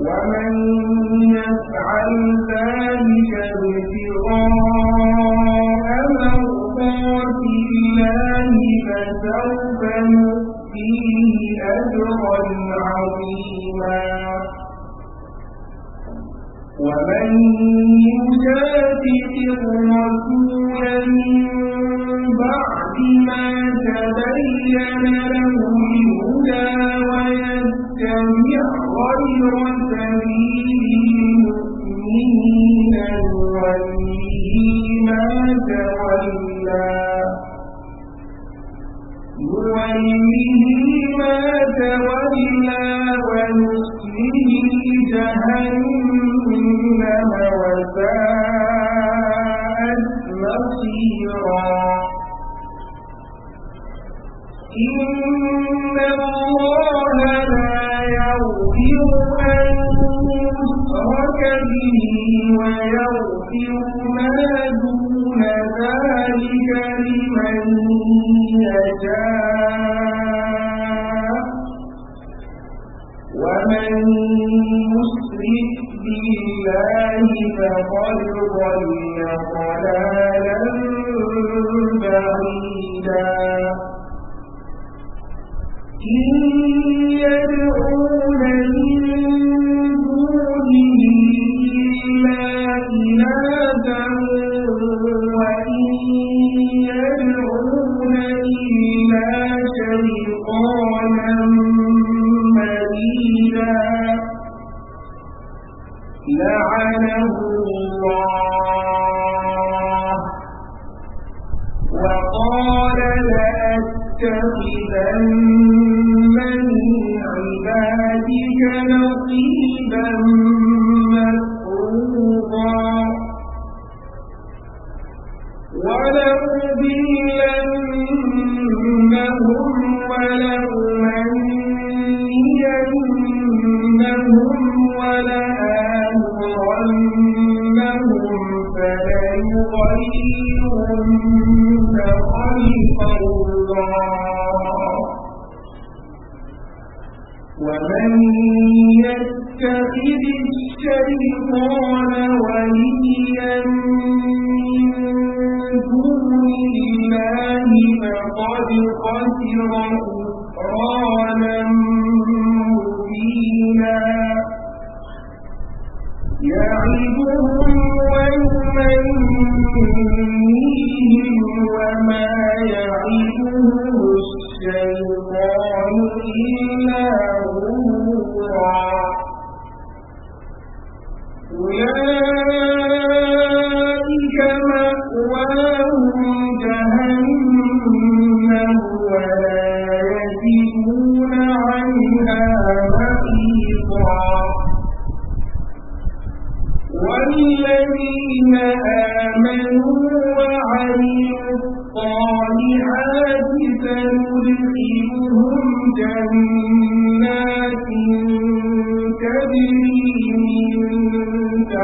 ومن يفعل ذلك ابتغاء مرضات الله فسوف نؤتيه أجرا عظيما ومن يجادل الرسول من بعد ما تبين ضلالا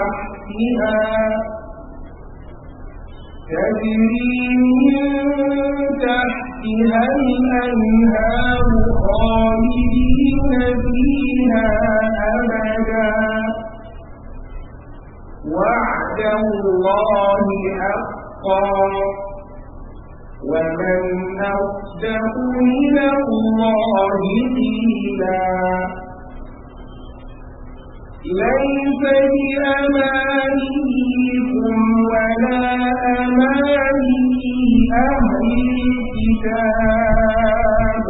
تحتها تجري من تحتها الأنهار خالدين فيها أبدا وعد الله حقا ومن أصدق من الله قيلا ليس بأمانيكم ولا أماني أهل الكتاب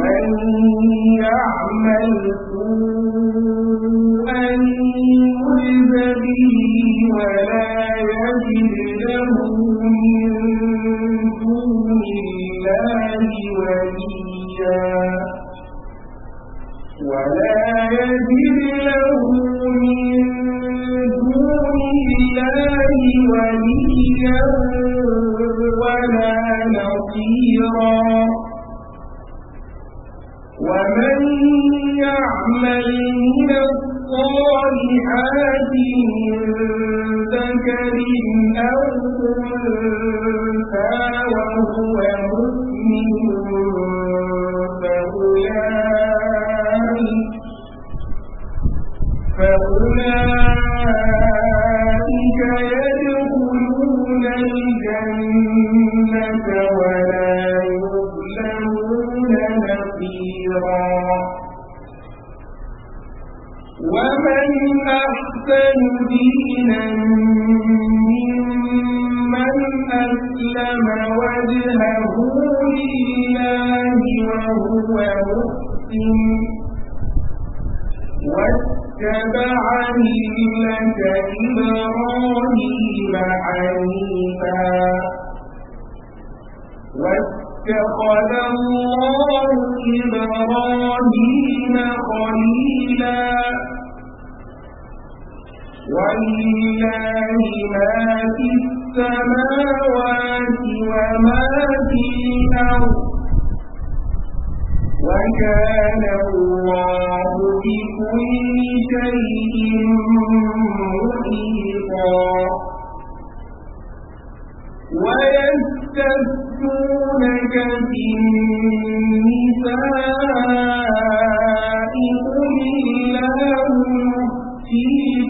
من يعمل سوءا يجز به ولا يجد له من يعمل من الصالحات من ذكر أو أنثى وهو مؤمن فأولئك فأولئك دينا ممن أسلم وجهه لله وهو محسن واتبع إبراهيم حنيفا واتخذ الله إبراهيم خليلا ولله ما في السماوات وما في الأرض وكان الله بكل شيء محيطا ويستفتونك في النساء قل الله يفتيكم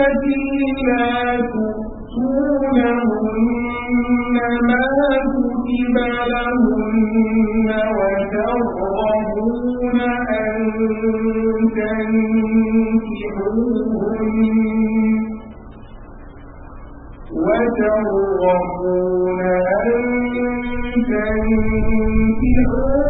التي لا تؤتونهن ما كتب لهن وترغبون أن تنكحوهن وترغبون أن تنكحوهن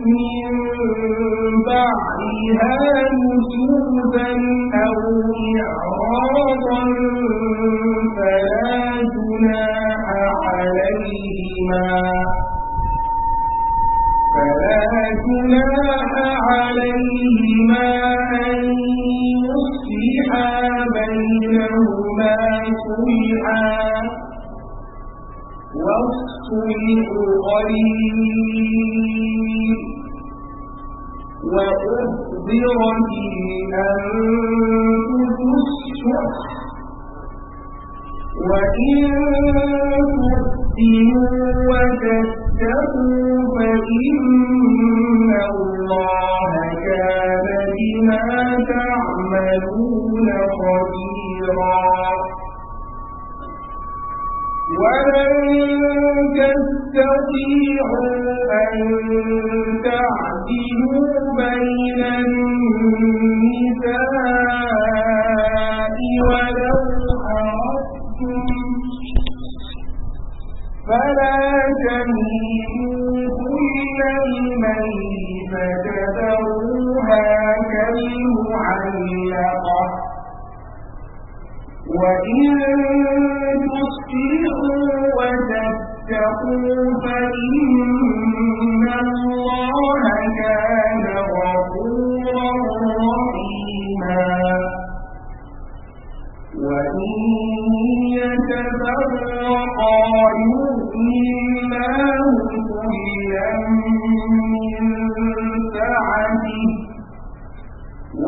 من بعدها نسوبا أو إعراضا فلا جناح عليهما فلا جناح عليهما أن يصلحا بينهما صلحا والصلح خير وأحضرت الأنفس الشح وإن تحسنوا وتتقوا فإن الله كان بما تعملون خبيرا ولن تستطيعوا أن تعدلوا بين النساء ولو حرصتم فلا تميلوا كل الميل فتذروها كالمعلقة وإن تصفحوا وتتقوا فإن الله كان رحيما وإن الله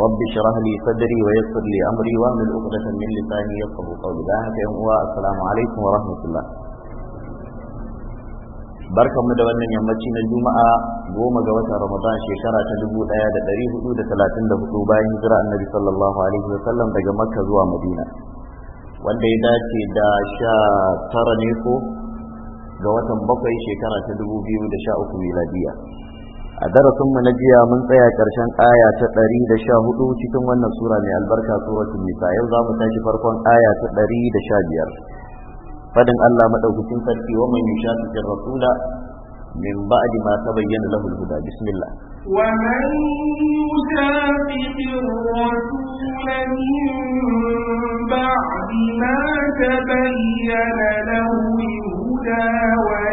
رب اشرح لي صدري ويسر لي امري واحلل عقدة من لساني يفقهوا قولي ذلك يا السلام عليكم ورحمة الله barkanmu da wannan yammaci na juma'a goma ga watan ramadan shekara ta dubu daya da dari hudu da talatin da hudu bayan hijira annabi sallallahu alaihi wa sallam daga makka zuwa madina wanda ya dace da sha tara ne ko ga watan bakwai shekara ta dubu biyu da sha uku miladiya a darasin mu na jiya mun tsaya karshen aya ta 114 cikin wannan sura mai albarka suratul nisa yau zamu tashi farkon aya ta 115 fadin Allah madaukakin sarki wa man yushaqiqi rasula min ba'di ma tabayyana lahu al-huda bismillah wa man yushaqiqi rasula min ba'di ma tabayyana lahu al-huda wa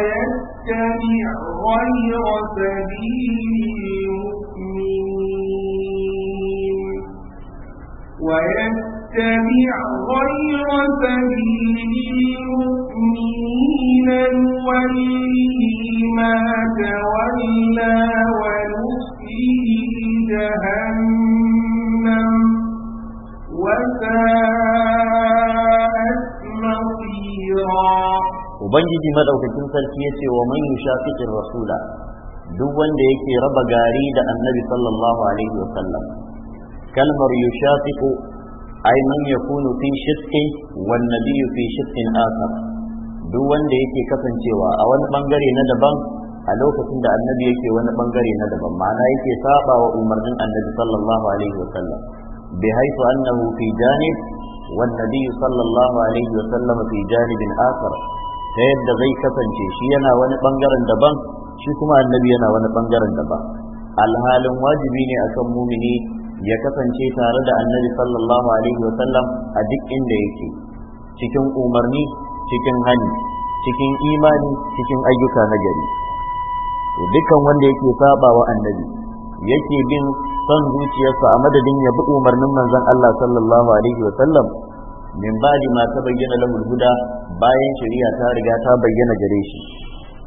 اتبع غير سبيل المؤمنين ويتبع غير سبيل المؤمنين نوليه ما تولى ونصليه جهنم وساءت ubangiji madaukakin sarki ya ce wa man yushaqiqir rasula duk wanda yake raba gari da annabi sallallahu alaihi wa sallam kalmar yushaqiqu ay man yakunu fi shiqqi wan nabiyyu fi shiqqin akhar duk wanda yake kasancewa a wani bangare na daban a lokacin da annabi yake wani bangare na daban ma'ana yake saba wa umarnin annabi sallallahu alaihi wa sallam bi haythu annahu fi janib wan nabiyyu sallallahu alaihi wa sallam fi janibin akhar ta yadda zai kasance shi yana wani bangaren daban shi kuma annabi yana wani bangaren daban alhalin wajibi ne akan mumini ya kasance tare da annabi sallallahu alaihi wasallam a duk inda yake cikin umarni cikin hani cikin imani cikin ayyuka na gari dukkan wanda yake saba wa annabi yake bin son zuciyarsa a madadin ya bi umarnin manzon Allah sallallahu alaihi wasallam min ba'di ma tabayyana lahu huda bayan shari'a ta riga ta bayyana gare shi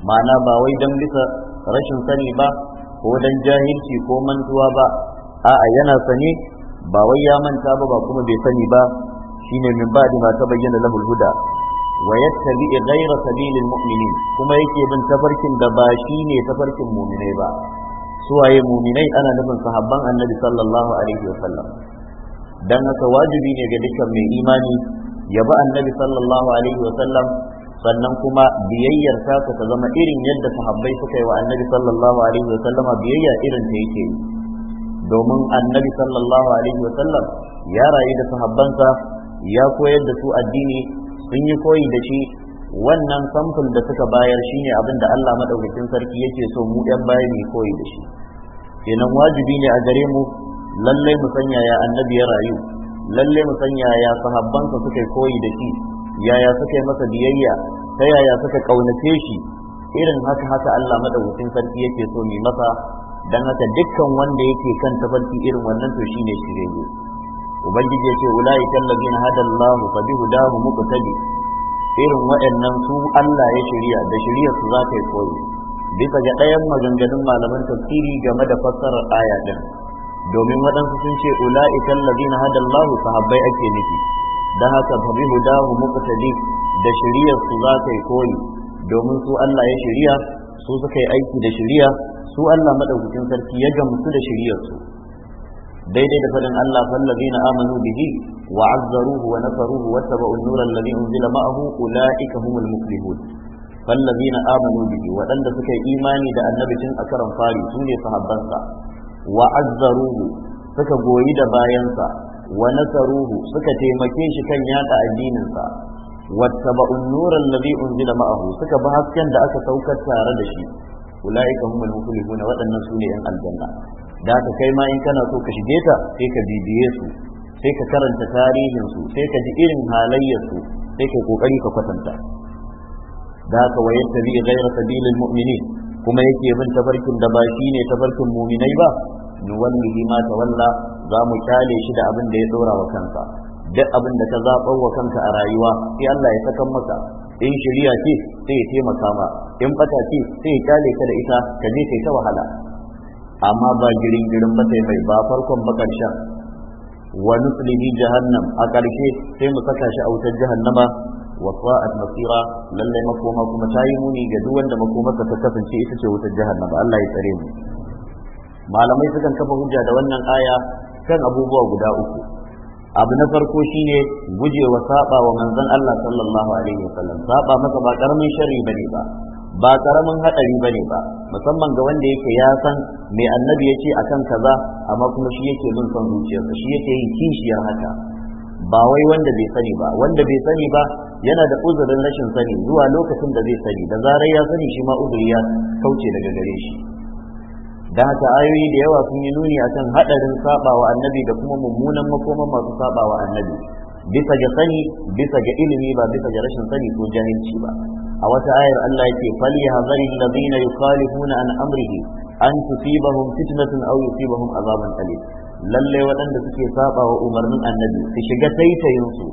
ma'ana ba wai don bisa rashin sani ba ko don jahilci ko mantuwa ba a'a yana sane ba wai ya manta ba ba kuma bai sani ba shine min ba ma ta bayyana lahul huda wa yattabi ghayra sabilil mu'minin kuma yake bin tafarkin da ba shine tafarkin mu'minai ba suwaye mu'minai ana nufin sahabban annabi sallallahu alaihi wasallam dan haka wajibi ne ga dukkan mai imani ya bi annabi sallallahu alaihi wa sallam sannan kuma biyayyar ta ta zama irin yadda sahabbai suka yi wa annabi sallallahu alaihi wa sallama biyayya irin ta yake yi domin annabi sallallahu alaihi wa sallam ya rayu da sahabbansa ya koyar da su addini sun yi koyi da shi wannan samfur da suka bayar shine abin da Allah madaukakin sarki yake so mu ɗan baya mu koyi da shi kenan wajibi ne a gare mu lallai mu sanya ya annabi ya rayu lalle mu san yaya sahabbansa suka koyi da shi yaya suka masa biyayya ta yaya suka kaunace shi irin haka haka Allah madaukakin sarki yake so mu masa dan haka dukkan wanda yake kan tafarki irin wannan to shine shirye ubangiji yake ulai kallazina hadallahu fa bihudahu muqtadi irin waɗannan su Allah ya shirya da shirya su za ta yi koyi bisa ga ɗayan maganganun malaman tafsiri game da fassarar aya din domin waɗansu sun ce ula'ikan ladina hada Allah sahabbai ake nufi da haka fa bihu dahu muqtadi da shiriyar su za ta yi koyi domin su Allah ya shiriya su suka yi aiki da shiriya su Allah madaukakin sarki ya gamsu da shiriyar su daidai da fadin Allah fallazina amanu bihi wa azzaruhu wa nasaruhu wa tabu an-nur alladhi unzila ma'ahu ulaika humul muflihun fallazina amanu bihi waɗanda suka yi imani da annabi tun a karan fari su ne sahabbansa wa suka goyi da bayansa wa nasaruhu suka taimake shi kan yada addininsa wattaba'un nuran biyun unzila ma'ahu suka bi hasken da aka saukar tare da shi ulaika humul muflihuna waɗannan su ne yan aljanna da haka kai ma in kana so ka shige ta sai ka bibiye su sai ka karanta tarihinsu, sai ka ji irin halayyarsu, sai ka kokari ka kwatanta da ta wayattabi ghayra sabilil mu'minin kuma yake bin tafarkin da ba shi ne tafarkin muminai ba nuwallihi ma tawalla za mu kyale shi da abin da ya dora wa kansa duk abin da ka zaɓar wa kanka a rayuwa sai Allah ya sakan maka in shirya ce sai ya taimaka ma in fata ce sai ya kyale ka da ita ka je kai ta wahala amma ba girin girin ba sai mai ba farkon ba karshen wa nuslihi jahannam a karshe sai mu saka shi a wutar jahannama wa sa'at masira lalle makoma kuma tayi muni ga duk wanda makomarsa ta kasance ita ce wutar jahannama Allah ya tsare mu malamai sukan kafa hujja da wannan aya kan abubuwa guda uku abu na farko shine gujewa saba wa manzon Allah sallallahu alaihi wasallam saba masa ba karamin sharri bane ba ba karamin hadari bane ba musamman ga wanda yake ya san mai annabi yace akan kaza amma kuma shi yake bin son zuciyarsa shi yake yin kishiyar haka ba wai wanda bai sani ba wanda bai sani ba yana da uzurin rashin sani zuwa lokacin da zai sani da zarar ya sani shi ma uzuri ya kauce daga gare shi da haka ayoyi da yawa sun yi nuni akan hadarin sabawa annabi da kuma mummunan makoman masu sabawa annabi bisa ga sani bisa ga ilimi ba bisa ga rashin sani ko jahilci ba a wata ayar Allah yake fali hazari ladina yukhalifuna an amrihi an tusibahum fitnatun aw yusibahum azaban alim lalle waɗanda suke saba wa umarnin annabi su shiga taitayin su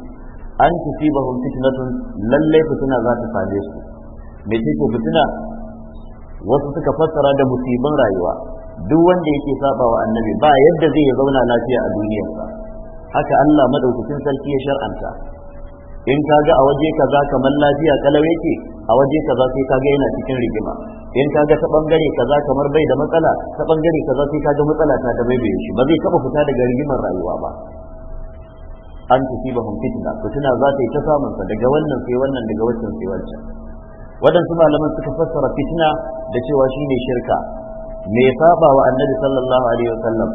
an tusibahum fitnatun lalle fitina za ta same su me ke fitina wasu suka fassara da musibin rayuwa duk wanda yake saba wa annabi ba yadda zai ya zauna lafiya a duniyar duniyarsa haka Allah madaukakin sarki ya shar'anta in ka ga a waje kaza kamar lafiya kalau yake a waje kaza sai kaga yana cikin rigima in ga ta bangare kaza kamar bai da matsala ta bangare kaza sai kaga matsala ta da bai shi ba zai taba fita daga rigimar rayuwa ba an tafi ba hun fitina fitina za ta yi ta samun sa daga wannan sai wannan daga wancan sai wancan waɗansu malaman suka fassara fitina da cewa shine shirka me saba wa annabi sallallahu alaihi wasallam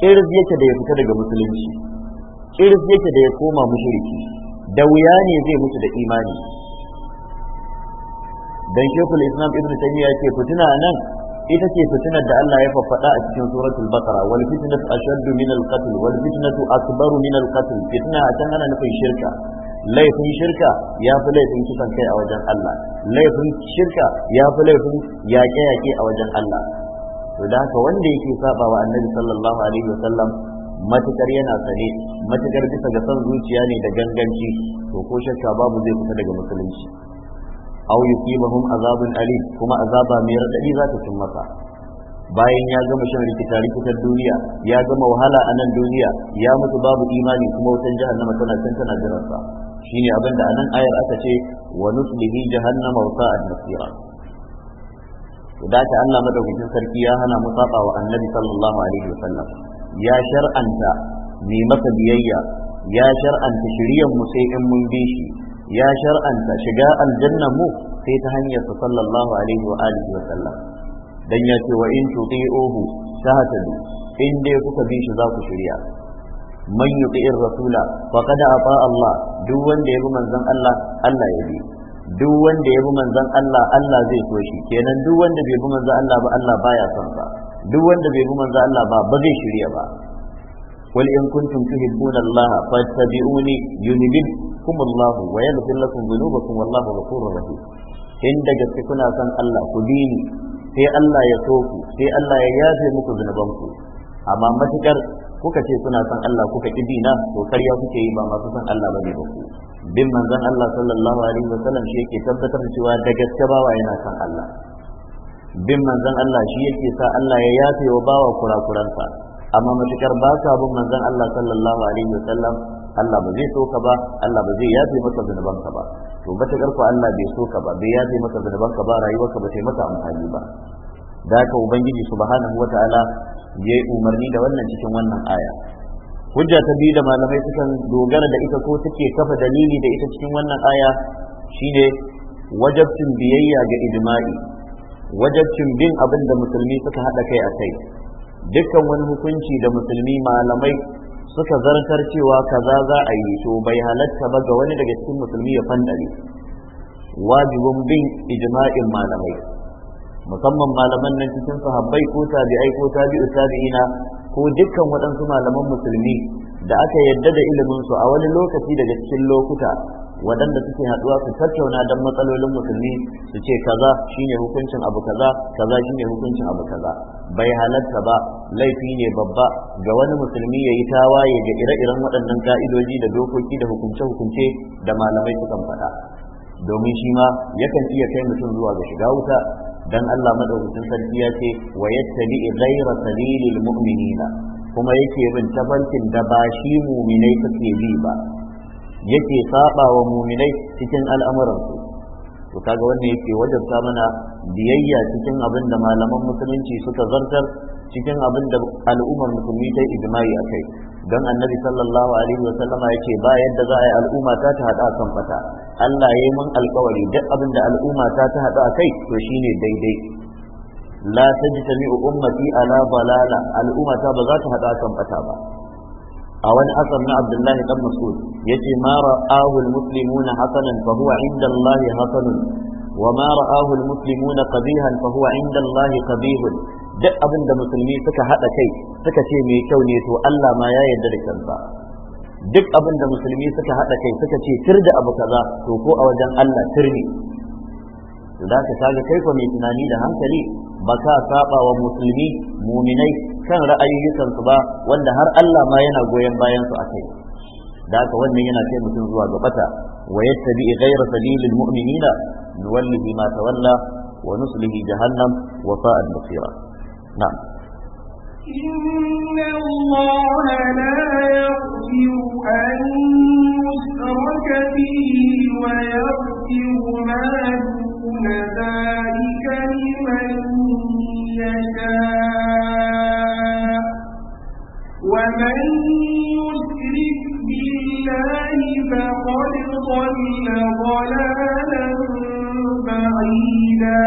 kiris yake da ya fita daga musulunci kiris yake da ya koma mushriki da wuya ne zai mutu da imani dan shekul islam ibnu taymiya yake fitina nan ita ce fitinar da Allah ya faffada a cikin suratul baqara wal fitnatu ashaddu min al qatl wal fitnatu akbaru min al qatl fitna a can ana nufin shirka laifin shirka ya fi laifin kisan kai a wajen Allah laifin shirka ya fi laifin yaƙe-yaƙe a wajen Allah to da haka wanda yake saba wa annabi sallallahu alaihi wa sallam matukar yana sane matukar bisa ga son zuciya ne da ganganci to ko shakka babu zai fita daga musulunci aw yusibahum azabun alim kuma azaba mai radadi za ta cin masa bayan ya gama shan rikita rikitar duniya ya gama wahala a nan duniya ya mutu babu imani kuma wutan jahannama tana can tana jiransa shine abin da anan ayar aka ce wa nuslihi jahannama wa sa'at masira to da ta Allah madaukakin sarki ya hana mu wa annabi sallallahu alaihi wasallam ya shar'anta mai masa biyayya ya shar'anta shiriyan mu sai in mun bi shi ya shar'anta shiga aljanna mu sai ta hanyar sa sallallahu alaihi wa alihi wa sallam dan ya ce wa in tuti'uhu tahtadu in dai kuka bi shi za ku shirya man yuti'ir rasula faqad ata Allah duk wanda ya bi manzon Allah Allah ya bi duk wanda ya bi manzon Allah Allah zai so shi kenan duk wanda bai bi manzon Allah ba Allah baya son sa duk wanda bai bi manzon Allah ba ba zai shirya ba wal in kuntum tuhibbuna Allah fattabi'uni yunibid kumullahu wa yaghfir lakum dhunubakum wallahu ghafurur rahim in da gaske kuna son Allah ku dini sai Allah ya so ku sai Allah ya yafe muku zunubanku amma matukar kuka ce kuna son Allah kuka ki dina to karya kuke yi ba masu son Allah bane ba ku bin manzon Allah sallallahu alaihi wasallam shi yake tabbatar cewa da gaske bawa yana son Allah bin manzon Allah shi yake sa Allah ya yafe wa bawa kurakuransa amma matukar ba ka bin manzon Allah sallallahu alaihi wasallam Allah ba zai so ka ba Allah ba zai yafe maka zunuban ka ba to ta ku Allah bai so ka ba bai yafe maka zunuban ka ba rayuwarka ba sai maka amfani ba da ka ubangiji subhanahu wataala ya yi umarni da wannan cikin wannan aya hujja ta biyu da malamai sukan dogara da ita ko take kafa dalili da ita cikin wannan aya shine wajabcin biyayya ga ijma'i wajabcin bin abin da musulmi suka haɗa kai a kai dukkan wani hukunci da musulmi malamai suka zartar cewa kaza za a yi to bai halatta ba ga wani daga cikin musulmi ya fandare wajibin bin ijma'in malamai musamman malaman nan cikin sahabbai ko tabi'ai ko tabi'u tabi'ina ko dukkan waɗansu malaman musulmi da aka yadda da ilimin su a wani lokaci daga cikin lokuta waɗanda suke haɗuwa su tattauna don matsalolin musulmi su ce kaza shine hukuncin abu kaza kaza shine hukuncin abu kaza bai halatta ba laifi ne babba ga wani musulmi ya yi tawaye ga ire-iren waɗannan ka'idoji da dokoki da hukunce-hukunce da malamai sukan faɗa domin shi ma yakan iya kai mutum zuwa ga shiga wuta dan Allah madaukakin sarki ya ce wa yattabi ghayra sabilil mu'minina kuma yake bin tafarkin da ba shi mu'minai suke bi ba yake saba wa muminai cikin al'amuransu to kaga wannan yake wajabta mana biyayya cikin abin da malaman musulunci suka zartar cikin abin da al'ummar musulmi ta ijma'i a kai don annabi sallallahu alaihi wa sallama yake ba yadda za a yi al'umma ta ta hada kan fata Allah ya yi mun alkawari duk abin da al'umma ta ta hada kai to shine daidai la tajtami'u ummati ala balala al'umma ta ba za ta hada kan fata ba a wani asar na abdullahi dan mas'ud yace ma ra'ahu muslimuna hasanan fa huwa inda allahi hasanun wa ma ra'ahu muslimuna qabihan fa huwa inda allahi qabihun duk abin da musulmi suka hada kai suka ce mai kyau ne to Allah ma ya yarda da kansa duk abin da musulmi suka hada kai suka ce tir abu kaza to ko a wajen Allah tir to da ka kaga kai ko mai tunani da hankali ba ka saba wa musulmi muminai kan ra'ayoyukan su ba wanda har Allah ma yana goyon bayan su akai da haka wannan yana kai mutum zuwa ga bata wa yattabi ghayra sabilil mu'minina nuwallihi ma tawalla wa nuslihi jahannam wa sa'at masira na'am إن الله لا يغفر أن يشرك به ويغفر ما ومن يشرك بالله فقد ضل ضلالا بعيدا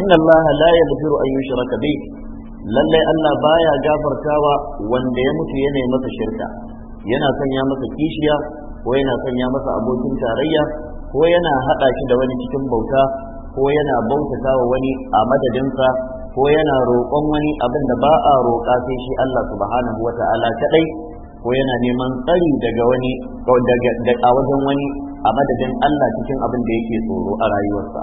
إن الله لا يغفر أن يشرك به lallai Allah baya gafartawa wanda ya mutu yana masa shirka yana sanya masa kishiya ko yana sanya masa abokin tarayya ko yana haɗa shi da wani cikin bauta ko yana bautata wa wani a madadinsa ko yana roƙon wani abin da ba a roƙa sai shi Allah subhanahu wa ta'ala kadai ko yana neman tsari daga wani daga wajen wani a madadin Allah cikin abin da yake tsoro a rayuwarsa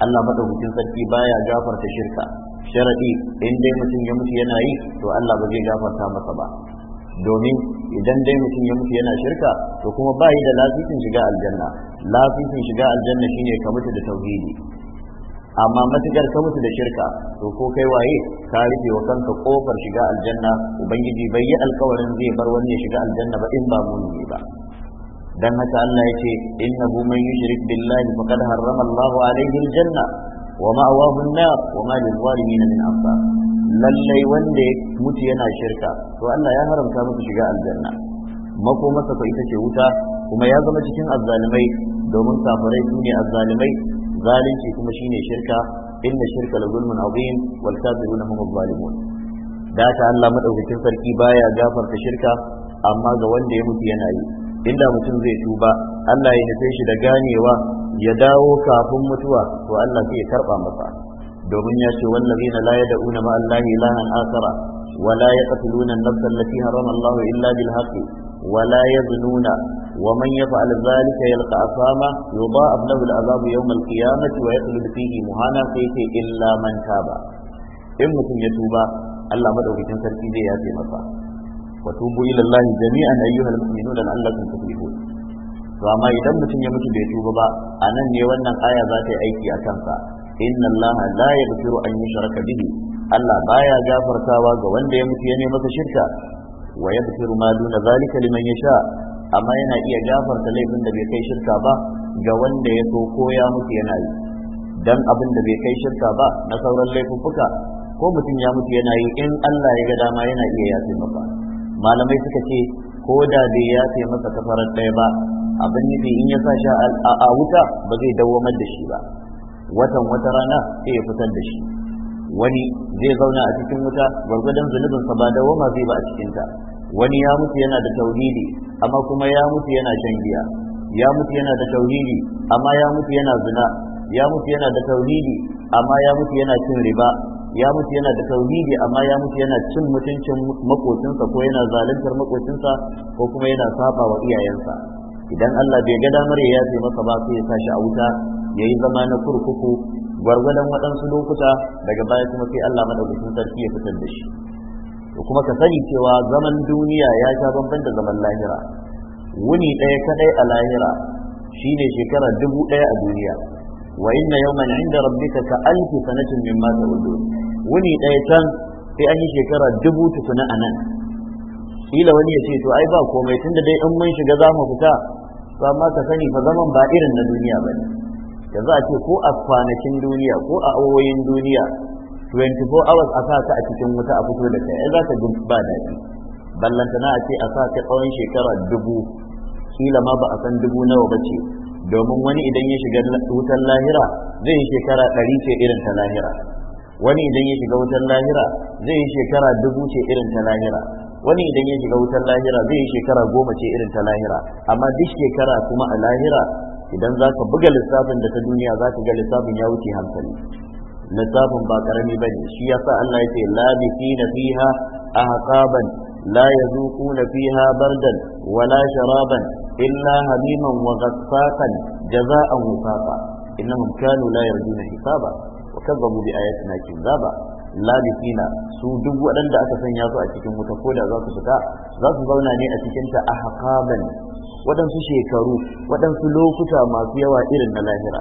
Allah madaukakin sarki baya gafarta shirka sharadi in dai mutum ya mutu yana yi to Allah ba zai gafarta masa ba domin idan dai mutum ya mutu yana shirka to kuma ba yi da lasisin shiga aljanna lasisin shiga aljanna shine ka mutu da tauhidi amma matukar ka mutu da shirka to ko kai waye ka rufe wa kanka kofar shiga aljanna ubangiji bai yi alkawarin zai bar wani shiga aljanna ba in ba mumini ba dan haka Allah ya ce innahu man yushrik billahi faqad harrama Allahu alayhi aljanna wa ma'awahu an-nar wa ma lil min ansar lallai wanda ya mutu yana shirka to Allah ya haramta musu shiga aljanna makomarsa ko ita ce wuta kuma ya zama cikin azzalimai domin kafirai su ne azzalimai zalunci kuma shine shirka inna shirka la zulmun azim wal kafiruna hum zalimun da ta Allah madaukakin sarki baya gafarta shirka amma ga wanda ya mutu yana yi inda mutum zai tuba Allah ya nufe shi da ganewa ya dawo kafin mutuwa to Allah sai ya karba masa domin ya ce wallazina la yad'una ma Allah ilahan akara wa la yaqtuluna an-nafsa allati harama Allah illa bil haqqi ولا يزنون ومن يفعل ذلك يلقى أثاما يضاعف له العذاب يوم القيامة ويخلد فيه مهانا سيتي إلا من تاب إن مسلم يتوب الله مدعوكم سرتي زي ياتي مسا وتوبوا إلى الله جميعا أيها المؤمنون لعلكم تفلحون to amma idan mutum ya mutu bai tuba ba a nan ne wannan aya za ta yi aiki a kansa inna allaha la yaghfiru an yushraka bihi Allah baya gafartawa ga wanda ya mutu ya ne masa shirka wa yaghfiru ma duna zalika liman yasha amma yana iya gafarta laifin da bai kai shirka ba ga wanda ya so ko ya mutu yana yi dan abin da bai kai shirka ba na sauran laifuffuka ko mutum ya mutu yana yi in Allah ya ga dama yana iya yafe maka malamai suka ce ko da bai yafe maka kafarar ɗaya ba abin nufi in ya sa shi a wuta ba zai dawo da shi ba watan wata rana sai ya fitar da shi wani zai zauna a cikin wuta gwargwadon sa, ba da wama zai ba a cikinta wani ya mutu yana da tauhidi amma kuma ya mutu yana shan giya ya mutu yana da tauhidi amma ya mutu yana zina ya mutu yana da tauhidi amma ya mutu yana cin riba ya mutu yana da tauhidi amma ya mutu yana cin mutuncin makocinsa ko yana zaluntar makocinsa ko kuma yana saba wa iyayensa idan Allah bai ga damar ya yafe masa ba sai ya tashi a wuta ya yi zama na kurkuku gwargwadon waɗansu lokuta daga baya kuma sai Allah madaukakin sarki ya fitar da shi to kuma ka sani cewa zaman duniya ya sha bamban da zaman lahira wuni ɗaya kadai a lahira shine shekara dubu ɗaya a duniya wa inna yawman inda rabbika ka alfi sanatin mimma ta'udun wuni ɗaya can sai an yi shekara dubu tukuna a nan kila wani ya ce to ai ba komai tunda dai in mun shiga za mu fita to amma ka sani fa zaman ba irin na duniya ne. za a ce ko a kwanakin duniya ko a awoyin duniya 24 hours a sa ka a cikin wuta a fito da kai ai za ka ji ba daɗi ballanta na a ce a sa ka tsawon shekara dubu kila ma ba a san dubu nawa ba ce domin wani idan ya shiga wutan lahira zai yi shekara ɗari ce irin ta lahira wani idan ya shiga wutan lahira zai yi shekara dubu ce irin ta lahira wani idan ya shiga wutan lahira zai yi shekara goma ce irin ta lahira amma duk shekara kuma a lahira idan za ka buga lissafin da ta duniya za ka ga lissafin ya wuce hankali lissafin ba karami ba ne shi yasa Allah ya ce labisi na fiha haƙaban la yazuquna fiha bardan wala sharaban illa hamiman wa ghassaqan jazaa'an wifaqa innahum kanu la yarjuna hisaba wa kazzabu bi ayatina kizaba labisina su duk waɗanda aka sanya su a cikin wuta ko da za su fita za su zauna ne a cikin ta ahqaban waɗansu shekaru waɗansu lokuta masu yawa irin na lahira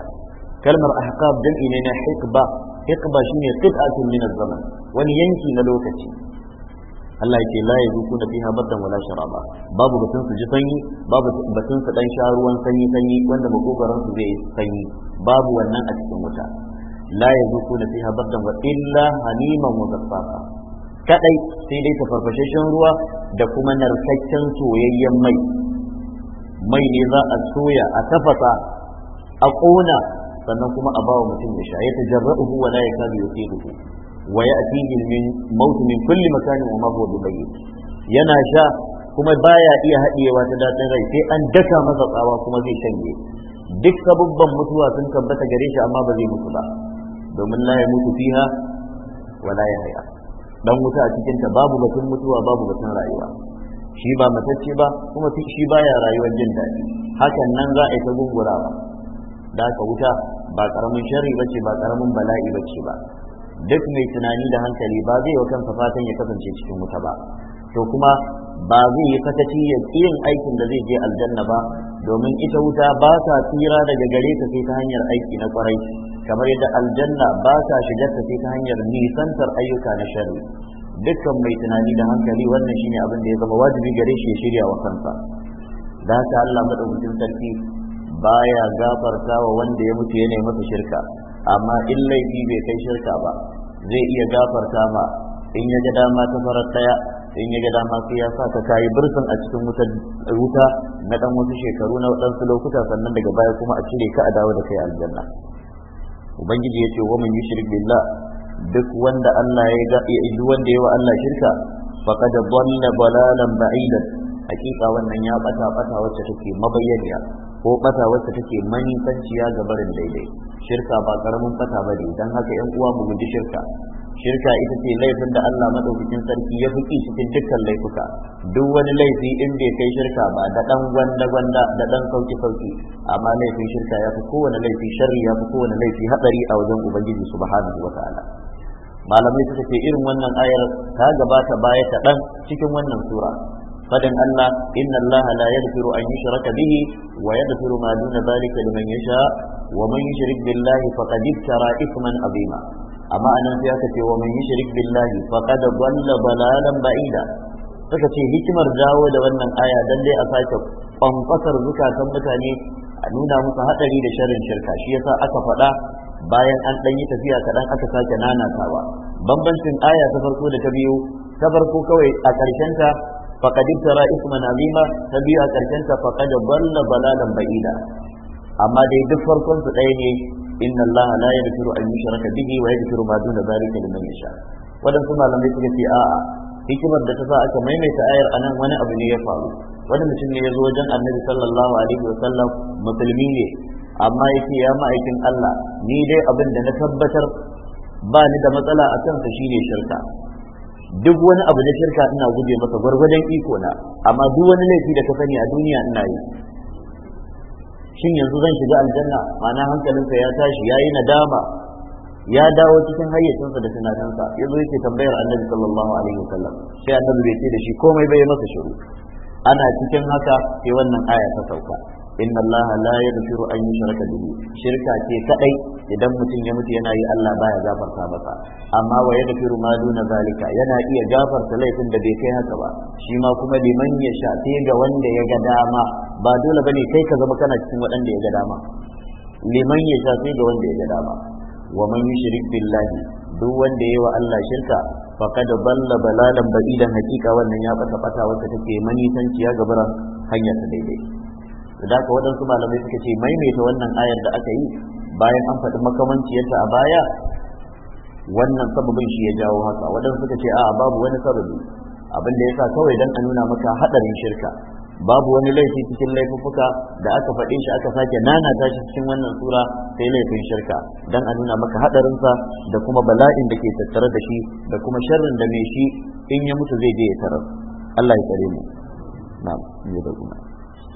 kalmar ahqab jam'i ne na hikba hikba shine qit'atun min az-zaman wani yanki na lokaci Allah yake la yazukuna fiha bardan wala sharaba babu batun su ji sanyi babu batun su dan sha ruwan sanyi sanyi wanda makogaran su zai sanyi babu wannan a cikin wuta la yazukuna fiha bardan wa illa haniman wa ghassaqa kadai sai dai tafarfashashen ruwa da kuma narkakken soyayyen mai mai ne za a soya a tafasa a ƙona sannan kuma a bawa mutum ya sha ya uku wa la yakadu yusibuhu wa ya'tihi min mawt min kulli makanin wa ma huwa bibayyin yana sha kuma baya iya haɗiyewa ta daɗin rai sai an daka masa tsawa kuma zai shanye duk sabubban mutuwa sun tabbata gare shi amma ba zai mutu ba domin la ya mutu fiha wa la ya haya dan wuta a cikin ta babu batun mutuwa babu batun rayuwa shi ba matacce ba kuma shi baya rayuwar jin daɗi hakan nan za a yi ta gungurawa da aka wuta ba karamin sharri ba ce ba karamin bala'i ba ce ba duk mai tunani da hankali ba zai wa kansa fatan ya kasance cikin wuta ba to kuma ba zai yi sakaci ya yin aikin da zai je aljanna ba domin ita wuta ba ta tsira daga gare ta sai ta hanyar aiki na kwarai kamar yadda aljanna ba ta shigar ta sai ta hanyar nisantar ayyuka na sharri dukkan mai tunani da hankali wannan shine abin da ya zama wajibi gare shi ya shirya wa kansa da haka Allah madaukakin sarki baya gafarta wa wanda ya mutu yana masa shirka amma in laifi bai kai shirka ba zai iya gafarta ma in ya ga dama ta farar daya in ya ga dama sai ya sa ka kayi bursin a cikin wuta na dan wasu shekaru na waɗansu lokuta sannan daga baya kuma a cire ka a dawo da kai aljanna ubangiji ya ce wa man yushrik billah duk wanda Allah ya ga duk wanda yawa Allah shirka faqad dhalla balalan ba'idan hakika wannan ya bata bata wacce take mabayyana ko bata wacce take sanciya ga barin daidai shirka ba karamin bata bane dan haka yan uwa mu guji shirka shirka ita ce laifin da Allah madaukakin sarki ya fi cikin dukkan laifuka duk wani laifi in bai kai shirka ba da dan gwanda gwanda da dan sauki sauki amma laifin shirka ya fi kowane laifi sharri ya fi kowane laifi hadari a wajen ubangiji subhanahu wataala malamai suka ce irin wannan ayar ta gabata baya kaɗan cikin wannan sura Faɗin Allah inna Allah la yaghfiru an yushraka bihi wa yaghfiru ma duna zalika liman yasha wa man yushrik billahi faqad iftara ithman azima amma anan sai aka ce wa man yushrik billahi faqad dhalla dalalan ba'ida suka ce hikimar dawo da wannan aya dan dai a sake kwamfasar zukatan mutane a nuna musu hadari da sharrin shirka shi yasa aka faɗa bayan an ɗan yi tafiya kaɗan aka sake nanatawa bambancin aya ta farko da ta biyu ta farko kawai a ƙarshenta faqad ibtara isman azima ta biyu a ƙarshenta faqad balla balalan ba'ida amma dai duk farkon su ɗaya ne inna allaha la yaghfiru an yushraka bihi wa yaghfiru ma duna zalika liman yasha wadansu malamai suka ce a'a hikimar da ta sa aka maimaita ayar anan wani abu ne ya faru wani mutum ne ya zo wajen annabi sallallahu alaihi wa sallam musulmi ne amma yake ya ma'aikin Allah ni dai abin da na tabbatar ba ni da matsala a kansa shine shirka duk wani abu na shirka ina guje masa gwargwadon iko na amma duk wani laifi da ka sani a duniya ina yi shin yanzu zan shiga aljanna ma'ana hankalinsa ya tashi ya yi nadama ya dawo cikin hayyacinsa da tunaninsa ya zo yake tambayar annabi sallallahu alaihi wasallam sai annabi bai ce da shi komai bai masa shiru ana cikin haka sai wannan aya ta sauka inna laya la yaghfiru an yushraka bihi shirka ce kadai idan mutum ya mutu yana yi Allah baya gafarta masa amma wa yaghfiru ma duna zalika yana iya gafarta laifin da bai kai haka ba shi ma kuma liman ya sha sai ga wanda ya ga dama ba dole bane kai ka zama kana cikin waɗanda ya ga dama liman ya sha sai ga wanda ya ga dama wa man yushrik billahi duk wanda yayi wa Allah shirka faqad balla balalan ba'idan hakika wannan ya bata bata wacce take manitanciya gabaran hanyar daidai da haka waɗansu malamai suka ce maimaita wannan ayar da aka yi bayan an faɗi makamanciyarta a baya wannan sababin shi ya jawo haka waɗansu suka ce a'a babu wani sababi abin da yasa kawai dan a nuna maka haɗarin shirka babu wani laifi cikin laifuka da aka faɗi shi aka sake nana tashi cikin wannan sura sai laifin shirka dan a nuna maka haɗarinsa da kuma bala'in da ke tattare da shi da kuma sharrin da mai shi in ya mutu zai je ya tarar Allah ya tsare mu na'am ya dauka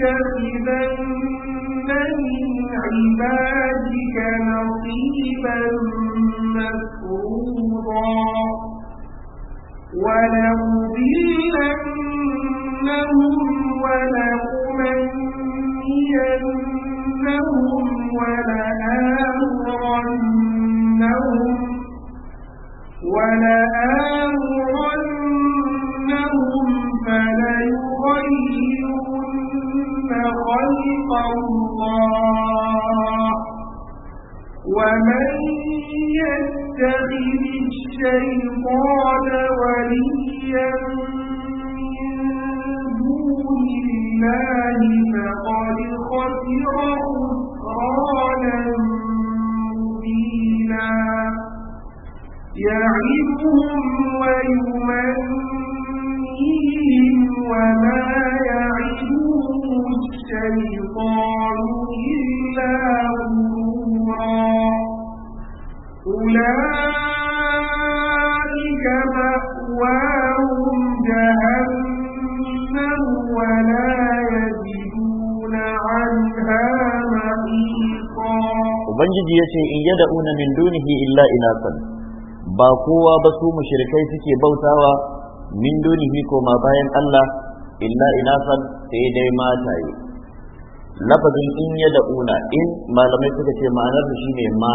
لَتَتَّخِذَنَّ مِنْ عِبَادِكَ نَصِيبًا مَفْرُوضًا وَلَأُضِلَّنَّهُمْ وَلَأُمَنِّيَنَّهُمْ وَلَآمُرَنَّهُمْ وَلَآمُرَنَّهُمْ الله ومن يتخذ الشيطان وليا من دون الله فقد خسر خسرانا مبينا يعظهم ويمنيهم وما أولئك مأواهم جهنم ولا يجدون عنها Ubangiji ya ce in yada una min dunihi illa inasan ba kowa ba su mushrikai suke bautawa min dunihi ko ma bayan Allah illa inasan sai dai mataye lafazin in yada una in malamai suka ce ma'anar shi ne ma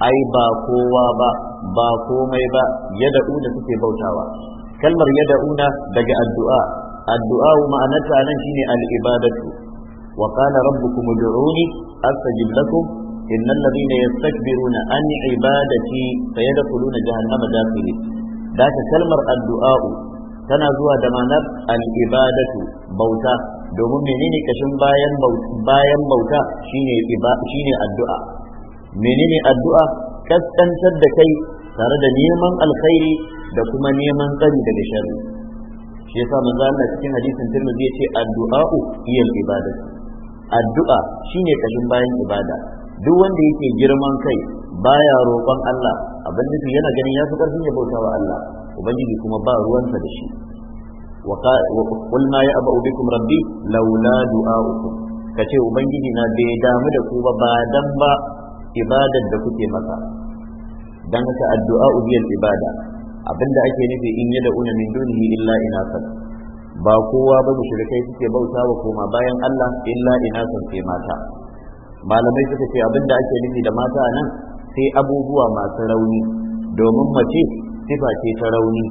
ai ba kowa ba ba komai ba yada da suke bautawa kalmar una daga addu'a addu'a ma'anarta nan shine al-ibadatu wa qala rabbukum ud'uni astajib lakum innal ladina yastakbiruna an ibadati sayadkhuluna jahannama dakhirin daga kalmar addu'a tana zuwa da ma'anar al-ibadatu bauta domin menene kashin bayan bauta bayan bauta shine addu'a menene addu'a kaskantar da kai tare da neman alkhairi da kuma neman tsari daga sharri shi yasa manzo Allah cikin hadisin Tirmidhi yace addu'a iyal ibada addu'a shine kashin bayan ibada duk wanda yake girman kai baya roƙon Allah abin da yana ganin ya fi ƙarfin ya bauta wa Allah ubangiji kuma ba ruwansa da shi وقل ya يأبأ bikum rabbi laula du'a'ukum kace ubangiji na bai damu da ku ba ba dan ba ibadar da kuke masa dan haka addu'a ubiyal ibada abinda ake nufi in ya una min dunihi illa inasan ba kowa ba mushrikai suke bauta wa koma bayan Allah illa inasan ke mata malamai suka ce abinda ake nufi da mata nan sai abubuwa masu rauni domin mace sifa ce ta rauni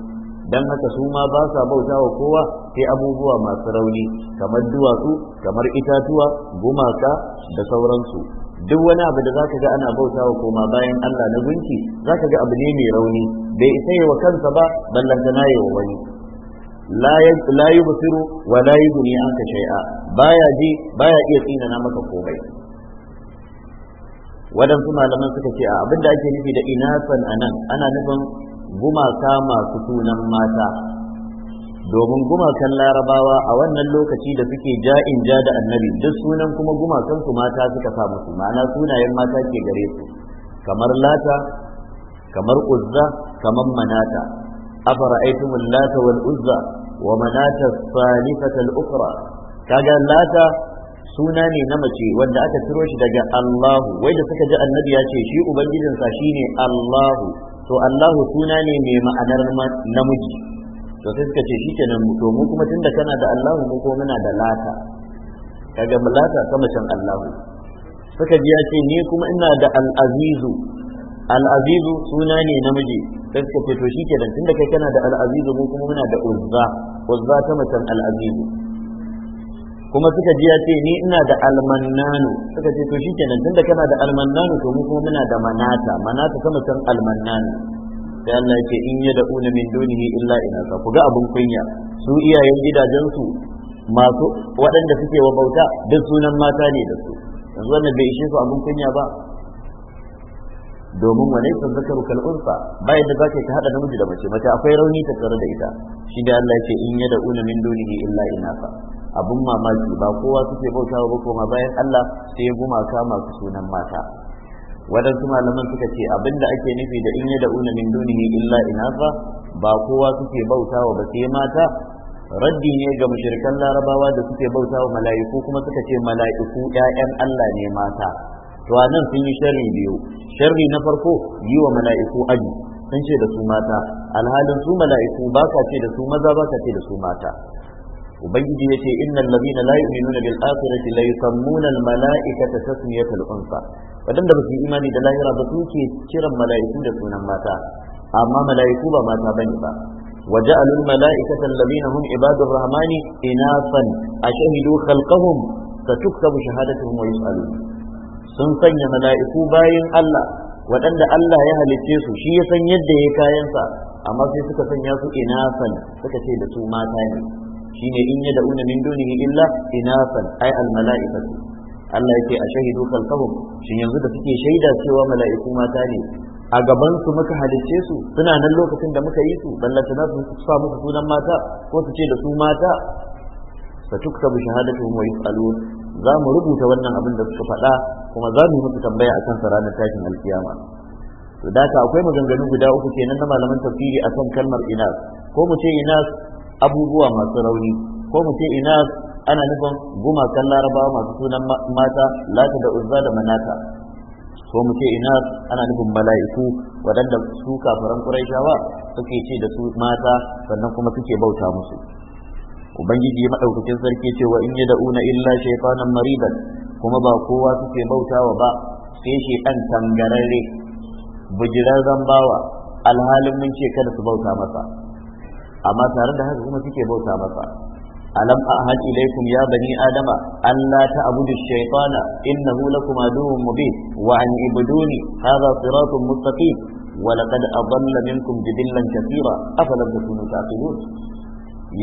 dan haka su ma ba sa bauta wa kowa sai abubuwa masu rauni kamar duwatsu kamar itatuwa gumaka da sauransu duk wani abu da zaka ga ana bautawa koma bayan Allah na gunki zaka ga abu ne mai rauni bai isa yi wa kansa ba ballantana yi wa wani la yubsiru wa la yughni anka shay'a baya ji baya iya na maka komai waɗansu malaman suka ce a abin da ake nufi da inasan a nan ana nufin gumaka masu sunan mata domin gumakan larabawa a wannan lokaci da suke ja'in ja da annabi duk sunan kuma gumakan su mata suka sa musu ma'ana sunayen mata ke gare su kamar lata kamar uzza kamar manata afara'aytum lata wal uzza wa manata salifata al kaga lata suna ne na mace wanda aka ciro shi daga Allahu wai da suka ji annabi ya ce shi ubangijinsa shine Allahu to Allahu suna ne mai ma'anar namiji to sai suka ce shi ke to mu kuma tunda kana da Allahu mu ko muna da lata kaga mulata sama can Allahu suka ji ya ce ni kuma ina da al-azizu al-azizu suna ne namiji sai suka ce to tun tunda kai kana da al-azizu mu kuma muna da uzza uzza ta macen al-azizu kuma suka ji ya ce ni ina da al-mannanu suka ce to shi ke tun tunda kana da al-mannanu to mu kuma muna da manata manata ta al-mannanu sai Allah yake in ya da una min dunihi illa sa ku ga abun kunya su iyayen gidajen su masu waɗanda suke wa bauta duk sunan mata ne da su yanzu wannan bai ishe su abun kunya ba domin wani sun zaka rukal unsa bai da zaka ka hada namiji da mace mace akwai rauni ta tsare da ita shi da Allah yake in ya da una min dunihi illa ina sa abun mamaki ba kowa suke bautawa ba kuma bayan Allah sai gumaka masu sunan mata waɗansu malaman suka ce abinda ake nufi da in yada una min dunihi illa inafa ba kowa suke bautawa ba sai mata raddi ne ga mushrikan larabawa da suke bautawa mala'iku kuma suka ce mala'iku ƴaƴan Allah ne mata to nan sun yi sharri biyu sharri na farko yi wa mala'iku aji sun ce da su mata alhalin su mala'iku ba ka ce da su maza ba ka ce da su mata ubangiji ya ce innal ladina la yu'minuna bil akhirati la yusammuna al mala'ikata tasmiyatal unsa waɗanda ba su yi imani da lahira ba su ke kiran mala'iku da sunan mata amma mala'iku ba mata bane ba وجعلوا الملائكة الذين هم عباد الرحمن إناثا أشهدوا خلقهم ستكتب شهادتهم ويسألون sun sanya mala'iku bayan Allah waɗanda Allah ya halicce su shi ya san yadda ya kayansa amma sai suka sanya su inasan suka ce da su mata ne shine in ya da'una min dunihi illa inasan ai al mala'ikatu Allah ya ce a shahidu khalqahum shin yanzu da suke shaida cewa mala'iku mata ne a gaban su muka halicce su suna nan lokacin da muka yi su ballantana su sa musu sunan mata ko su ce da su mata fa tuktabu shahadatuhum wa yus'alun za mu rubuta wannan abin da suka faɗa kuma za mu musu tambaya akan sa ranar tashin alkiyama to da akwai maganganu guda uku kenan na malaman tafsiri akan kalmar inas ko mu ce inas abubuwa masu rauni ko mu ce inas ana nufin gumakan larabawa masu sunan mata Lati da uzza da manata ko muke ina ana nufin mala'iku waɗanda su kafaran quraishawa suke ce da su mata sannan kuma suke bauta musu ubangiji madaukakin sarki ce wa in dauna illa shaytanan maridan kuma ba kowa suke bautawa ba sai shi dan tangararre bujiran zambawa alhalin mun ce kada su bauta masa amma tare da haka kuma suke bauta masa alam ahad ilaykum ya bani adama alla ta'budu ash-shaytana innahu lakum aduwwun mubin wa an ibuduni hadha siratun mustaqim wa laqad adalla minkum jibillan kathira afalam takunu taqilun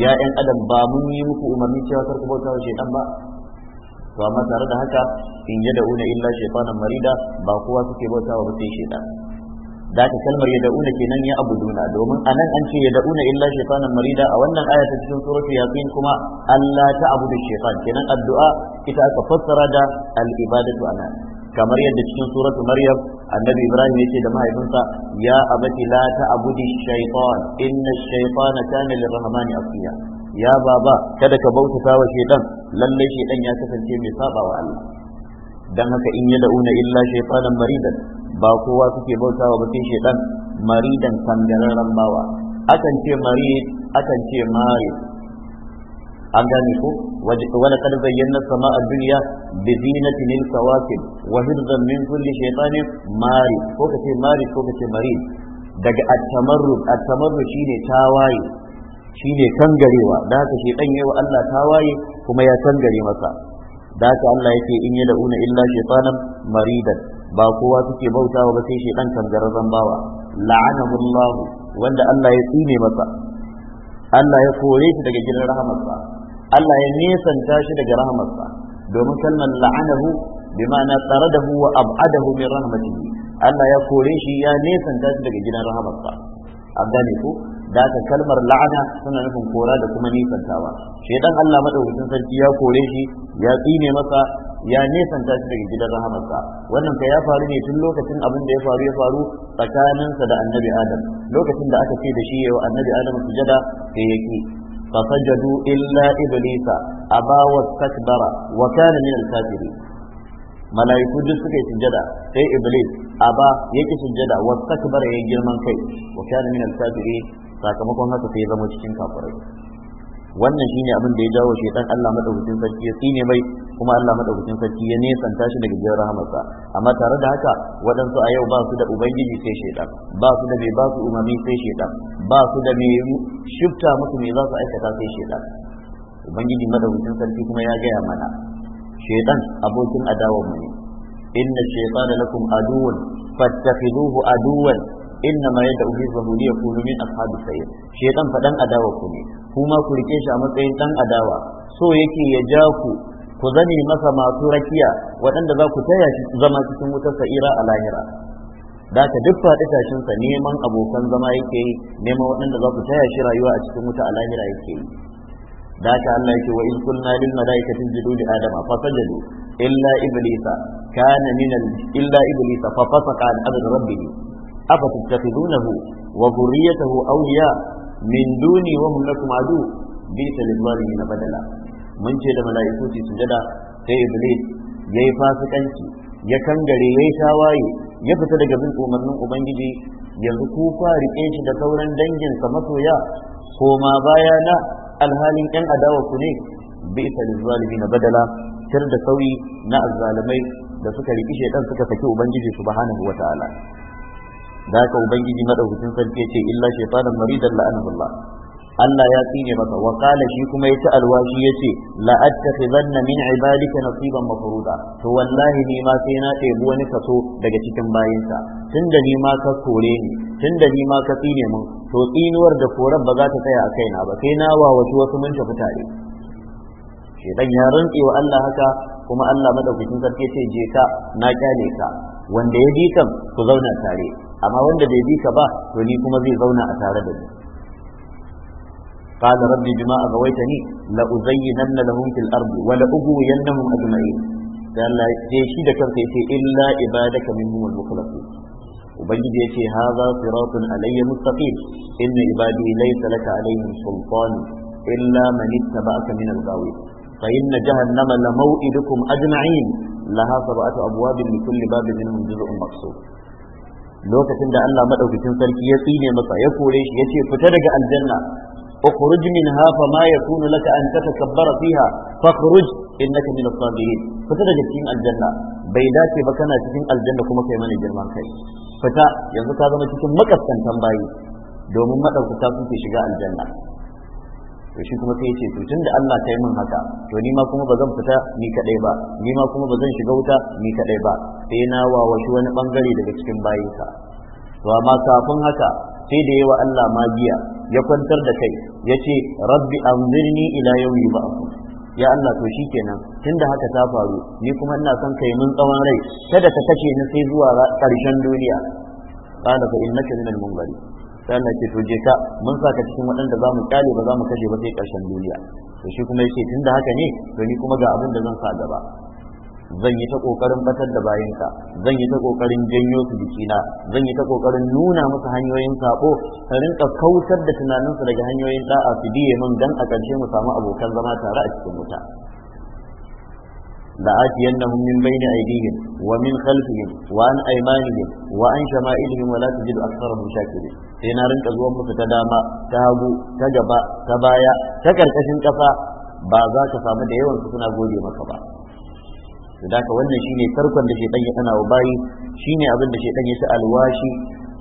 ya ɗan adam ba mun yi muku umarni cewa kar ku bauta wa shaytan ba to amma tare da haka in yad'una illa shaytanan marida ba kowa suke bauta wa sai shaytan da ka kalmar ya da'una kenan ya abuduna domin anan an ce ya da'una illa shaitanan marida a wannan aya ta cikin suratu yasin kuma Allah ta abudu shaitan kenan addu'a ita aka fassara da al-ibadatu anan kamar yadda cikin suratu maryam annabi ibrahim ce da mahaifinsa ya abati la ta abudi shaitan inna shaitana kana lirrahmani asiya ya baba kada ka bautata wa shaitan lalle shaitan ya kasance mai saba wa Allah dan haka in ya da'una illa shaitanan maridan ba kowa suke bautawa ba sai shedan maridan kangararren bawa akan ce marid akan ce mari. an gane ko wani wala kad sama a duniya, bi zinatin lil kawakib wa hirzan min kulli shaytanin mari, ko ka ce mari, ko ka ce marid daga at-tamarrud at-tamarrud shine tawaye shine kangarewa da haka shedan yayi wa Allah tawaye kuma ya kangare masa da haka Allah yake in yad'una illa shaytanan maridan ba kowa suke bautawa ba sai shedan tangararren bawa la'anahu Allah wanda Allah ya tsine masa Allah ya kore shi daga gidan rahamarsa Allah ya nesanta shi daga rahamarsa domin kalmar la'anahu bi ma'ana tsaradahu wa ab'adahu min rahmatihi Allah ya kore shi ya nesanta shi daga gidan rahamarsa an gane ko da aka kalmar la'ana suna nufin kora da kuma nisantawa shaidan Allah madaukakin sarki ya kore shi ya tsine masa ya nisanta shi daga gidan rahamarsa wannan ka ya faru ne tun lokacin abin da ya faru ya faru tsakaninsa da annabi adam lokacin da aka ce da shi ya wa annabi adam sujada sai yake fasajadu illa iblisa aba wastakbara wa kana min al-kafirin malaiku duk suka yi sujjada sai iblis aba yake sujjada wa takbara ya girman kai wa kana min al-kafirin sakamakon haka sai ya zama cikin kafirai wannan shine abin da ya jawo dan Allah madaukakin sarki ya tsine mai kuma Allah madaukakin sarki ya nesanta shi daga jin rahamarsa amma tare da haka waɗansu a yau ba su da ubangiji sai shaitan ba su da mai ba su umami sai shaitan ba su da mai shifta musu mai za su aikata sai shaitan ubangiji madaukakin sarki kuma ya gaya mana shaitan abokin adawa mu ne inna shaytana lakum aduwan fattakhiduhu aduwan inna ma yad'u bi zuhuriya kunu min ashabi sayyid shaitan fadan adawa ku ne kuma ku rike shi a matsayin dan adawa so yake ya ja ku ku zane masa masu rakiya waɗanda za ku taya shi zama cikin wutar sa'ira a lahira da ka duk faɗi tashinsa neman abokan zama yake yi neman waɗanda za ku taya shi rayuwa a cikin wuta a lahira yake yi da haka Allah yake wa in kunna lil malaikati isjudu li adama fasajadu illa iblisa kana min illa iblisa fa fasaqa an amri rabbih afa tattakhidunahu wa dhurriyyatahu awliya min duni wa hum lakum adu bi na badala mun ce da malaiku su sujada sai iblis yayi fasikanci ya kangare yayi shawaye. ya fita daga bin umarnin ubangiji yanzu ku riƙe shi da sauran dangin sa masoya koma baya na alhalin yan adawa ku ne bi isa na badala tar da sauyi na azzalimai da suka riƙi shedan suka saki ubangiji subhanahu wataala da haka ubangiji madaukakin sarki ce illa shaytanan maridan la'anahu Allah Allah ya tsine masa wa qala shi kuma yace alwashi yace la attakhidanna min ibadika nasiban mafruda to wallahi ni ma sai na ɗebi wani kaso daga cikin bayinsa tunda ni ma ka kore ni tunda ni ma ka tsine mun to tsinuwar da koren ba za ta tsaya a kaina ba sai na wa wasu mun tafi tare shedan ya rantse wa Allah haka kuma Allah madaukakin sarki ce je ka na kyale ka wanda ya bi kan ku zauna tare amma wanda bai bi ka ba to ni kuma zai zauna a tare da ni قال ربي بما أغويتني لأزينن لهم في الأرض ولأغوينهم أجمعين قال لا شيء ذكرت إلا عبادك منهم المخلصين ubangiji yace haza siratun alayya mustaqim inna ibadi laysa laka alaihim sultan illa man ittaba'aka min al-ghawi fa jahannama la maw'idukum ajma'in laha sab'atu abwabin li kulli babin minhum juz'un maqsud lokacin da Allah maɗaukacin sarki ya tsine masa ya kore shi yace fita daga aljanna اخرج منها فما يكون لك laka an فيها fiha انك من min da في fita daga cikin aljanna bai dace ba kana cikin aljanna kuma kai mana girman kai fita yanzu دوم zama cikin تكون bayi domin madaukaka shiga aljanna to shi kuma sai ya ce to tunda Allah ta yi min haka to ni ma kuma ba zan fita ni kadai ba ni ma kuma ba zan shiga wuta ni kadai ba sai na wani bangare daga cikin bayinsa to amma kafin haka sai da yawa Allah magiya ya kwantar da kai Ya ce rabbi anzirni ila yawmi ba'th ya Allah to shikenan tunda haka ta faru ni kuma ina son kai mun tsawon rai kada ka kashe ni sai zuwa karshen duniya qala fa innaka min al-munzari sai Allah ce to je ka mun saka cikin waɗanda za mu kyale ba za mu kashe ba sai karshen duniya to shi kuma yace tunda haka ne to ni kuma ga abin da zan sa gaba zan yi ta kokarin batar da bayinka zan yi ta kokarin janyo su jikina zan yi ta kokarin nuna musu hanyoyin sako ka rinka kautar da tunaninsu daga hanyoyin da'a su biye mun dan a ƙarshe mu samu abokan zama tare a cikin wuta da atiyan na min bayni aidihim wa min khalfihim wa an aymanihim wa an shama'ilihim wa la tajidu akthara mushakirin sai na rinka zuwa musu ta dama ta hagu ta gaba ta baya ta karkashin ƙasa, ba za ka samu da yawan su suna gode maka ba to ka wannan shine sarkon da shedan ya tana wa bayi shine abin da shedan ya ta alwashi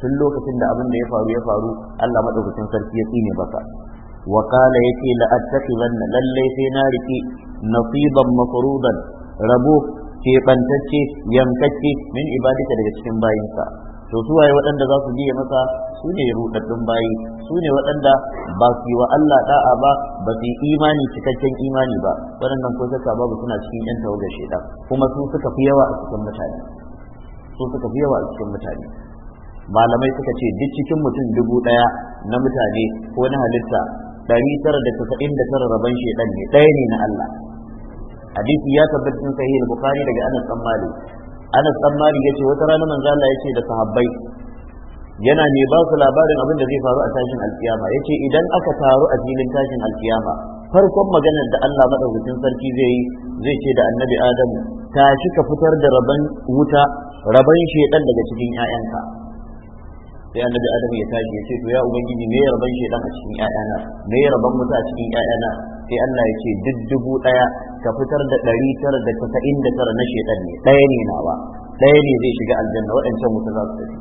tun lokacin da abin da ya faru ya faru Allah madaukakin sarki ya tsine baka wa qala yace la attakhibanna lallai sai na riki nasiban mafrudan rabo ke bantacce yankacce min ibadika daga cikin bayinka to su waye waɗanda za su biye masa su ne rudaddun bayi su ne waɗanda ba su yi wa Allah da'a ba ba su yi imani cikakken imani ba waɗannan ko saka babu suna cikin yan tawagar shaidan kuma su suka fi yawa a cikin mutane su suka fi yawa a cikin mutane malamai suka ce duk cikin mutum dubu ɗaya na mutane ko na halitta ɗari tara da casa'in da tara rabon shaidan ne ɗaya ne na Allah hadisi ya tabbatar cikin sahihul bukhari daga Anas bin Malik anas dan ya yace wata rana manzo Allah ce da sahabbai yana ne ba su labarin abin da zai faru a tashin alkiyama yace idan aka taru a filin tashin alkiyama farkon maganar da Allah madaukakin sarki zai yi zai ce da annabi adamu tashi ka fitar da raban wuta raban shedan daga cikin 'ya'yanka sai annabi adam ya tashi ya ce to ya ubangiji me ya raban shedan a cikin ƴaƴana me ya raban mutu a cikin ƴaƴana sai Allah ya ce duk dubu ɗaya ka fitar da ɗari tara da casa'in da tara na shaidan ne ɗaya ne nawa ɗaya ne zai shiga aljanna waɗancan mutu za su tafi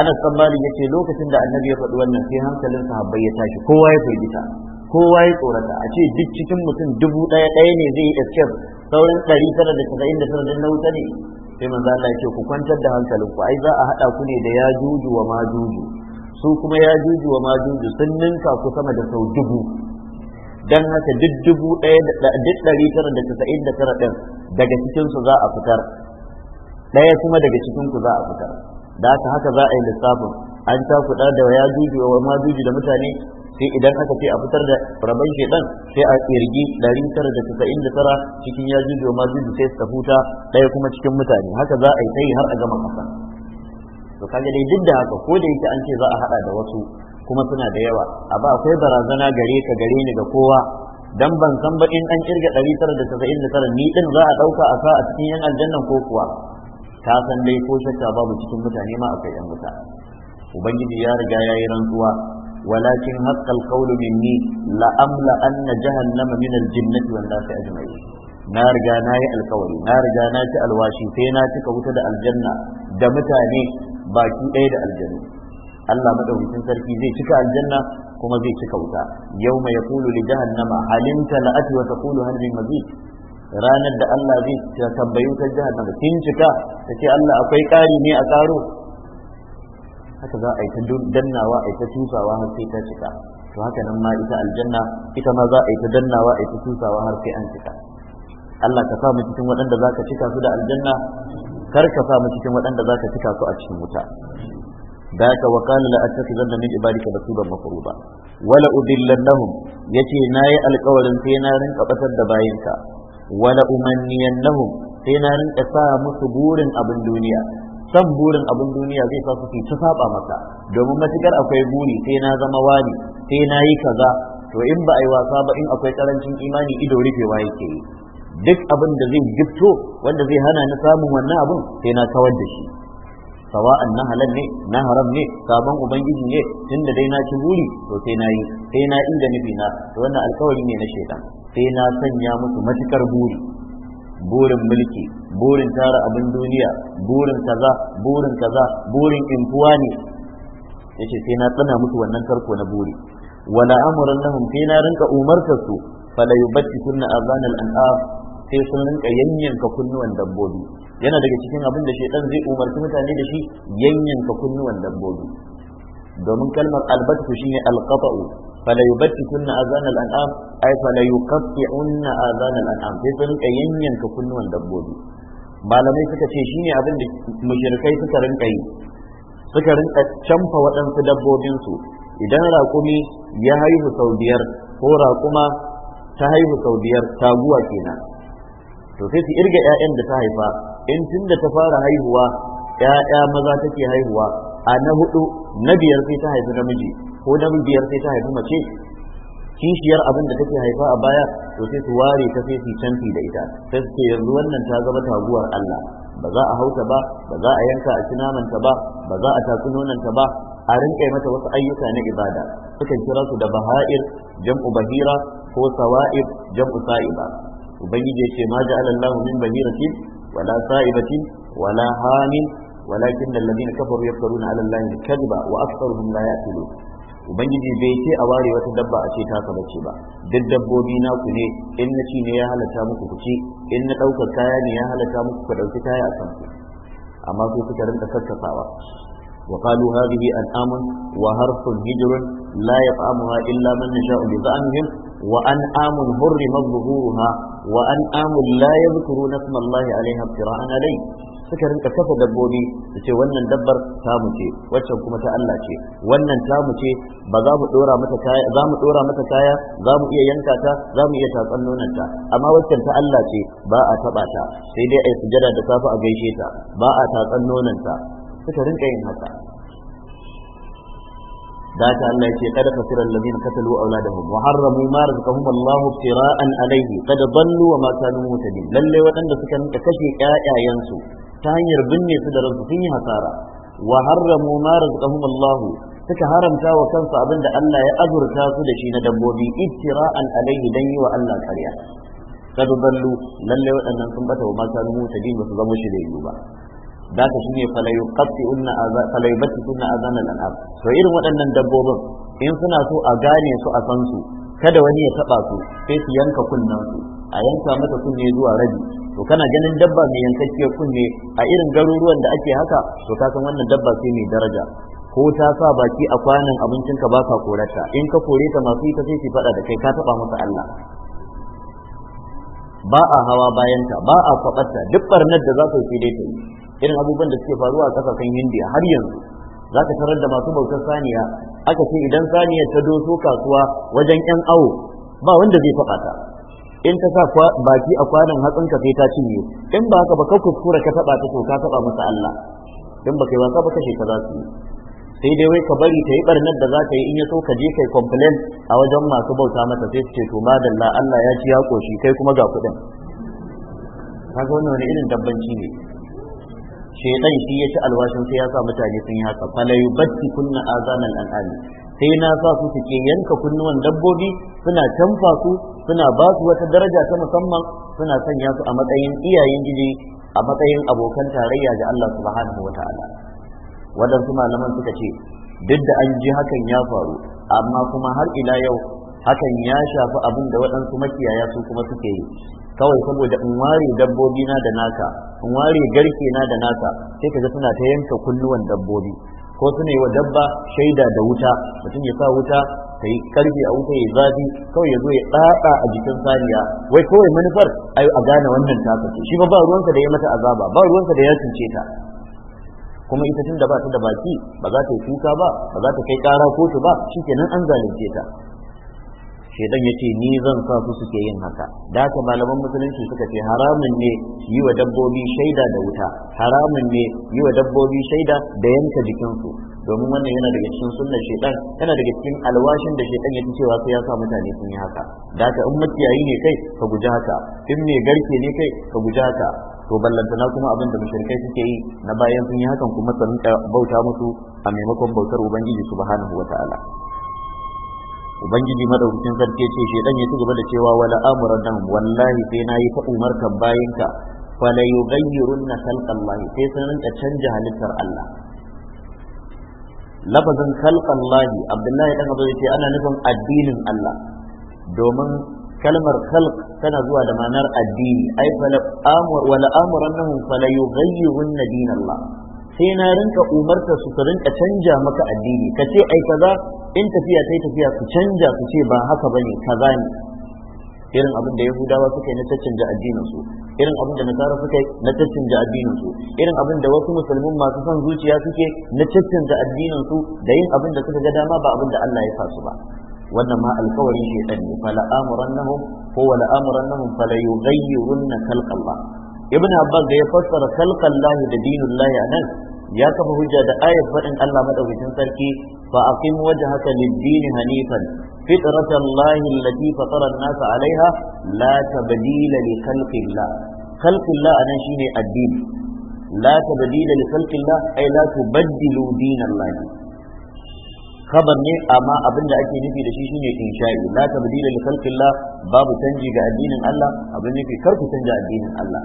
Anas Sammani ya ce lokacin da annabi ya faɗi wannan sai hankalin sahabbai ya tashi kowa ya firgita kowa ya tsorata a ce duk cikin mutum dubu ɗaya ɗaya ne zai yi escape sauran ɗari tara da casa'in da tara na wuta ne sai manzo Allah yake ku kwantar da hankalin ku. ai za a hada ku ne da ya juju wa ma juju su kuma ya juju wa ma juju sun ninka ku sama da sau dubu dan haka duk dubu ɗaya da duk ɗari tara da casa'in da tara ɗin daga cikinsu za a fitar ɗaya kuma daga cikinku za a fitar da haka haka za a yi lissafin an kuɗa da ya juji wa ma juji da mutane sai idan aka ce a fitar da rabon shedan sai a kirgi 999 cikin ya juji wa ma juji sai su huta ɗaya kuma cikin mutane haka za a yi ta yi har a gama kasa to kaga dai duk da haka ko da yake an ce za a haɗa da wasu kuma suna da yawa a ba akwai barazana gare ka gare ni ga kowa dan ban san ba in an kirga 999 ni din za a dauka a sa a cikin yan aljannan ko kuwa ka san dai ko shakka babu cikin mutane ma akwai yan wuta ubangiji ya riga ya yi rantsuwa walakin haqqal qawlu minni la amla anna jahannama min al jinnati wan nasi ajma'in na riga na yi alƙawari, na riga na ci alwashi sai na cika wuta da aljanna da mutane baki ɗaya da aljanna Allah madaukakin sarki zai cika aljanna kuma zai cika wuta yawma yaqulu li jahannama halimta la'ati wa taqulu hal min mazid ranar da Allah zai tambayi wutar jahannama kin cika tace Allah akwai ƙari ne a ƙaro haka za a yi ta dannawa a yi ta tusawa har sai ta cika to haka nan ma ita aljanna ita ma za a yi ta dannawa a yi ta tusawa har sai an cika Allah ka sa mu cikin waɗanda za ka cika su da aljanna kar ka sa mu cikin waɗanda za ka cika su a cikin wuta da haka wa kana la attakizanna min ibadika nasiban mafruba wala udillannahum yace nayi alƙawarin sai na rinka batar da bayinka wala umanniyannahum sai na rinka sa musu burin abin duniya san burin abin duniya zai sa su su ta saba maka domin matukar akwai buri sai na zama wani sai na yi kaza to in ba a yi wasa ba in akwai karancin imani ido rufewa yake yi duk abin da zai gifto wanda zai hana ni samun wannan abin sai na kawar da shi sawa'an na halal ne na haram ne sabon ubangiji ne tun da dai na ci buri to sai na yi sai na inda nufi na to wannan alkawari ne na shaidan sai na sanya musu matukar buri burin mulki burin tara abin duniya burin kaza burin kaza burin 'imfuwa ne yace sai na tsana musu wannan tarko na buri wala amuran lahum sai na rinka umartar su fala yubattikunna azanal an'am sai sun rinka yanyanka kunnuwan dabbobi yana daga cikin abin da shaitan zai umarci mutane da shi yanyanka kunnuwan dabbobi domin kalmar albatu shine alqata'u fala yubtikunna azan al-an'am ay fala yuqatti'unna azan al-an'am sai sun rinka yanyanka kunnuwan dabbobi malamai suka ce shine abin da mushrikai suka rinka yi suka rinka waɗansu dabbobinsu idan raƙumi ya haihu sau ko raƙuma ta haihu sau biyar taguwa kenan to sai su kirga 'ya'yan da ta haifa in tun ta fara haihuwa 'ya'ya maza take haihuwa a na hudu na biyar sai ta haifi namiji ko na biyar sai ta haifi mace kishiyar abin da take haifa a baya to sai su ware ta sai su canfi da ita sai su ce yanzu wannan ta zama taguwar Allah ba za a hauta ba ba za a yanka a cinamanta ba ba za a tatsi ta ba a rinka mata wasu ayyuka na ibada sukan kira su da baha'ir jam'u bahira ko sawa'ib jam'u sa'iba ubangiji ce ma ja'ala Allah min bahiratin wala sa'ibatin wala hamin walakin alladhina kafaru yaftaruna 'ala Allah kadhiba wa aktharuhum la ubangiji bai ce a ware wata dabba a ce taka bace ba duk dabbobi na ku ne in na ci ne ya halatta muku ku ci in na ɗaukar kaya ne ya halata muku ku ɗauki kaya a kanku amma sai suka rinka sassafawa وقالوا هذه أنعام وهرف هجر لا يطعمها إلا من نشاء بطعمهم وأنعام حرم ظهورها وأنعام لا يذكرون اسم الله عليها افتراء عليه suka rinka kafa dabbobi su ce wannan dabbar tamu ce waccan kuma ta Allah ce wannan tamu ce ba za mu dora mata kaya za mu dora mata kaya za mu iya yanka ta za mu iya tatsan ta amma waccan ta Allah ce ba a taba ta sai dai a yi sujada da safa a gaishe ta ba a tatsan ta. suka rinka yin haka da haka Allah yake kad a alladhina qatalu awladahum wa harramu ma razaqahum Allah ibtira'an alayhi Kada ballu wa ma kanu mutadin lalle waɗanda suka rinka kashe ƴaƴayensu ta hanyar binne su da rasu sun yi hasara wa harramu ma razaqahum Allah suka haramta wa kansu abinda Allah ya azurta su da shi na dabbobi ibtira'an alayhi dan yi wa Allah ƙarya Kada ballu lalle waɗannan sun bata wa ma kanu ba su zama shiriyu ba da ka shine falayu qatti suna azan falayubati to irin waɗannan dabbobin in suna so a gane su a san su kada wani ya taba su sai su yanka kunnen su a yanka mata kunne zuwa rabi to kana ganin dabba mai yankakkiyar kunne a irin garuruwan da ake haka to ka san wannan dabba sai mai daraja ko ta sa baki a kwanan abincin ka baka korata in ka kore ta masu ita sai su faɗa da kai ka taɓa masa Allah ba a hawa bayanta ba a kwabarta duk barnar da za su yi dai ta yi irin abubuwan da suke faruwa a kasashen indiya har yanzu za ka tarar da masu bautar saniya aka ce idan saniya ta doso kasuwa wajen yan awo ba wanda zai faɗa in ta sa baki a kwanan hatsin ka sai ta cinye in ba haka ba ka kuskura ka taɓa ta to ka taɓa masa Allah in ba kai ba kashe ka za su yi sai dai wai ka bari ta yi barnar da za ka yi in ya so ka je kai complain a wajen masu bauta mata sai su ce to madalla Allah ya ci ya koshi kai kuma ga kuɗin kaga wannan wani irin dabbanci ne shedan shi ya ci alwashin sai ya sa mutane sun yi haka falayu batti kunna azanan al'ami sai na sa su suke yanka kunnuwan dabbobi suna canfa su suna ba su wata daraja ta musamman suna sanya su a matsayin iyayen gidi a matsayin abokan tarayya ga Allah subhanahu wa ta'ala wadansu malaman suka ce duk da an ji hakan ya faru amma kuma har ila yau hakan ya shafi abin da waɗansu makiyaya su kuma suke yi kawai saboda in ware dabbobi na da naka in ware garke na da naka sai kaga suna ta yanka kulluwan dabbobi ko suna yi wa dabba shaida da wuta mutum ya sa wuta ta yi karfi a wuta ya zafi kawai ya zo ya tsatsa a jikin saniya wai kawai manufar a a gane wannan taka ce shi ba ba ruwansa da ya mata azaba ba ruwansa da ya cince ta kuma ita tun da ba ta da baki ba za ta yi kuka ba ba za ta kai kara kotu ba shi kenan an zalunce ta shedan ya ce ni zan sa su suke yin haka da haka malaman musulunci suka ce haramun ne yi wa dabbobi shaida da wuta haramun ne yi wa dabbobi shaida da yanka jikinsu domin wannan yana daga cikin sunnar shedan yana daga cikin alwashin da shedan ya cewa sai ya sa mutane sun yi haka da haka in mutiyayi ne kai ka guji haka in mai garke ne kai ka guji haka to ballantana kuma abin da mushrikai suke yi na bayan sun yi hakan kuma su bauta musu a maimakon bautar ubangiji subhanahu wataala ubangiji madaukakin sarki ce shedan ya ci gaba da cewa wala amuran nan wallahi sai nayi fa kan bayinka fala yughayyirunna khalqallahi sai sun ka canja halittar Allah lafazin khalqallahi abdullahi dan abu yace ana nufin addinin Allah domin kalmar khalq tana zuwa da ma'anar addini ai fala amur wala amuran nan La. yughayyirunna dinallah sai na rinka umarta su ka rinka canja maka addini ka ce ai kaza in tafiya sai tafiya su canja su ce ba haka ba ne, kaza ne irin abin da yahudawa suka yi na caccanja addinin su irin abin da nasara suka yi na caccanja addinin su irin abin da wasu musulmin masu son zuciya suke na caccanja addinin su da yin abin da suka ga dama ba abin da Allah ya sa ba wannan ma alkawarin shaitan ne fala amurannahum ko wala amurannahum fala yughayyirunna khalqallah ibn abbas da ya fassara khalqan lahi da dinin lahi anan ya kafa hujja da ayat fadin Allah madaukakin sarki fa aqim wajhaka lid-din hanifan fitratan lahi allati fatara an-nas 'alayha la tabdila li khalqillah khalqillah anan shine addini la tabdila li khalqillah ay la tubaddilu dinallahi khabar ne amma abin da ake nufi da shi shine insha'i la tabdila li khalqillah babu canji ga addinin Allah abin nufi kar ku canja addinin Allah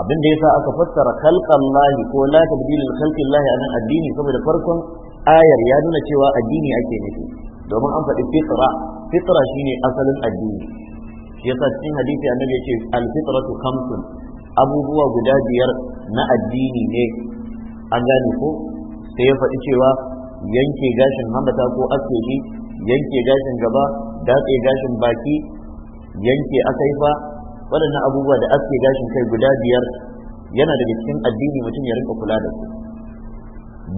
abin da yasa aka fassara lahi ko la tabdila li khalqillahi anan addini saboda farkon ayar ya nuna cewa addini ake nufi domin an faɗi fitra fitra shine asalin addini shi yasa cikin hadisi annabi yace al fitratu khamsun abubuwa guda biyar na addini ne an gane ko sai ya faɗi cewa yanke gashin Hamata ko asiri yanke gashin gaba datse gashin baki yanke asaifa waɗannan abubuwa da aske gashin kai guda biyar yana daga cikin addini mutum ya rinka kula da su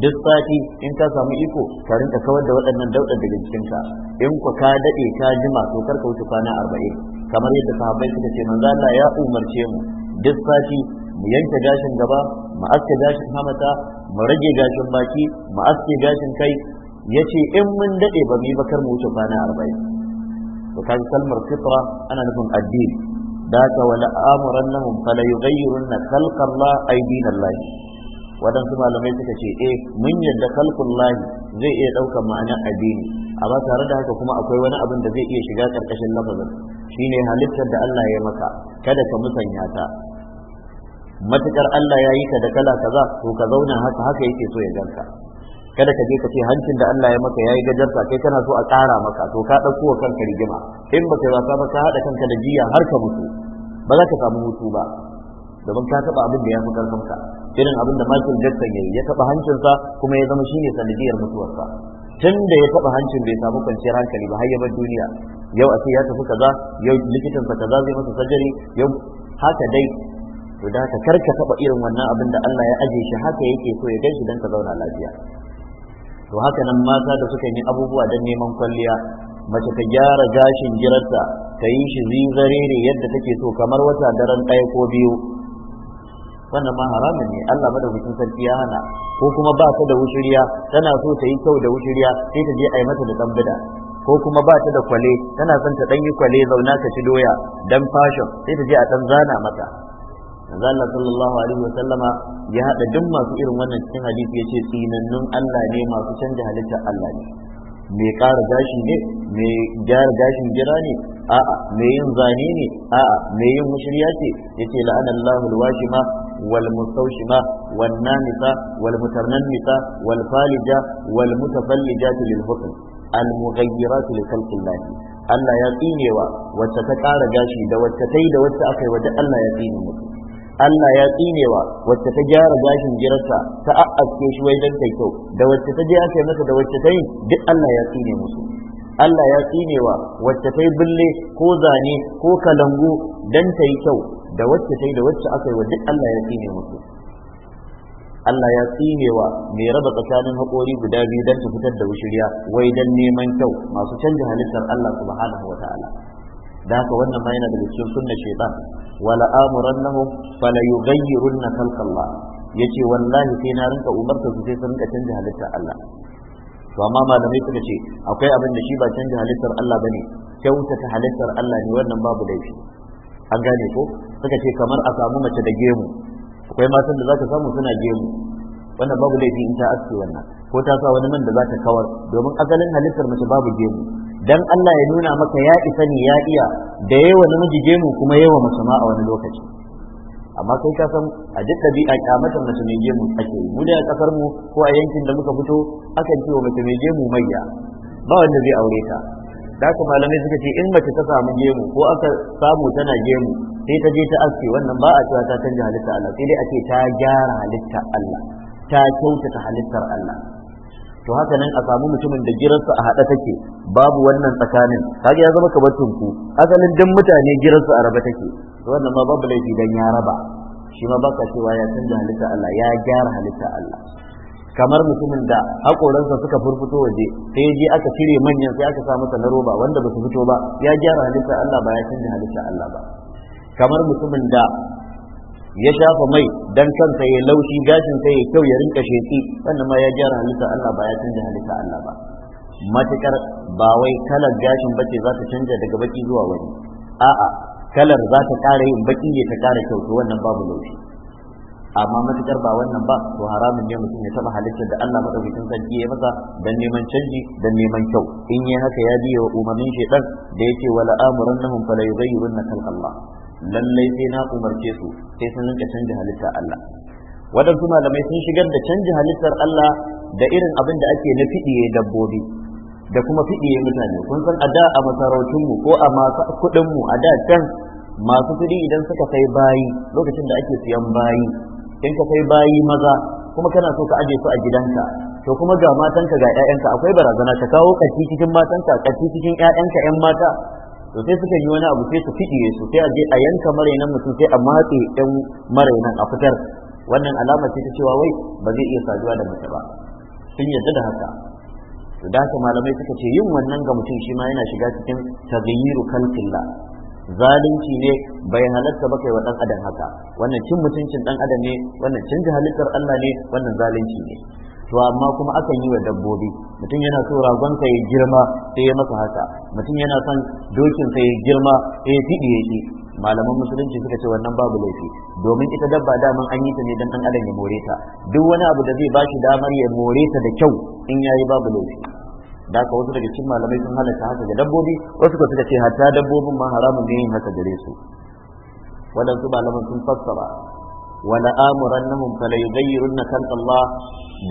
duk sati in ka samu iko ka rinka kawar da waɗannan daudar daga jikinka in ku ka daɗe ka jima to ka wuce kwana arba'in kamar yadda sahabbai suka ce manzo Allah ya umarce mu duk sati mu yanke gashin gaba mu aske gashin hamata mu rage gashin baki mu aske gashin kai yace in mun daɗe ba mu yi kar mu wuce kwana arba'in to kaji kalmar fitra ana nufin addini daga wala amuran nahum fala yughayyirunna khalqallah ay Lahi. waɗansu malamai suka ce eh mun yadda Lahi zai iya ɗaukar ma'anar addini amma tare da haka kuma akwai wani abin da zai iya shiga ƙarƙashin lafazin shine halittar da Allah ya maka kada ka musanya ta matukar Allah ya yi ka da kala kaza to ka zauna haka haka yake so ya ganka kada ka je ka ce hancin da Allah ya maka yayi gajarta kai kana so a ƙara maka to ka ɗauko wa kanka rigima in baka wasa ba ka haɗa kanka da jiya har ka mutu ba za ka samu mutu ba domin ka taɓa abin da ya fi ƙarfin irin abin da Michael Jackson ya yi ya taɓa hancinsa kuma ya zama shine sanadiyar mutuwarsa tun da ya taɓa hancin bai samu kwanciyar hankali ba har ya bar duniya yau a ce ya tafi kaza yau likitansa kaza zai masa sajari yau haka dai to da ka karka taɓa irin wannan abin da Allah ya aje shi haka yake so ya gan don ka zauna lafiya to haka nan mata da suka yi abubuwa don neman kwalliya mace ta gyara gashin girarta ta yi shi ne yadda take so kamar wata daren ɗaya ko biyu wannan ma haramun ne Allah madaukakin sarki ya hana ko kuma ba ta da wushiriya tana so ta yi kyau da wushiriya sai ta je a yi mata da bida, ko kuma ba ta da kwale tana son ta ɗan yi kwale zauna ka ci doya dan fashion sai ta je a ɗan zana mata manzo Allah sallallahu alaihi wa sallama ya hada duk masu irin wannan cikin hadisi yace tsinannun Allah ne masu canja halittar Allah ne Me ƙara gashi ne Me gyara gashin jira ne a'a Me yin zane ne a'a mai yin mushriya ce yace la'anallahu Allahu alwashima wal mustawshima wan namisa wal mutarannisa wal falija wal mutafallijat lil hukm al mughayyirat li khalqillah Allah ya tsinewa wacce ta ƙara gashi da wacce ta yi da wacce aka yi wajen Allah ya tsine mutum Allah ya tsinewa wacce ta gyara gashin girarsa ta a'aske shi wai dan ta kyau da wacce ta je aka masa da wacce ta yi duk Allah ya tsine musu Allah ya tsinewa wacce ta yi bulle ko zane ko kalangu dan ta yi kyau da wacce ta yi da wacce aka yi wa duk Allah ya tsine musu Allah ya tsinewa mai raba tsakanin haƙori guda biyu don ta fitar da wushiriya wai don neman kyau masu canja halittar Allah subhanahu wa ta'ala da haka wannan ma yana daga cikin sunnar shaytan wala amurannahum fala yughayyirunna khalqallah yace wallahi sai na rinka umarta su sai su rinka canja halittar Allah to amma malamai suka ce akwai abin da shi ba canja halittar Allah bane kyautata halittar Allah ne wannan babu laifi an gane ko suka ce kamar a samu mace da gemu akwai matan da zaka samu suna gemu wannan babu laifi in ta aske wannan ko ta sa wani man da za ta kawar domin asalin halittar mace babu gemu dan Allah ya nuna maka ya isa ne ya iya da yawa namiji gemu kuma yawa mace ma a wani lokaci amma kai ka san a duk ɗabi'a kyamatar mace mai gemu ake mu da kasar mu ko a yankin da muka fito akan ce wa mace mai gemu mayya ba wanda zai aure ta da haka malamai suka ce in mace ta samu gemu ko aka samu tana gemu sai ta je ta aske wannan ba a cewa ta canja halitta Allah sai dai a ce ta gyara halittar Allah ta kyautata halittar Allah to haka nan a samu mutumin da girarsa a haɗa take babu wannan tsakanin kaga ya zama kamar tunku asalin duk mutane girarsa a raba take to wannan ma babu laifi dan ya raba shi ma baka cewa ya canza halitta Allah ya gyara halitta Allah kamar mutumin da haƙoransa suka furfuto waje sai je aka cire manyan sai aka sa masa na roba wanda ba su fito ba ya gyara halitta Allah ba ya canza halitta Allah ba kamar mutumin da ya shafa mai dan kansa ya laushi gashin sa ya kyau ya rinka sheki wannan ma ya gyara halitta Allah ba ya canza halitta Allah ba matukar ba wai kalar gashin bace za ta canja daga baki zuwa wani a'a kalar za ta ƙara yin baki ne ta ƙara kyau to wannan babu laushi amma matukar ba wannan ba to haramun ne mutum ya taba halittar da Allah madaukakin sarki ya masa dan neman canji dan neman kyau in yi haka ya biya wa umarnin shaitan da yace wala amurannahum fala yughayyirunna khalqa Allah lallai sai na umarce su sai sun rinka canja halittar Allah waɗansu malamai sun shigar da canja halittar Allah da irin abin da ake na fiɗiye dabbobi da kuma fiɗiye mutane kun san a da a masarautunmu ko a masu kuɗinmu a da can masu kuɗi idan suka kai bayi lokacin da ake siyan bayi in ka kai bayi maza kuma kana so ka aje su a gidanka to kuma ga matanka ga 'ya'yanka akwai barazana ka kawo kaci cikin matanka kaci cikin 'ya'yanka 'yan mata to sai suka yi wani abu sai su fiɗiye su sai a a yanka marainan mutum sai a matse ɗan marainan a fitar wannan alamar ce ta cewa wai ba zai iya saduwa da mace ba sun yarda da haka to da malamai suka ce yin wannan ga mutum shi ma yana shiga cikin tagayyiru kalfilla. zalunci ne bai halatta ba kai wa dan adam haka wannan cin mutuncin dan adam ne wannan cin halittar Allah ne wannan zalunci ne to amma kuma akan yi wa dabbobi mutum yana so ragonsa ya girma sai ya masa haka mutum yana son dokinsa ya girma sai ya ya shi malaman musulunci suka ce wannan babu laifi domin ita dabba daman an yi ta ne dan an adam ya more ta duk wani abu da zai ba shi damar ya more ta da kyau in ya yi babu laifi da ka wasu daga cikin malamai sun halatta haka ga dabbobi wasu ko suka ce hatta dabbobin ma haramun ne yin haka gare su waɗansu malaman sun fassara wala amurannahum fala yughayyirunna khalq Allah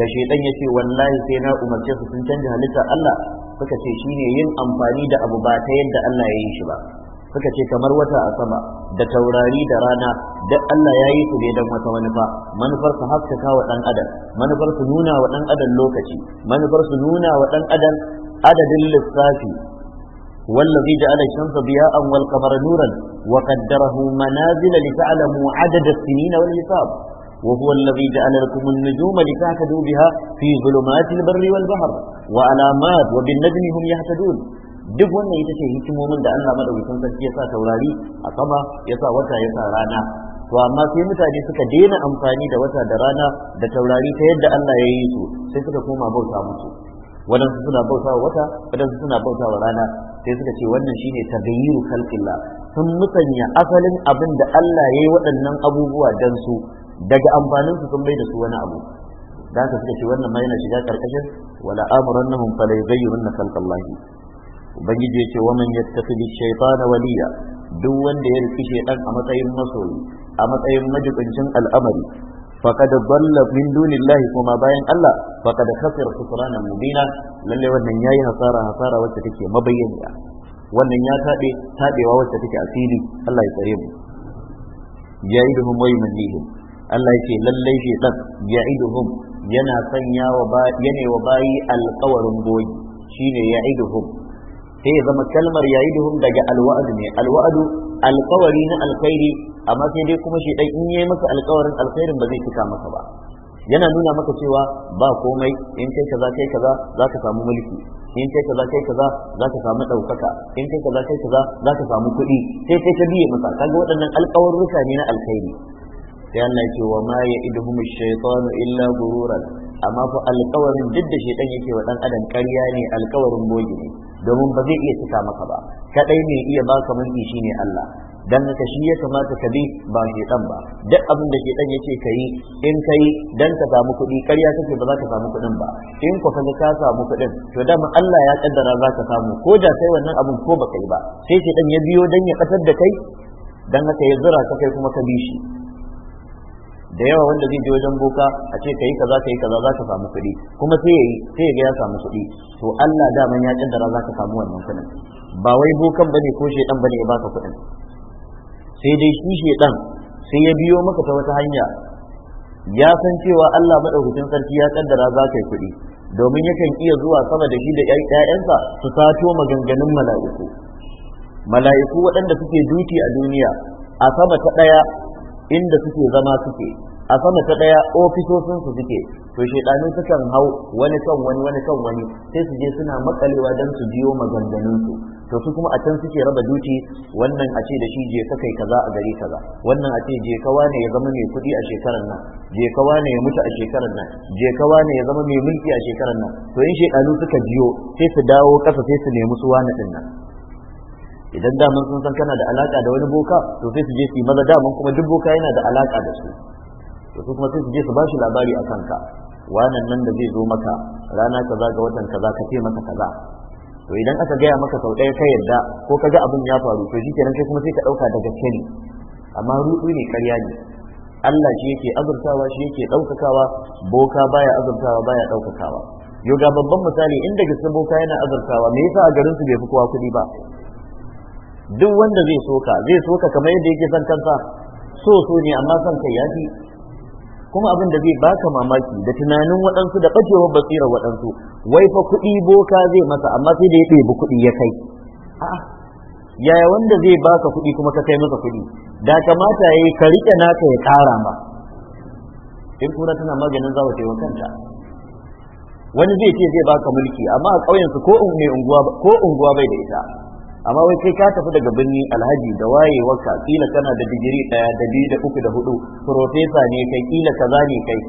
da shedan yace wallahi sai na umarce su sun canja halitta Allah suka ce shine yin amfani da abu ba ta yadda Allah ya yi shi ba suka ce kamar wata a sama da taurari da rana da Allah ya yi su ne don wata manufa manufar su haskaka wa dan adam manufar su nuna wa dan adam lokaci manufar su nuna wa dan adam adadin lissafi والذي جعل الشمس ضياء والقمر نورا وقدره منازل لتعلموا عدد السنين والحساب وهو الذي جعل لكم النجوم لتهتدوا بها في ظلمات البر والبحر وعلامات وبالنجم هم يهتدون duk wannan ita ce hikimomin da Allah madaukakin sarki ya sa taurari a sama ya sa wata ya sa rana to amma sai mutane suka daina amfani da wata da rana da taurari ta yadda Allah ya yi su sai suka koma bauta musu wadansu suna bautawa wata wadansu suna bautawa rana sai suka ce wannan shine tabayyiru kalkila sun musanya asalin abin da Allah ya yi waɗannan abubuwa dan su daga amfanin su sun bai da su wani abu da ka suka ce wannan ma yana shiga karkashin wala amurannahum fala yughayyirunna khalqallahi ubangiji ya ce wa man yattakhidhi shaytana waliya duk wanda ya rikice shaytan a matsayin masoyi a matsayin majibincin al'amari faqad dalla min dunillahi kuma bayan Allah faqad khasira khusranan mubina lalle wannan yayi hasara hasara wacce take mabayyana wannan ya tabe tabewa wacce take asiri Allah ya tsare mu ya'iduhum wa yumannihim Allah yake lalle shi dan ya'iduhum yana sanya wa yana wa bayi alqawarin goyi shine ya'iduhum sai ya zama kalmar yayi duhum daga alwa'adu ne alwa'adu alkawari na alkhairi amma sai dai kuma shi dai in yayi masa alkawarin alkhairin ba zai cika masa ba yana nuna maka cewa ba komai in kai kaza kai kaza za ka samu mulki in kai kaza kai kaza za ka samu ɗaukaka in kai kaza kai kaza za ka samu kuɗi sai kai ka biye masa kaga waɗannan alkawarruka ne na alkhairi sai Allah ce wa ma ya idhum mu shaytanu illa gururan amma fa alƙawarin duk da shaytan yake wa dan adam ƙarya ne alƙawarin bogi ne domin ba zai iya cika maka ba kadai ne iya baka mulki shine Allah dan ka shi ya kamata ka bi ba shaytan ba duk abin da shaytan yake kai in kai dan ka samu kuɗi ƙarya kake ba za ka samu kuɗin ba in ku kaga ka samu kuɗin to dama Allah ya kaddara za ka samu ko da sai wannan abin ko ba kai ba sai shaytan ya biyo dan ya kasar da kai dan haka ya zura ka kai kuma ka bi shi da yawa wanda zai je wajen boka a ce kai kaza kai kaza za ka samu kuɗi kuma sai yayi sai ya ga ya samu kuɗi to Allah da man ya kaddara za ka samu wannan kuɗin ba wai bokan bane ko shedan bane ya baka kuɗin sai dai shi shedan sai ya biyo maka ta wata hanya ya san cewa Allah madaukakin sarki ya kaddara za ka yi kuɗi domin yakan iya zuwa sama da shi da ƴaƴansa su sato maganganun mala'iku mala'iku waɗanda suke duti a duniya a sama ta ɗaya inda suke zama suke a sama ta daya ofisoshin su suke to shedanu sukan hau wani kan wani wani kan wani sai su je suna makalewa dan su biyo maganganun su to su kuma a can suke raba duti wannan a ce da shi je ka kai kaza a gari kaza wannan a ce je ka wane ya zama mai kuɗi a shekarar nan je ka wane ya mutu a shekarar nan je ka wane ya zama mai mulki a shekarar nan to in shedanu suka biyo sai su dawo kasa sai su nemi su wane din nan idan daman sun san kana da alaka da wani boka to sai su je su yi maza daman kuma duk boka yana da alaka da su to su kuma sai su je su bashi labari a kanka wannan nan da zai zo maka rana kaza ga watan kaza ka ce maka kaza to idan aka gaya maka sau ɗaya ka yarda ko ka ga abin ya faru to shikenan sai kuma sai ka ɗauka da gaske amma ruɗu ne ƙarya ne Allah shi yake azurtawa shi yake ɗaukakawa boka baya azurtawa baya ɗaukakawa yau ga babban misali inda gaske boka yana azurtawa me yasa a garin su bai fi kowa kuɗi ba duk wanda zai soka zai soka kamar yadda yake son kansa so so ne amma son kai yafi kuma abin da zai baka mamaki da tunanin waɗansu da ɓacewar basirar waɗansu wai fa kuɗi boka zai masa amma sai da ya ɗebi kuɗi ya kai a'a yaya wanda zai baka kuɗi kuma ka kai masa kuɗi da kamata ya yi ka riƙe naka ya ƙara ma in kura tana maganin zawo ce kanta wani zai ce zai baka mulki amma a ƙauyensu ko unguwa bai da ita amma wai kai ka tafi daga birni alhaji da wayewarka kila kana da digiri daya da biyu da uku da hudu profesa ne kai kila kaza ne kai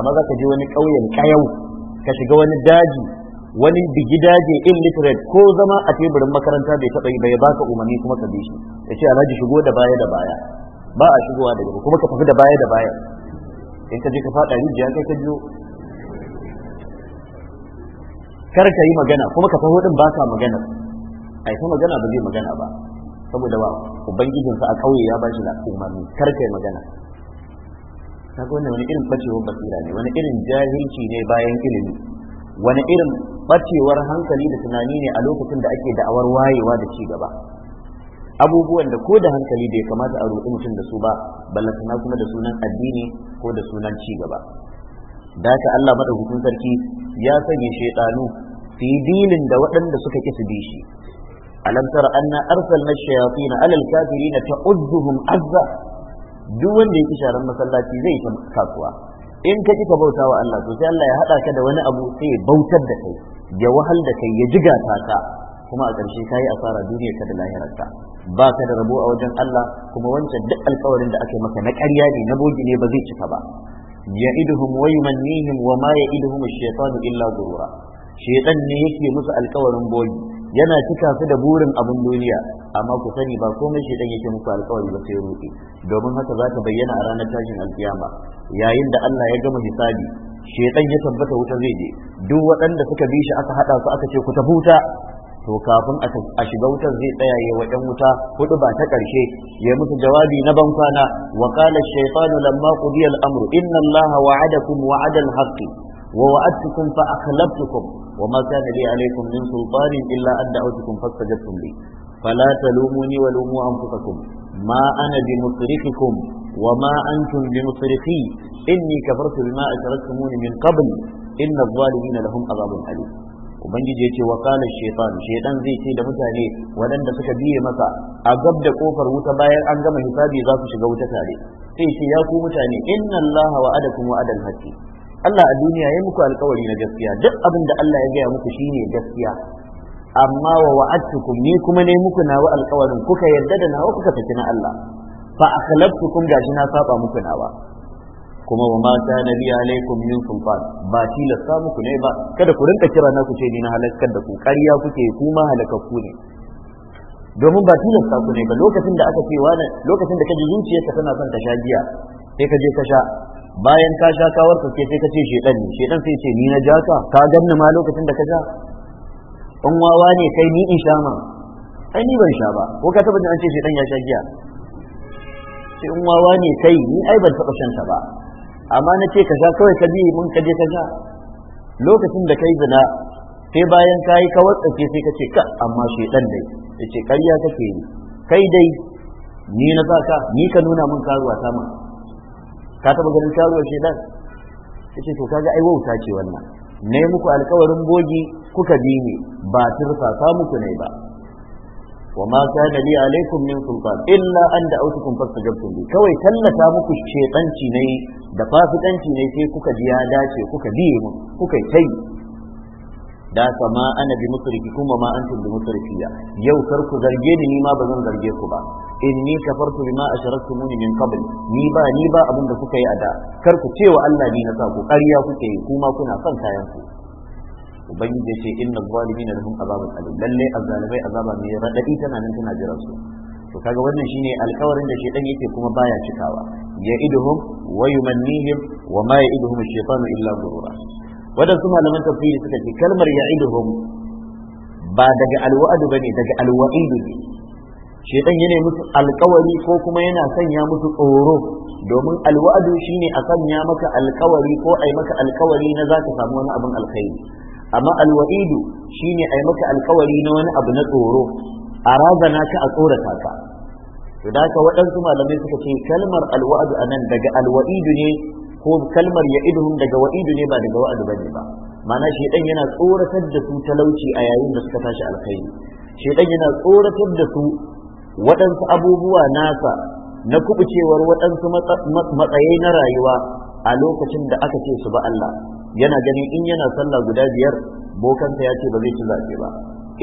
amma za ka je wani ƙauyen kayau ka shiga wani daji wani bigi daji illiterate ko zama a teburin makaranta bai taɓa yi bai baka umarni kuma ka bi shi ya ce alhaji shigo da baya da baya ba a shigowa da gaba kuma ka tafi da baya da baya in ka je ka faɗa rijiya kai ka biyo kar ka yi magana kuma ka faho din ka magana ai ta magana ba zai magana ba saboda ba sa a kauye ya bashi da umarni kar kai magana kaga wannan wani irin bacewar basira ne wani irin jahilci ne bayan ilimi wani irin bacewar hankali da tunani ne a lokacin da ake da'awar wayewa da ci gaba abubuwan da ko da hankali da ya kamata a roƙi mutum da su ba ballantana kuma da sunan addini ko da sunan ci gaba da ka Allah madaukakin sarki ya sanya shaytanu fi dilin da waɗanda suka ƙi shi alam tara anna arsalna shayatin ala alkafirin ta'udduhum azza duk wanda ya sharan masallaci zai ta kasuwa in ka ki ka bauta wa Allah to sai Allah ya hada ka wani abu sai ya bautar da kai ya wahal da kai ya jiga ta ka kuma a ƙarshe kayi asara duniya ka da lahirarka ba ka da rabo a wajen Allah kuma wancan duk alƙawarin da ake yi maka na ƙarya ne na bogi ne ba zai cika ba ya'iduhum wa yumannihim wa ma ya'iduhum ash-shaytanu illa ghurura shaytan ne yake musu alƙawarin bogi yana cika su da burin abin duniya amma ku sani ba komai shi dan yake muku alƙawari ba sai ruɗi domin haka za ta bayyana a ranar tashin alkiyama yayin da Allah ya gama hisabi shedan ya tabbata wuta zai je duk waɗanda suka bi shi aka haɗa su aka ce ku tafi wuta to kafin a shiga wutar zai tsaya ya wa wuta hudu ba ta ƙarshe ya musu jawabi na ban kwana wa qala ash-shaytanu lamma qudiya al-amru inna allaha wa'adakum wa'ada al-haqqi wa wa'adtukum fa akhlaftukum وما كان لي عليكم من سلطان إلا أن دعوتكم فاستجبتم لي فلا تلوموني ولوموا أنفسكم ما أنا بمصرخكم وما أنتم بمصرخي إني كفرت بما أشركتموني من قبل إن الظالمين لهم عذاب أليم ubangiji yace wa qala shaytan shaytan zai ce da mutane waɗanda suka biye masa a gab da kofar wuta bayan an gama hisabi za su shiga wuta tare sai ce ya ku mutane inna allaha wa'adakum wa'adal haqqi Allah a duniya ya muku alkawari na gaskiya duk abin da Allah ya gaya muku shine gaskiya amma wa wa'adtukum ni kuma ne muku nawa alkawarin kuka yadda da nawa kuka tafi na Allah fa akhlaftukum gashi na saba muku nawa kuma wa ma ta nabi alaikum min sulfan ba tilasta muku ne ba kada ku rinka kira na ku ce ni na halakar da ku ƙarya kuke ku ma halakakku ne domin ba tilasta ku ne ba lokacin da aka ce wani lokacin da kaji zuciyarka tana son ta sha giya sai ka je ka sha bayan ka sha kawar ke sai ka ce shedan ne shedan sai ce ni na ja ka ka ganna ma lokacin da ka sha in wawa ne kai ni in sha ma ai ni ban sha ba ko ka taba an ce shedan ya sha giya sai in wawa ne kai ni ai ban taba shan ta ba amma na ce ka sha kawai ka bi mun ka je ka sha lokacin da kai zina sai bayan ka yi kawar ke sai ka ce ka amma shedan dai ya ce karya kake ni, kai dai ni na sa ka ni ka nuna mun karuwa sama ka taba ganin karuwar shedan yace to kaga ai wauta ce wannan nayi muku alkawarin bogi kuka bi ni ba turfa sa muku ne ba wa ma kana li alaikum min sultan illa an da'awtukum fastajabtum bi kawai tallata muku shedanci ne da fasikanci ne sai kuka ji ya dace kuka biye mu kuka yi da ka ma ana bi musriki kuma ma antum bi musrikiya yau kar ku zarge ni ma ba zan zarge ku ba inni kafartu bima ashraktumuni min qabl ni ba ni ba abin da kuka yi a da kar ku cewa Allah ni na sa ku ƙarya kuke yi kuma kuna son kayan ku ubangiji ce inna zalimina lahum azabun alim lalle azalimai azaba mai radadi tana nan tana jiransu. su to kaga wannan shine alkawarin da shedan yake kuma baya cikawa ya iduhum wa yumannihim wa ma ya iduhum ash-shaytanu illa ghurura waɗansu malaman tafiye suka ce kalmar ya'iduhum ba daga alwa'adu bane daga alwa'idu ne shedan yana musu alkawari ko kuma yana sanya musu tsoro domin alwa'adu shine a sanya maka alkawari ko ai maka alkawari na za ka samu wani abin alkhairi amma alwa'idu shine ai maka alkawari na wani abu na tsoro a razana ka a tsorata ka to da waɗansu malamai suka ce kalmar alwa'adu nan daga alwa'idu ne ko kalmar ya idun daga wa'idu ne ba daga wa'adu bane ba ma'ana shedan yana tsoratar da su talauci a yayin da suka tashi alkhairi shedan yana tsoratar da su waɗansu abubuwa nasa na kubucewar waɗansu matsayi na rayuwa a lokacin da aka ce su ba Allah yana ganin in yana sallah guda biyar bokansa ya ce ba zai ci zaɓe ba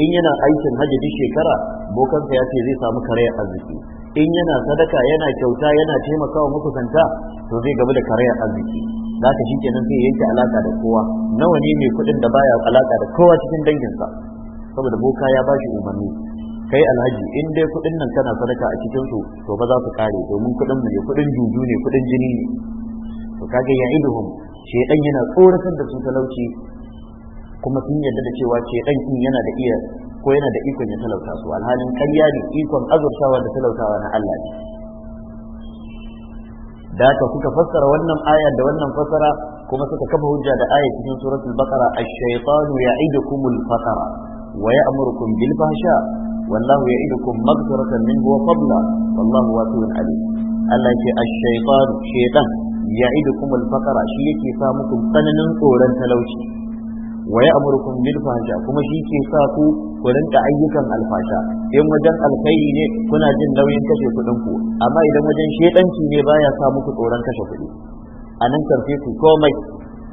in yana aikin hajji duk shekara bokansa ya ce zai samu karayar arziki in yana sadaka yana kyauta yana taimakawa makusanta to zai gaba da karayar arziki za ka nan sai yanke alaka da kowa nawa ne mai kuɗin da baya alaka da kowa cikin danginsa saboda boka ya ba shi umarni kai alhaji in dai kuɗin nan kana sadaka a cikin su to ba za su kare domin kuɗin mu ne kuɗin juju ne kuɗin jini ne to kage ya iduhum dan yana tsoratar da su talauci kuma sun yarda da cewa shi dan yana da iya ko yana da ikon ya talauta su alhalin karya ne ikon azurtawa da talautawa na Allah ne da haka suka fassara wannan aya da wannan fassara kuma suka kafa hujja da aya cikin suratul baqara ash-shaytanu ya'idukumul faqara wa ya'murukum bil fahsha wallahu ya'idukum maghfiratan minhu wa fadla wallahu wasi'un alim Allah ce ash-shaytanu shaytan ya'idukumul faqara shi yake sa muku tsananin tsoron talauci wa ya'murukum bil fahsha kuma shi ke sa ku ku rinka ayyukan alfasha in wajen alkhairi ne kuna jin nauyin kashe kuɗin ku amma idan wajen shedanci ne baya sa muku tsoron kashe kuɗi anan karfe ku komai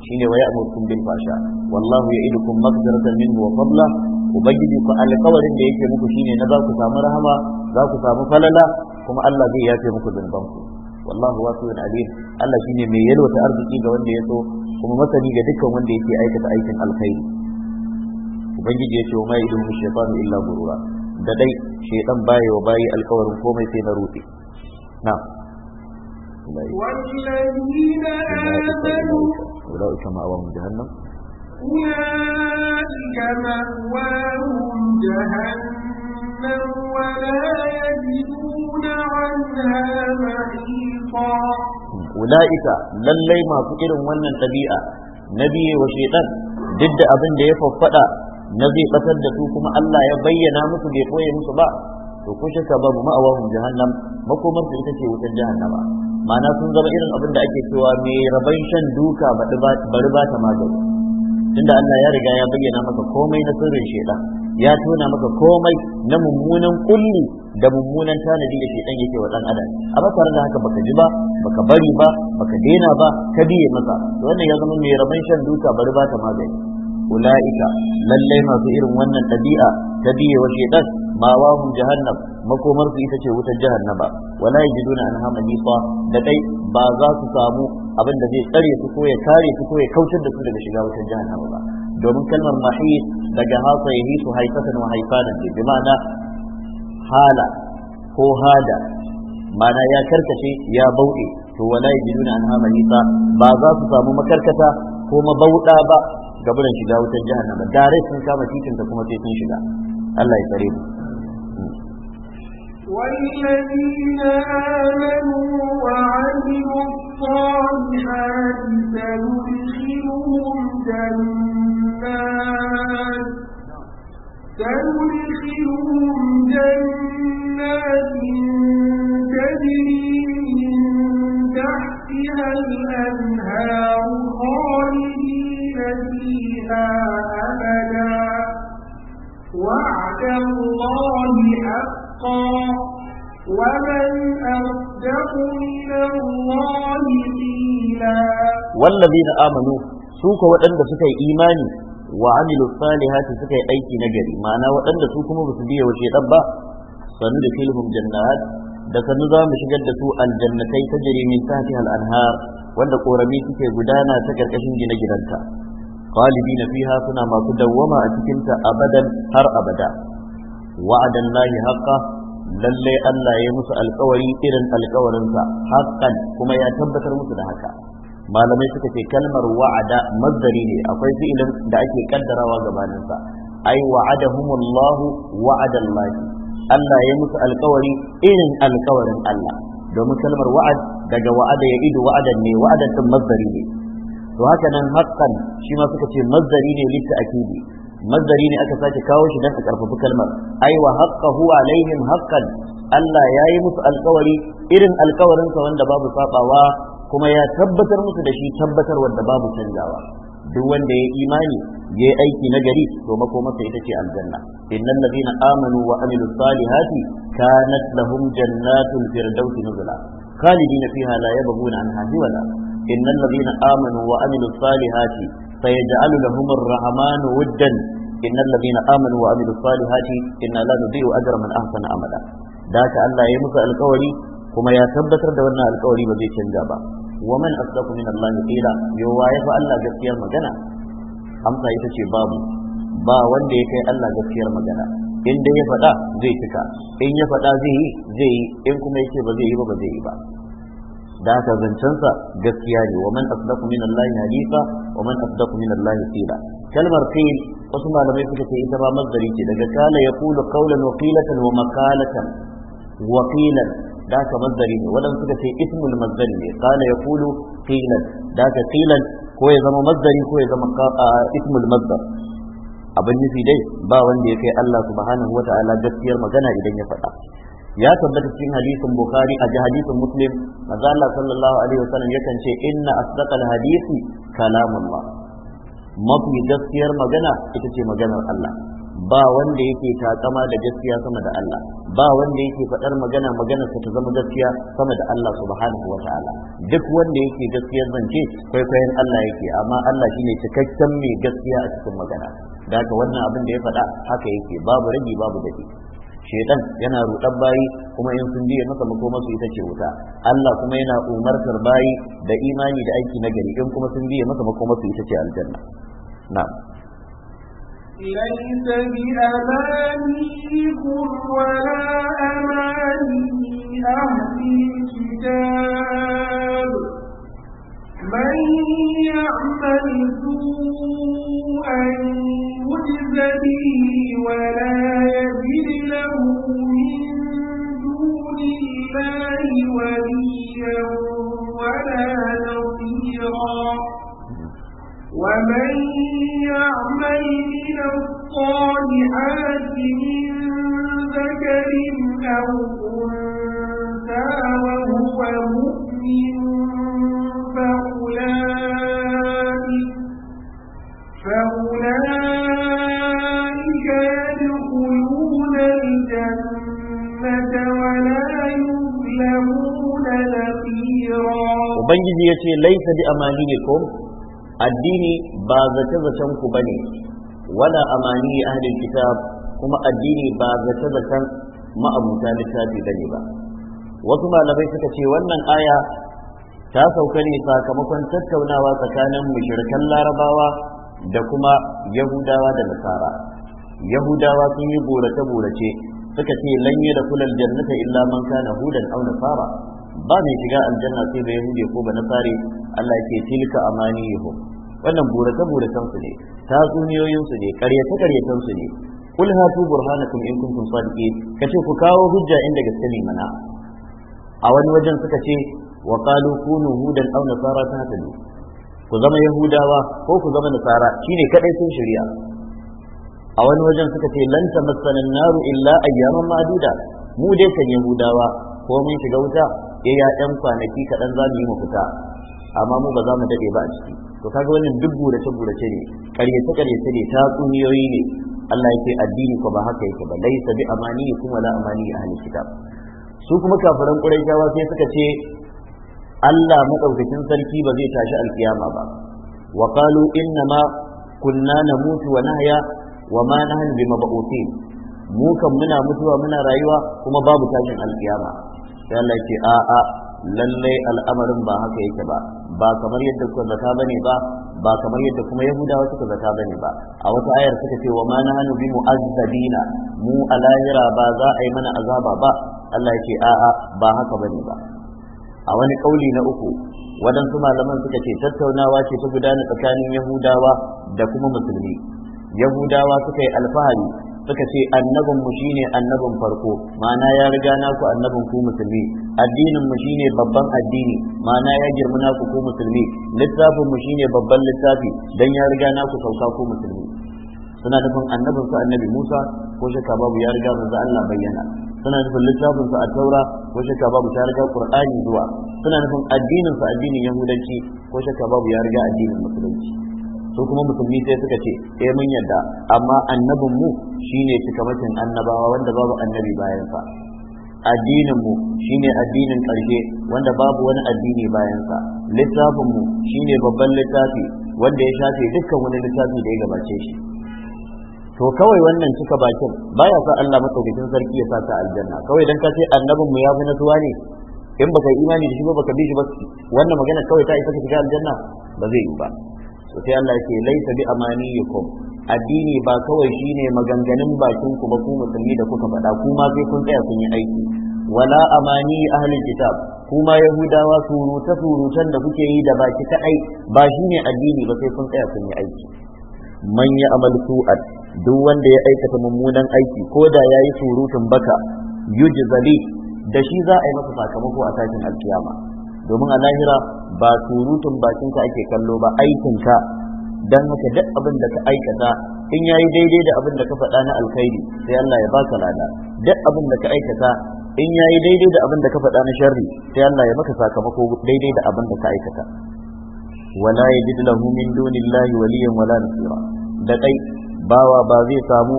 shine wa ya'murukum bil fahsha wallahu ya'idukum maghfiratan minhu wa fadla ubangiji ku alƙawarin da yake muku shine na za ku samu rahama za ku samu falala kuma Allah zai yafe muku zunubanku wallahu wasi'un alim Allah shine mai yalwata arziki ga wanda ya so kuma masani ga dukkan wanda yake aikata aikin alkhairi ubangiji ya ce wa ma'idu min shaytanu illa gurura da dai shaytan baya wa bayi alkawarin komai sai na rufe na والذين أولئك مأواهم جهنم ولا يجدون عنها محيطا ula'ika lallai masu irin wannan ɗabi'a na biye wa shaitan duk da abin da ya faffada na zai batar da su kuma Allah ya bayyana musu bai koye musu ba to ko shakka babu ma'awahum jahannam makomar su ita ce wutar jahannama ma'ana sun zama irin abin da ake cewa mai raban shan duka bari ba ta magani tunda Allah ya riga ya bayyana masa komai na sirrin shaitan ya tona maka komai na mummunan kulli da mummunan tanadi da dan yake wa dan adam amma tare da haka baka ji ba baka bari ba baka daina ba ka biye maka to wannan ya zama mai rabon shan duka bari ba ta magani ulaika lallai masu irin wannan ɗabi'a ta biye wa shedan ma wahum jahannam makomar su ita ce wutar jahannama wala yajiduna anha manifa da dai ba za su samu abin da zai tsare su ko ya kare su ko ya kautar da su daga shiga wutar jahannama ba domin kalmar mahis daga hasa ya hisu haifatan wa haifanan bi ma'ana hala ko hada mana ya karkace ya bauɗe to wala yajiduna anha mahisa ba za su samu makarkata ko mabauɗa ba gaburan shiga wutar jihar jahannama dare sun kama titin ta kuma sai sun shiga Allah ya tsare mu والذين آمنوا وعملوا الصالحات سندخلهم جنات الرحمن سندخلهم جنات تجري من تحتها الأنهار خالدين فيها أبدا وعد الله حقا ومن أصدق من الله قيلا والذين آمنوا سوك وأن سكي إيماني wa amilu salihati suka yi aiki na gari ma'ana waɗanda su kuma basu biya wa shedan ba sanu da filhum jannat da sannu za mu shigar da su aljannatai ta jari min tahtiha al-anhar wanda korami suke gudana ta karkashin gine-ginanta qalibin fiha suna masu dawwama a cikin ta abadan har abada wa'adan lahi haqqa lalle Allah ya musu alƙawari irin alƙawarinsa haqqan kuma ya tabbatar musu da haka malamai suka ce kalmar wa'ada mazdari ne akwai fi'ilin da ake kaddarawa gabanin sa ai wa'adahumullahu wa'adallahi Allah ya musu alkawari irin alkawarin Allah domin kalmar wa'ad daga wa'ada ya ido wa'adan ne wa'adan din mazdari ne to haka nan haqqan shi ma suka ce mazdari ne litta'kidi mazdari ne aka sake kawo shi don a karfafi kalmar ai wa haqqahu alaihim haqqan Allah ya yi musu alkawari irin sa wanda babu sabawa kuma ya tabbatar musu da shi tabbatar wanda babu canzawa. duk wanda ya imani ya yi aiki na gari to makomarsa ita ce aljanna innal ladina amanu wa amilus salihati kanat lahum jannatul firdausi nuzula khalidina fiha la yabghuna anha hiwala innal ladina amanu wa amilus salihati sayaj'alu lahum ar-rahman wuddan innal ladina amanu wa amilus salihati inna la nudhi'u ajra man ahsana amala da haka Allah ya musu alkawari kuma ya tabbatar da wannan alƙawari ba zai canza ba wa man asdaqu min Allah qila yowa ya fa Allah gaskiyar magana amsa ita ce babu ba wanda ya kai Allah gaskiyar magana in dai ya faɗa zai cika in ya faɗa zai yi zai yi in kuma yake ba zai yi ba ba zai yi ba da haka zancensa gaskiya ne wa man asdaqu min Allah hadisa wa man asdaqu min Allah qila kalmar qil wasu malamai suka ce ita ba masdari ce daga kala yaqulu qawlan wa qilatan wa maqalatan wa qilan da ka mazdari ne wadanda suka ce ismul mazdari ne kana ya kulu qilan da ka qilan ko ya zama mazdari ko ya zama ismul mazdar abin nufi dai ba wanda ya kai Allah subhanahu wata'ala gaskiyar magana idan ya faɗa ya tabbata cikin hadisin bukhari a hadisin muslim Maza Allah sallallahu alaihi wasallam yakan ce inna asdaqal hadisi kalamullah mafi gaskiyar magana ita ce maganar Allah ba wanda yake takama da gaskiya sama da Allah ba wanda yake faɗar magana magana ta zama gaskiya sama da Allah subhanahu wa ta'ala duk wanda yake gaskiyar zance kwaikwayon Allah yake amma Allah shine cikakken mai gaskiya a cikin magana da haka wannan abin da ya faɗa haka yake babu ragi babu dadi shedan yana rudan bayi kuma in sun biye masa makoma su ita ce wuta Allah kuma yana umartar bayi da imani da aiki na gari in kuma sun biye masa makoma su ita ce aljanna na'am ليس بأمانيكم ولا أماني أهل الكتاب من يعمل سوءا يجز به ولا يجد له من دون الله وليا ولا نصيرا ومن يعمل من الصالحات من ذكر أو أنثى وهو مؤمن فأولئك, فأولئك يدخلون الجنة ولا يظلمون نفيرا وبنجي ليس بأمانيكم addini ba zace-zacen ku bane wala amani ahli kitab kuma addini ba zace-zacen ma'abuta littafi bane ba wasu malamai suka ce wannan aya ta sauka ne sakamakon tattaunawa tsakanin mushrikan larabawa da kuma yahudawa da nasara yahudawa sun yi burace-burace suka ce lanye da kulal jannata illa man kana hudan aw nasara ba mai shiga aljanna sai da yahudi ko ba na banasare Allah ke tilka amanihu wannan burace buratan su ne tatsuniyoyin su ne karyace karyacen su ne kul hatu burhanakum in kuntum sadiqin kace ku kawo hujja inda gaske ne mana a wani wajen suka ce wa qalu kunu hudan aw nasara tahtadu ku zama yahudawa ko ku zama nasara shine kadai sun shirya. a wani wajen suka ce lan tamassana naru illa ayyaman ma'duda mu dai kan yahudawa ko mun shiga wuta Eh, ya ya kwanaki kaɗan za mu yi mu fita amma mu ba za mu daɗe ba a ciki to kaga wannan duk burace burace ne ƙaryace ƙaryace ne ta tsuniyoyi ne Allah ce addini ko ba haka yake ba laisa bi amani kuma la amani halin kitab su kuma kafiran quraishawa sai suka ce Allah madaukakin sarki ba zai tashi alkiyama ba wa qalu ma kunna namutu wa nahya wa ma nahnu bimab'uthin mu kan muna mutuwa muna rayuwa kuma babu tashin alkiyama sai Allah ce a a lallai al'amarin ba haka yake ba ba kamar yadda kuka zata bane ba ba kamar yadda kuma yahudawa suka zata bane ba a wata ayar suka ce wa ma nahnu bi mu'azzabina mu alahira ba za a yi mana azaba ba Allah yake a a ba haka bane ba a wani kauli na uku waɗansu malaman suka ce tattaunawa ce ta gudana tsakanin yahudawa da kuma musulmi yahudawa suka yi alfahari suka ce annabin mu shine annabin farko ma'ana ya riga naku annabin ku musulmi addinin mu shine babban addini ma'ana ya girma naku ku musulmi littafin mu shine babban littafi dan ya riga naku sauka ku musulmi suna nufin annabin su annabi Musa ko shakka babu ya riga manzo Allah bayyana suna nufin littafin su a taura ko shakka babu ta riga qur'ani zuwa suna nufin addinin su addinin yahudanci ko shakka babu ya riga addinin musulunci su kuma musulmi sai suka ce eh mun yadda amma annabin mu shine cikamakin annabawa wanda babu annabi bayan sa addinin mu shine addinin ƙarshe wanda babu wani addini bayan sa littafin mu shine babban littafi wanda ya shafe dukkan wani littafi da ya gabace shi to kawai wannan cika bakin baya sa Allah madaukakin sarki ya saka aljanna kawai dan ka ce annabin mu ya fi nasuwa ne in baka imani da shi ba baka bi shi ba wannan magana kawai ta isa ka shiga aljanna ba zai yi ba to sai Allah yake laisa bi amaniyikum addini ba kawai shine maganganun bakin ku ba ku musulmi da kuka faɗa Kuma sai kun tsaya kun yi aiki wala amani ahli kitab kuma yahudawa suruta surutan da kuke yi da baki ta ai ba shine addini ba sai kun tsaya kun yi aiki man ya amal su'at duk wanda ya aikata mummunan aiki ko da yayi surutun baka yujzali da shi za a yi masa sakamako a tashin alkiyama domin a lahira ba surutun bakinka ake kallo ba aikinka don haka duk abin da ka aikata in ya yi daidai da abin da ka faɗa na alkhairi sai Allah ya baka lada duk abin da ka aikata in ya yi daidai da abin da ka faɗa na sharri sai Allah ya maka sakamako daidai da abin da ka aikata wala ya yajid lahu min dunillahi waliyan wala nasira da kai bawa ba zai samu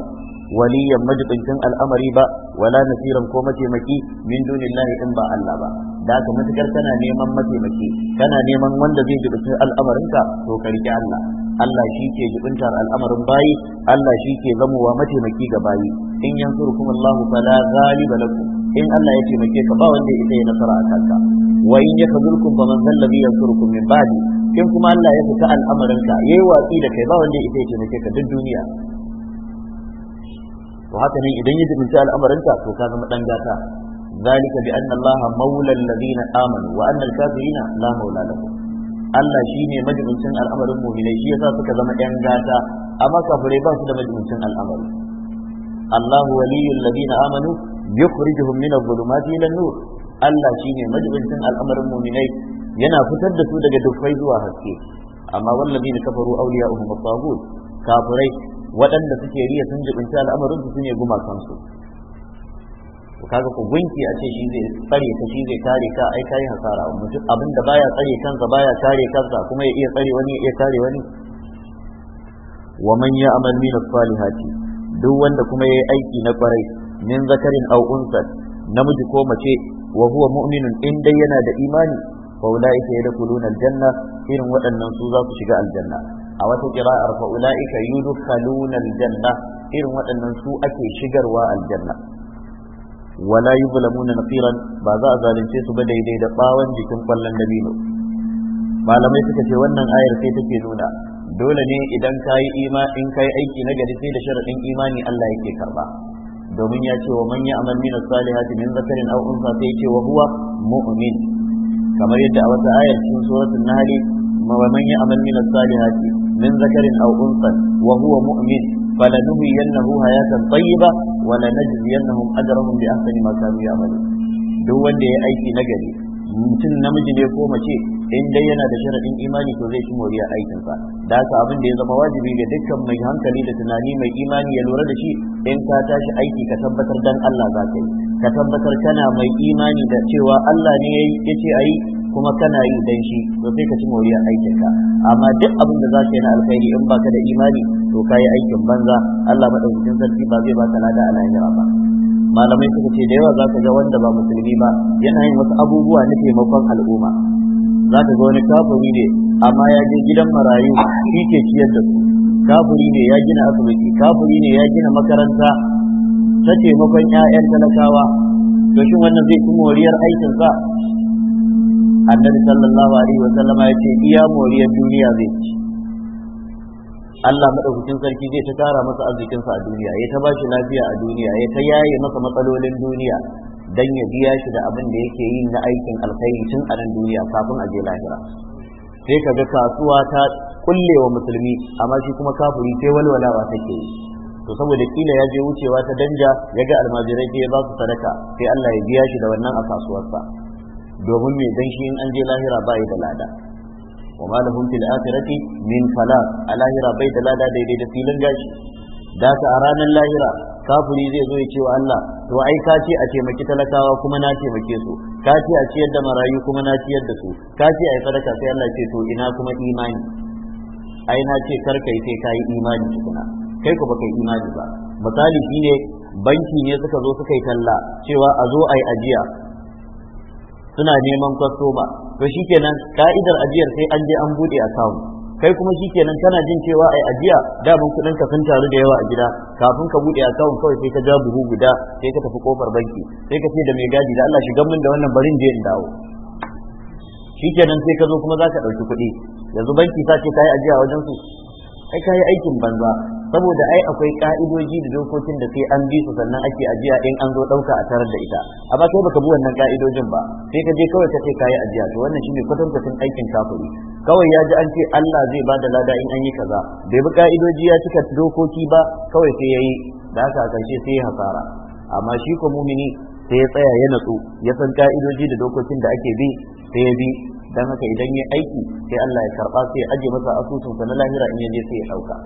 waliyan majibincin al'amari ba wala nasiran ko mataimaki min dunillahi in ba Allah ba da haka matukar kana neman mataimaki kana neman wanda zai jibinta al'amarinka to ka riƙe Allah Allah shi ke jibintar al'amarin bayi Allah shi ke zamowa mataimaki ga bayi in yansurukum Allahu fala ghaliba lakum in Allah ya taimake ka ba wanda ya nasara a kanka wa in yakzurkum faman zallabi yansurukum min ba'di in kuma Allah ya fita al'amarinka yayi watsi da kai ba wanda ya taimake ka duk duniya to haka ne idan ya jibinta al'amarinka to ka zama dan gata ذلك بأن الله مولى الذين آمنوا وأن الكافرين لا مولى لهم Allah shi ne majibincin al'amarin mu'minai shi yasa suka zama ‘yan gata amma kafirai ba su da majibincin al'amari Allahu waliyul ladina amanu yukhrijuhum min adh-dhulumati ila nur Allah shi ne al'amarin mu'minai yana fitar da su daga dukkai zuwa haske amma wallazina kafaru awliya'uhum at-taghut kafirai waɗanda suke riya sun jibinci al'amarin su ne gumakansu to kaga ku gunki a ce shi zai tsare ka shi zai kare ka ai kai hasara mutum abin da baya tsare kansa baya kare kansa kuma ya iya tsare wani ya iya kare wani wa man ya'mal min as-salihati duk wanda kuma yayi aiki na kwarai min zakarin aw unsa namiji ko mace wa huwa mu'minun in dai yana da imani fa ulaika yadkhuluna al-janna irin waɗannan su za su shiga aljanna a wata qira'ar fa ulaika yudkhuluna al-janna irin waɗannan su ake shigarwa aljanna wala yuzlamuna naqiran ba za a zalunce su ba daidai da bawan jikin ƙwallon dabino malamai suka ce wannan ayar sai take nuna dole ne idan kayi ima in kai aiki na gari sai da sharadin imani Allah yake karba domin ya ce wa man ya'mal min as min zakarin aw unsa sai ce wa huwa kamar yadda a wata ayar cikin suratul nahl wa man ya'mal min as-salihati min zakarin aw unsa wa hayatan wala najziyannahum ajrahum bi ahsani ma kanu ya'malun duk wanda ya aiki nagari mutum namiji ne ko mace in dai yana da sharadin imani to zai ci moriya aikin sa da haka abin da ya zama wajibi ga dukkan mai hankali da tunani mai imani ya lura da shi in ka tashi aiki ka tabbatar dan Allah za ka yi ka tabbatar kana mai imani da cewa Allah ne yayi yace ayi kuma kana yi dan shi to sai ka ci moriyar aikinka amma duk abin da za ka yi na alkhairi in baka da imani to ka yi aikin banza Allah madaukakin sarki ba zai baka lada a lahira ba malamai suka ce da yawa za ka ga wanda ba musulmi ba yana yin wasu abubuwa na taimakon al'umma za ka ga wani kafiri ne amma ya je gidan marayu shi ke ciyar da su kafiri ne ya gina asibiti kafiri ne ya gina makaranta ta taimakon 'ya'yan talakawa to shin wannan zai ci moriyar aikinsa annabi sallallahu alaihi wa sallama ya ce iya moriyar duniya zai ci Allah madaukakin sarki zai ta tara masa arzikin sa a duniya ya ta bashi lafiya a duniya ya ta yaye masa matsalolin duniya dan ya biya shi da abin da yake yi na aikin alkhairi tun a nan duniya kafin a je lahira sai kaga kasuwa ta kullewa musulmi amma shi kuma kafiri sai walwalawa take yi to saboda kila ya je wucewa ta danja ya ga almajirai ke ba su sadaka sai Allah ya biya shi da wannan a kasuwarsa domin me dan shi in an je lahira ba da lada wa ma lahum fil akhirati min fala a lahira bai da lada daidai da filin gashi da ta a ranar lahira kafuri zai zo ya ce wa Allah to ai ka ce a taimaki talakawa kuma na taimake su ka ce a ciyar da marayu kuma na ciyar da su ka ce ai sadaka sai Allah ce to ina kuma imani ai na ce kar kai sai kai imani tukuna kai ku baka imani ba misali shine banki ne suka zo suka yi talla cewa a zo ai ajiya suna neman kwastoma to shikenan ka'idar ajiyar sai an je an bude account kai kuma shikenan tana jin cewa ai ajiya daman kudin ka sun taru da yawa a gida kafin ka bude account kawai sai ka ja buhu guda sai ka tafi kofar banki sai ka ce da mai gadi da Allah shiga min da wannan barin je in dawo shikenan sai ka zo kuma ka ɗauki kuɗi yanzu banki ta ce yi ajiya wajen su kai ka yi aikin banza saboda ai akwai ka'idoji da dokokin da sai an bi su sannan ake ajiya in an zo dauka a tarar da ita amma kai baka bi wannan ka'idojin ba sai ka je kawai ka ce kayi ajiya to wannan shine kwatankwacin aikin kafiri kawai ya ji an ce Allah zai ba da lada in an yi kaza bai bi ka'idoji ya cika dokoki ba kawai sai yayi da haka a karshe sai ya hasara amma shi ko mumini sai ya tsaya ya natsu ya san ka'idoji da dokokin da ake bi sai ya bi dan haka idan ya aiki sai Allah ya karba sai ya aje masa asusunsa na lahira in ya sai ya dauka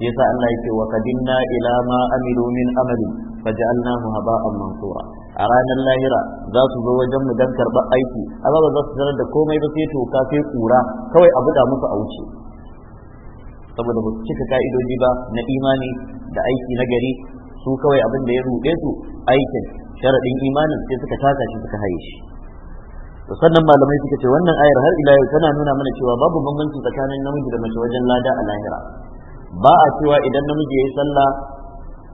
yasa Allah yake wa kadinna ila ma amilu min amali faj'alnahu haba'an mansura a ranar lahira za su zo wajen mu dan karɓar aiki amma ba za su tarar da komai ba sai toka sai kura kawai a da musu a wuce saboda ba su cika ka'idoji ba na imani da aiki na gari su kawai abin da ya ruɗe su aikin sharaɗin imanin sai suka taka shi suka haye shi sannan malamai suka ce wannan ayar har ila yau tana nuna mana cewa babu bambanci tsakanin namiji da mace wajen lada a lahira ba a cewa idan namiji ya yi sallah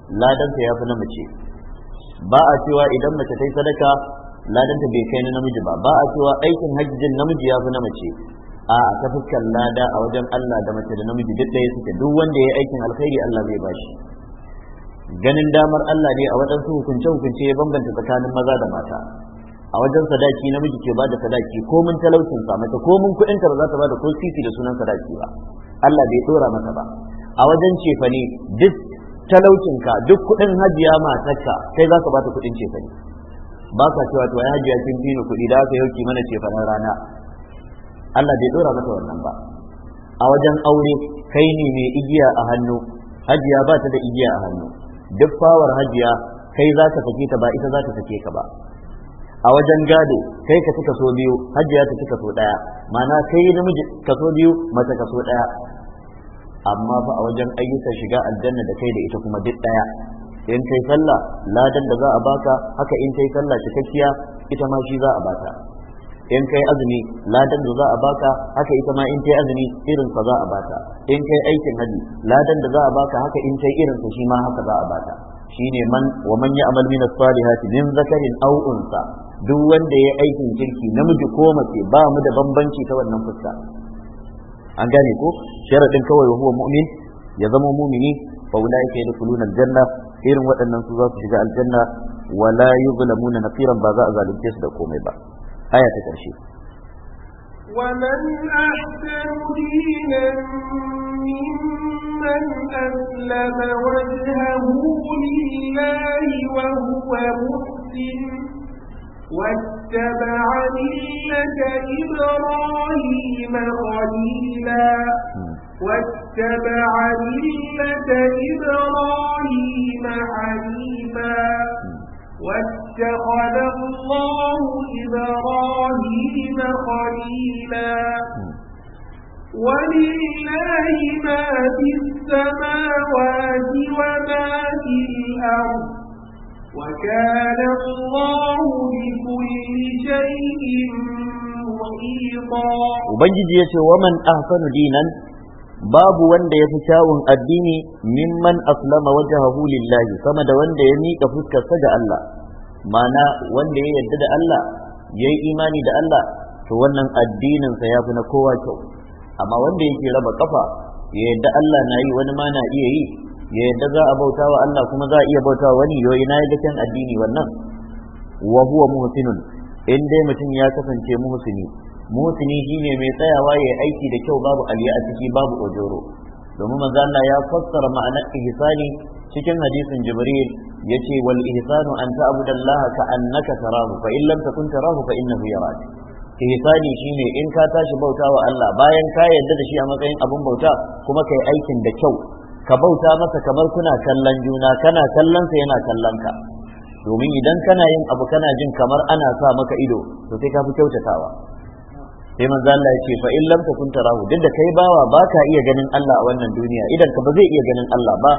ladanta ya fi na mace ba a cewa idan mace ta yi sadaka ladanta bai kai na namiji ba ba a cewa aikin hajjin namiji ya fi na mace a ta fuskar lada a wajen Allah da mace da namiji duk da ya suke duk wanda ya yi aikin alkhairi Allah zai bashi ganin damar Allah ne a waɗansu hukunce hukunce ya bambanta tsakanin maza da mata a wajen sadaki namiji ke bada sadaki ko mun talaucin sa mata ko mun kuɗin ta ba za ta ba da ko sisi da sunan sadaki ba Allah bai dora mata ba a wajen cefane duk talaucinka duk kuɗin hajiya matarka kai za ka bata kuɗin cefane ba ka cewa to ya hajiya kin fi ni kuɗi da aka yauki mana cefanen rana Allah bai dora maka wannan ba a wajen aure kai ne mai igiya a hannu hajiya ba ta da igiya a hannu duk fawar hajiya kai za ka sake ta ba ita za ta sake ka ba a wajen gado kai ka ci so biyu hajiya ta ci so daya ma'ana kai namiji so biyu mace so daya amma fa a wajen ayyukan shiga aljanna da kai da ita kuma duk daya in kai sallah ladan da za a baka haka in kai sallah cikakkiya ita ma shi za a baka in kai azumi ladan da za a baka haka ita ma in kai azumi irin sa za a baka in kai aikin haji ladan da za a baka haka in kai irin sa shi ma haka za a baka shine man wa man ya'mal min as-salihati min zakarin aw unsa duk wanda ya aikin kirki namiji ko mace ba mu da bambanci ta wannan fuska an gane ko sharadin kawai huwa mu'min ya zama mu'mini fa ulaika yadkhuluna aljanna irin waɗannan su za su shiga aljanna wa la yuzlamuna naqiran ba za a zalunce su da komai ba aya ta karshe ومن أحسن دينا ممن أسلم وجهه لله وهو محسن واتبع ملة إبراهيم خليلا واتبع ملة إبراهيم حنيفا واتخذ الله إبراهيم خليلا ولله ما في السماوات وما في الأرض وكان الله بكل شيء محيطا وبنجي ومن أحسن دينا babu wanda ya fi kyawun addini mimman aslama wajahahu lillahi sama da wanda ya miƙa fuskarsa ga Allah mana wanda ya yarda da Allah ya yi imani da Allah to wannan addininsa ya fi na kowa kyau amma wanda yake raba kafa ya yarda Allah na yi wani ma na iya yi ya yadda za a bauta wa Allah kuma za a iya bauta wani yo na ya kan addini wannan wa huwa muhsinun in dai mutum ya kasance muhsini muhsini shine mai tsayawa ya aiki da kyau babu aliya a ciki babu ojoro domin manzo Allah ya fassara ma'anar ihsani cikin hadisin Jibril yace wal ihsanu an ta'budu Allah ka annaka tarahu fa in lam takun tarahu fa innahu yarak ihsani shine in ka tashi bautawa Allah bayan ka yarda da shi a matsayin abun bauta kuma kai aikin da kyau ka bauta masa kamar kuna kallon juna kana kallon sa yana kallon ka domin idan kana yin abu kana jin kamar ana sa maka ido to sai ka fi kyautatawa sai manzo Allah ya ce fa in lam takun tarahu duk da kai bawa baka iya ganin Allah a wannan duniya idan ka ba zai iya ganin Allah ba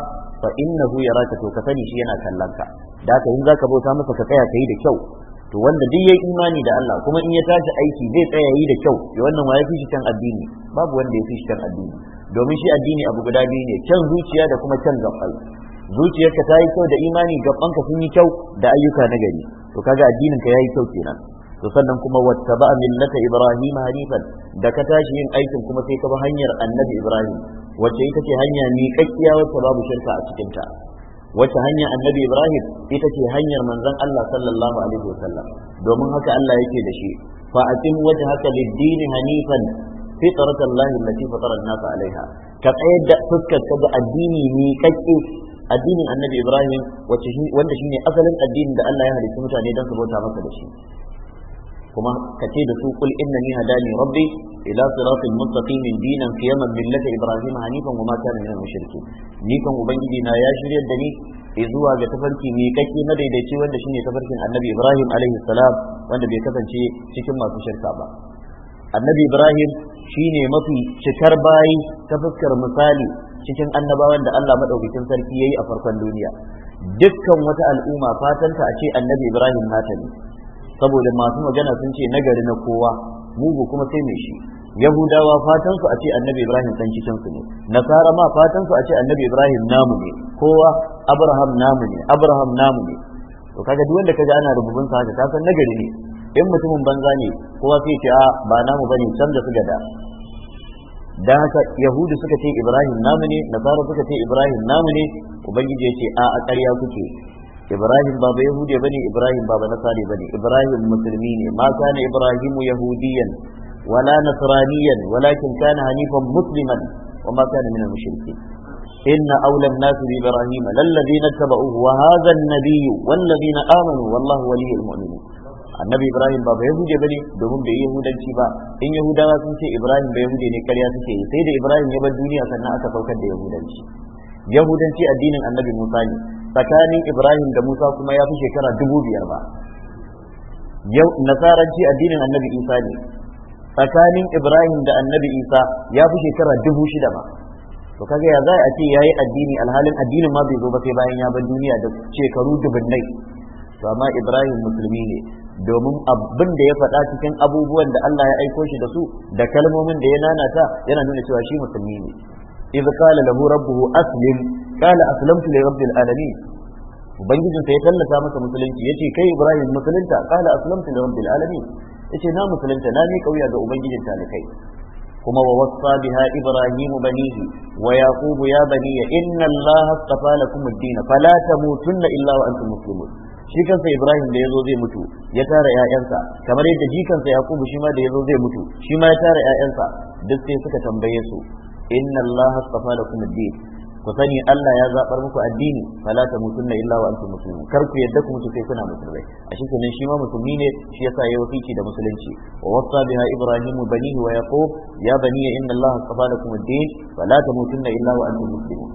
fa innahu yaraka to ka sani shi yana kallon ka da haka in zaka bauta masa ka tsaya kai da kyau to wanda duk yayi imani da Allah kuma in ya tashi aiki zai tsaya yi da kyau ya wannan waye fi shi kan addini babu wanda ya fi shi kan addini domin shi addini abu guda biyu ne kyan zuciya da kuma kyan gabbai zuciyarka ta yi kyau da imani gabbanka sun yi kyau da ayyuka na gari to kaga addinin ka yayi kyau kenan to sannan kuma wattaba millata ibrahim hanifan da ka tashi yin aikin kuma sai ka bi hanyar annabi ibrahim wacce ita ce hanya ni kakkiya wacce babu shirka a cikin ta wacce hanya annabi ibrahim ita ce hanyar manzon Allah sallallahu alaihi wasallam domin haka Allah yake da shi fa aqim wajhaka lid-din hanifan fitratan lahi allati fatara an-nas alaiha ka tsayar da fuskar ka ga addini ne kake addinin annabi ibrahim wacce wanda shine asalin addinin da Allah ya halicci mutane don su bauta masa da shi kuma ka da su kul innani hadani rabbi ila siratin mustaqim dinan qiyaman millati ibrahim hanifan wa ma kana minal mushrikeen ni kan ubangiji na ya shiryar da ni zuwa ga tafarki mai kake na daidaici wanda shine tafarkin annabi ibrahim alaihi salam wanda bai kasance cikin masu shirka ba annabi ibrahim shine mafi cikar bayi ta fuskar misali cikin annabawan da Allah maɗaukacin sarki yayi a farkon duniya dukkan wata al'umma fatanta a ce annabi ibrahim nata ne saboda masu magana sun ce nagari na kowa mugu kuma sai mai shi yahudawa fatan su a ce annabi ibrahim san cikin su ne nasara ma fatan su a ce annabi ibrahim namu ne kowa abraham namu ne abraham namu ne to kaga duk wanda kaga ana rububin sa haka ka san nagari ne in mutumin banza ne kowa sai ce a ah, ba namu bane can da suka da da haka yahudu suka ce ibrahim namu ne nasara suka ce ibrahim namu ne ubangiji ya ce a a ƙarya kuke ibrahim ba ba yahudi bane ibrahim ba ba nasari bane ibrahim musulmi ne ma kana ibrahimu yahudiyan wala nasraniyan walakin kana hanifan musliman wa ma kana minal mushrikin إن أولى الناس بإبراهيم للذين اتبعوه وهذا النبي والذين آمنوا والله ولي المؤمنين annabi ibrahim ba ba bane domin bai yahudanci ba in yahudawa sun ce ibrahim ba huje ne karya suke yi sai da ibrahim ya bar duniya sannan aka saukar da yahudanci yahudanci addinin annabi musa ne tsakanin ibrahim da musa kuma ya fi shekara dubu biyar ba nasaranci addinin annabi isa ne tsakanin ibrahim da annabi isa ya fi shekara dubu shida ba to kaga ya za a ce ya yi addini alhalin addinin ma bai zo ba sai bayan ya bar duniya da shekaru dubunnai to amma Ibrahim musulmi ne domin abin da ya faɗa cikin abubuwan da Allah ya aiko shi da su da kalmomin da ya nanata yana nuna cewa shi musulmi ne idh qala lahu rabbuhu aslim qala aslamtu li rabbil alamin ubangijinsa ya tallata masa musulunci yace kai Ibrahim musulunta qala aslamtu li rabbil alamin yace na musulunta na miƙa kauya ga ubangijin kai, kuma wa wasa biha ibrahim banihi wa yaqub ya bani inna allaha astafa lakum ad-din fala tamutunna illa wa antum muslimun shi kansa Ibrahim da yazo zai mutu ya tara 'ya'yansa, kamar yadda jikansa Yakubu shi ma da yazo zai mutu shi ma ya tara 'ya'yansa. duk sai suka tambaye su inna Allah astafa da kuma din ku sani Allah ya zabar muku addini fala ta mutunna illa wa antum muslimun kar ku yadda ku mutu sai kuna musulmai a shi kenan shi ma musulmi ne shi yasa ya wasiki da musulunci wa wasa biha Ibrahim banihi wa yaqub ya bani inna Allah astafa lakum ad-din fala ta mutunna illa wa antum muslimun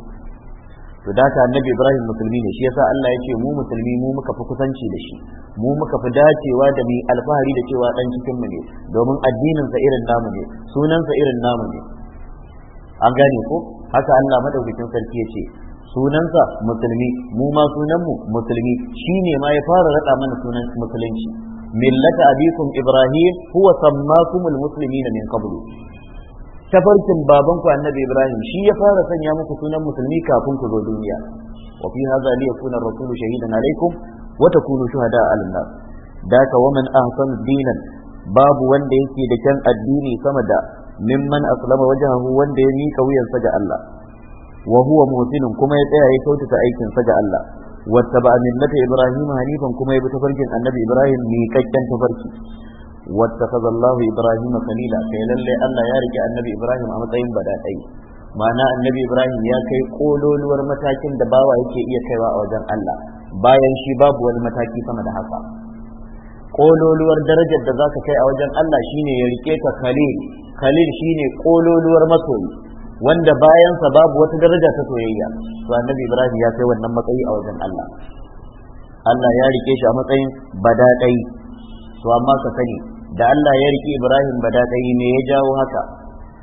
to da ta annabi ibrahim musulmi ne shi yasa Allah ya ce mu musulmi mu muka fi kusanci da shi mu muka fi dacewa da mu alfahari da cewa dan cikin mu ne domin addinin sa irin namu ne sunan sa irin namu ne an gane ko haka Allah madaukakin sarki ya ce sunansa musulmi mu ma sunanmu musulmi shine ma ya fara rada mana sunan musulunci millata abikum ibrahim huwa sammakumul muslimina min qablu tafarkin babanku annabi ibrahim shi ya fara sanya muku sunan musulmi kafin ku zo duniya wa fi hadha li yakuna rasulu shahidan alaykum wa takunu shuhada 'ala an Da daka wa man dinan babu wanda yake da kyan addini sama da mimman aslama wajahu wanda ya mika wuyansa ga Allah wa huwa muhsinun kuma ya tsaya ya kyautata aikin sa ga Allah a millata ibrahim hanifan kuma ya bi tafarkin annabi ibrahim miƙaƙƙen tafarki wattakhadha Allahu Ibrahim khalila kai lallai Allah ya rike annabi Ibrahim a matsayin badadai ma'ana annabi Ibrahim ya kai kololuwar matakin da bawa yake iya kaiwa a wajen Allah bayan shi babu wani mataki sama da haka kololuwar darajar da zaka kai a wajen Allah shine ya rike ka khalil khalil shine kololuwar masoyi wanda bayansa babu wata daraja ta soyayya to annabi Ibrahim ya kai wannan matsayi a wajen Allah Allah ya rike shi a matsayin badaɗai to amma ka sani da Allah ya riki Ibrahim badadai ne ya jawo haka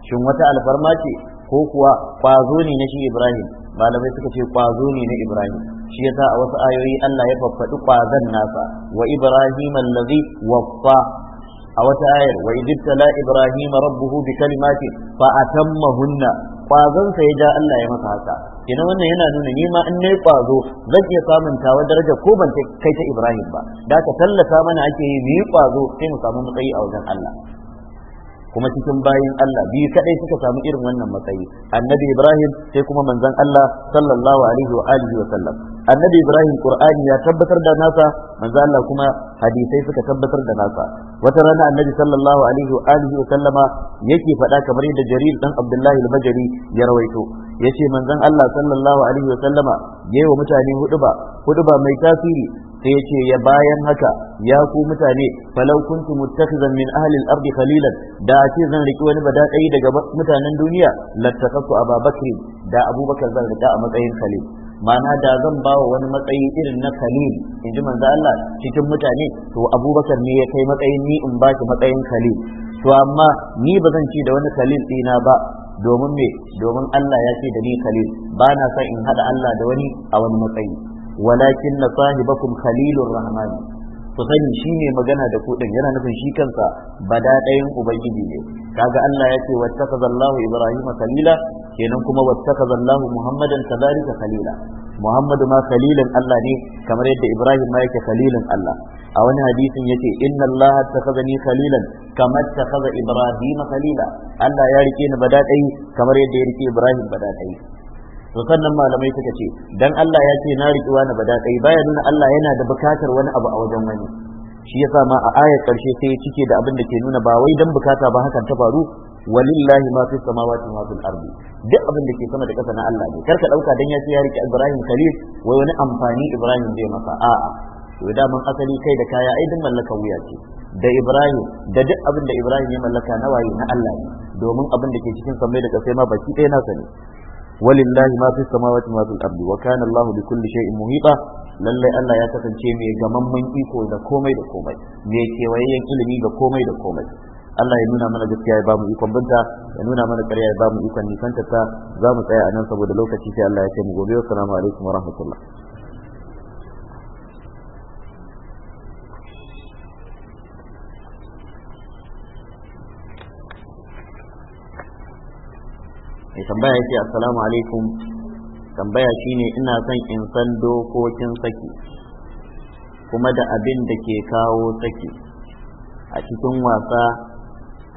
shin wata alfarma ce ko kuwa kwazo ne na shi Ibrahim malamai suka ce kwazo ne na Ibrahim shi yasa a wasu ayoyi Allah ya faffaɗi kwazon nasa wa Ibrahim allazi waffa a wata ayar wa idibtala Ibrahim rabbuhu bi kalimatin fa atammahunna kwazonsa ya ja Allah ya masa haka ina wannan yana nuna ni ma in nayi kwazo zan iya samun tawa daraja ko ban kai ta Ibrahim ba da ka tallata mana ake yi mu yi kwazo sai mu samu matsayi a wajen Allah kuma cikin bayin Allah biyu kadai suka samu irin wannan matsayi annabi Ibrahim sai kuma manzon Allah sallallahu alaihi wa alihi wa sallam annabi Ibrahim Qur'ani ya tabbatar da nasa manzon Allah kuma hadisai suka tabbatar da nasa wata rana annabi sallallahu alaihi wa alihi wa sallama yake faɗa kamar yadda Jarir dan Abdullahi al-Bajali ya rawaito yace manzon Allah sallallahu alaihi wa sallama yayi wa mutane huduba mai tasiri sai ya ce ya bayan haka ya ku mutane falau kuntu muttakhizan min ahli al-ard khalilan da a ce zan riki wani badadai daga mutanen duniya lattaqatu Aba Bakri da Abubakar zan rika a matsayin khalil ma'ana da zan ba wa wani matsayi irin na khalil in ji manzo Allah cikin mutane to Abubakar ne ya kai matsayin ni in ba shi matsayin khalil to amma ni ba zan ci da wani khalil dina ba domin me domin Allah ya ce da ni khalil ba na son in hada Allah da wani a wani matsayi walakin na sahibakum khalilur rahman ku sani shi ne magana da ku din yana nufin shi kansa bada ɗayan ubangiji ne kaga Allah ya ce wattakaza Allah Ibrahim khalila kenan kuma wattakaza Allah Muhammadan kadhalika khalila Muhammadu ma khalilan Allah ne kamar yadda Ibrahim ma yake khalilan Allah a wani hadisin yace inna Allah takhazani khalilan kamar takaza Ibrahim khalila Allah ya rike ni bada ɗaya kamar yadda ya rike Ibrahim bada ɗaya to sannan malamai suka ce dan Allah ya ce na riƙi wani bada kai baya nuna Allah yana da bukatar wani abu a wajen wani shi yasa ma a ayar karshe sai ya cike da abin da ke nuna ba wai dan bukata ba hakan ta faru walillahi ma fi samawati wa fil ardi duk abin da ke sama da ƙasa na Allah ne karka dauka dan ya ce ya riƙi Ibrahim Khalil wai wani amfani Ibrahim zai masa a'a to da mun asali kai da kaya ai duk mallaka wuya ce da Ibrahim da duk abin da Ibrahim ya mallaka na waye na Allah ne domin abin da ke cikin samai da kasa ma baki ɗaya na ne walillahi ma fi samawati ma fil ardi wa kana Allah bi in mu muhita lallai Allah ya kasance mai gamamman iko da komai da komai mai kewayen ilimi ga komai da komai Allah ya nuna mana gaskiya ya bamu ikon binta ya nuna mana ƙarya ya bamu ikon nisanta ta za mu tsaya a nan saboda lokaci sai Allah ya kai mu gobe wa alaikum wa rahmatullah mai tambaya ya ce assalamu alaikum tambaya shine ina son in san dokokin saki kuma da abin da ke kawo saki a cikin wasa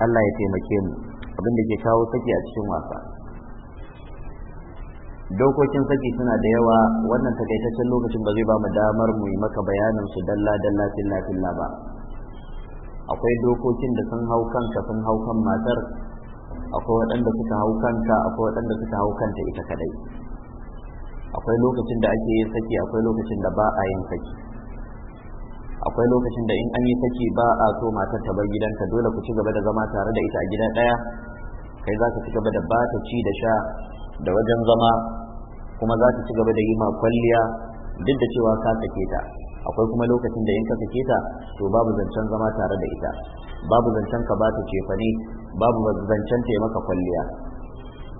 Allah ya taimake mu abin da ke kawo saki a cikin wasa dokokin saki suna da yawa wannan takaitaccen lokacin ba zai ba mu damar mu yi maka bayanin su dalla dalla filla filla ba akwai dokokin da sun hau kanka sun hau kan matar akwai waɗanda suka hau kanka akwai waɗanda suka hau kanta ita kadai akwai lokacin da ake yin saki akwai lokacin da ba a yin saki akwai lokacin da in an yi saki ba a so matar ta bar gidanta dole ku ci gaba da zama tare da ita a gida ɗaya kai za ka ci gaba da ba ta ci da sha da wajen zama kuma za ta ci gaba da yi ma kwalliya duk da cewa ka sake ta akwai kuma lokacin da in ka sake ta to babu zancen zama tare da ita babu zancen ka ba ta cefane babu zancen ta maka kwalliya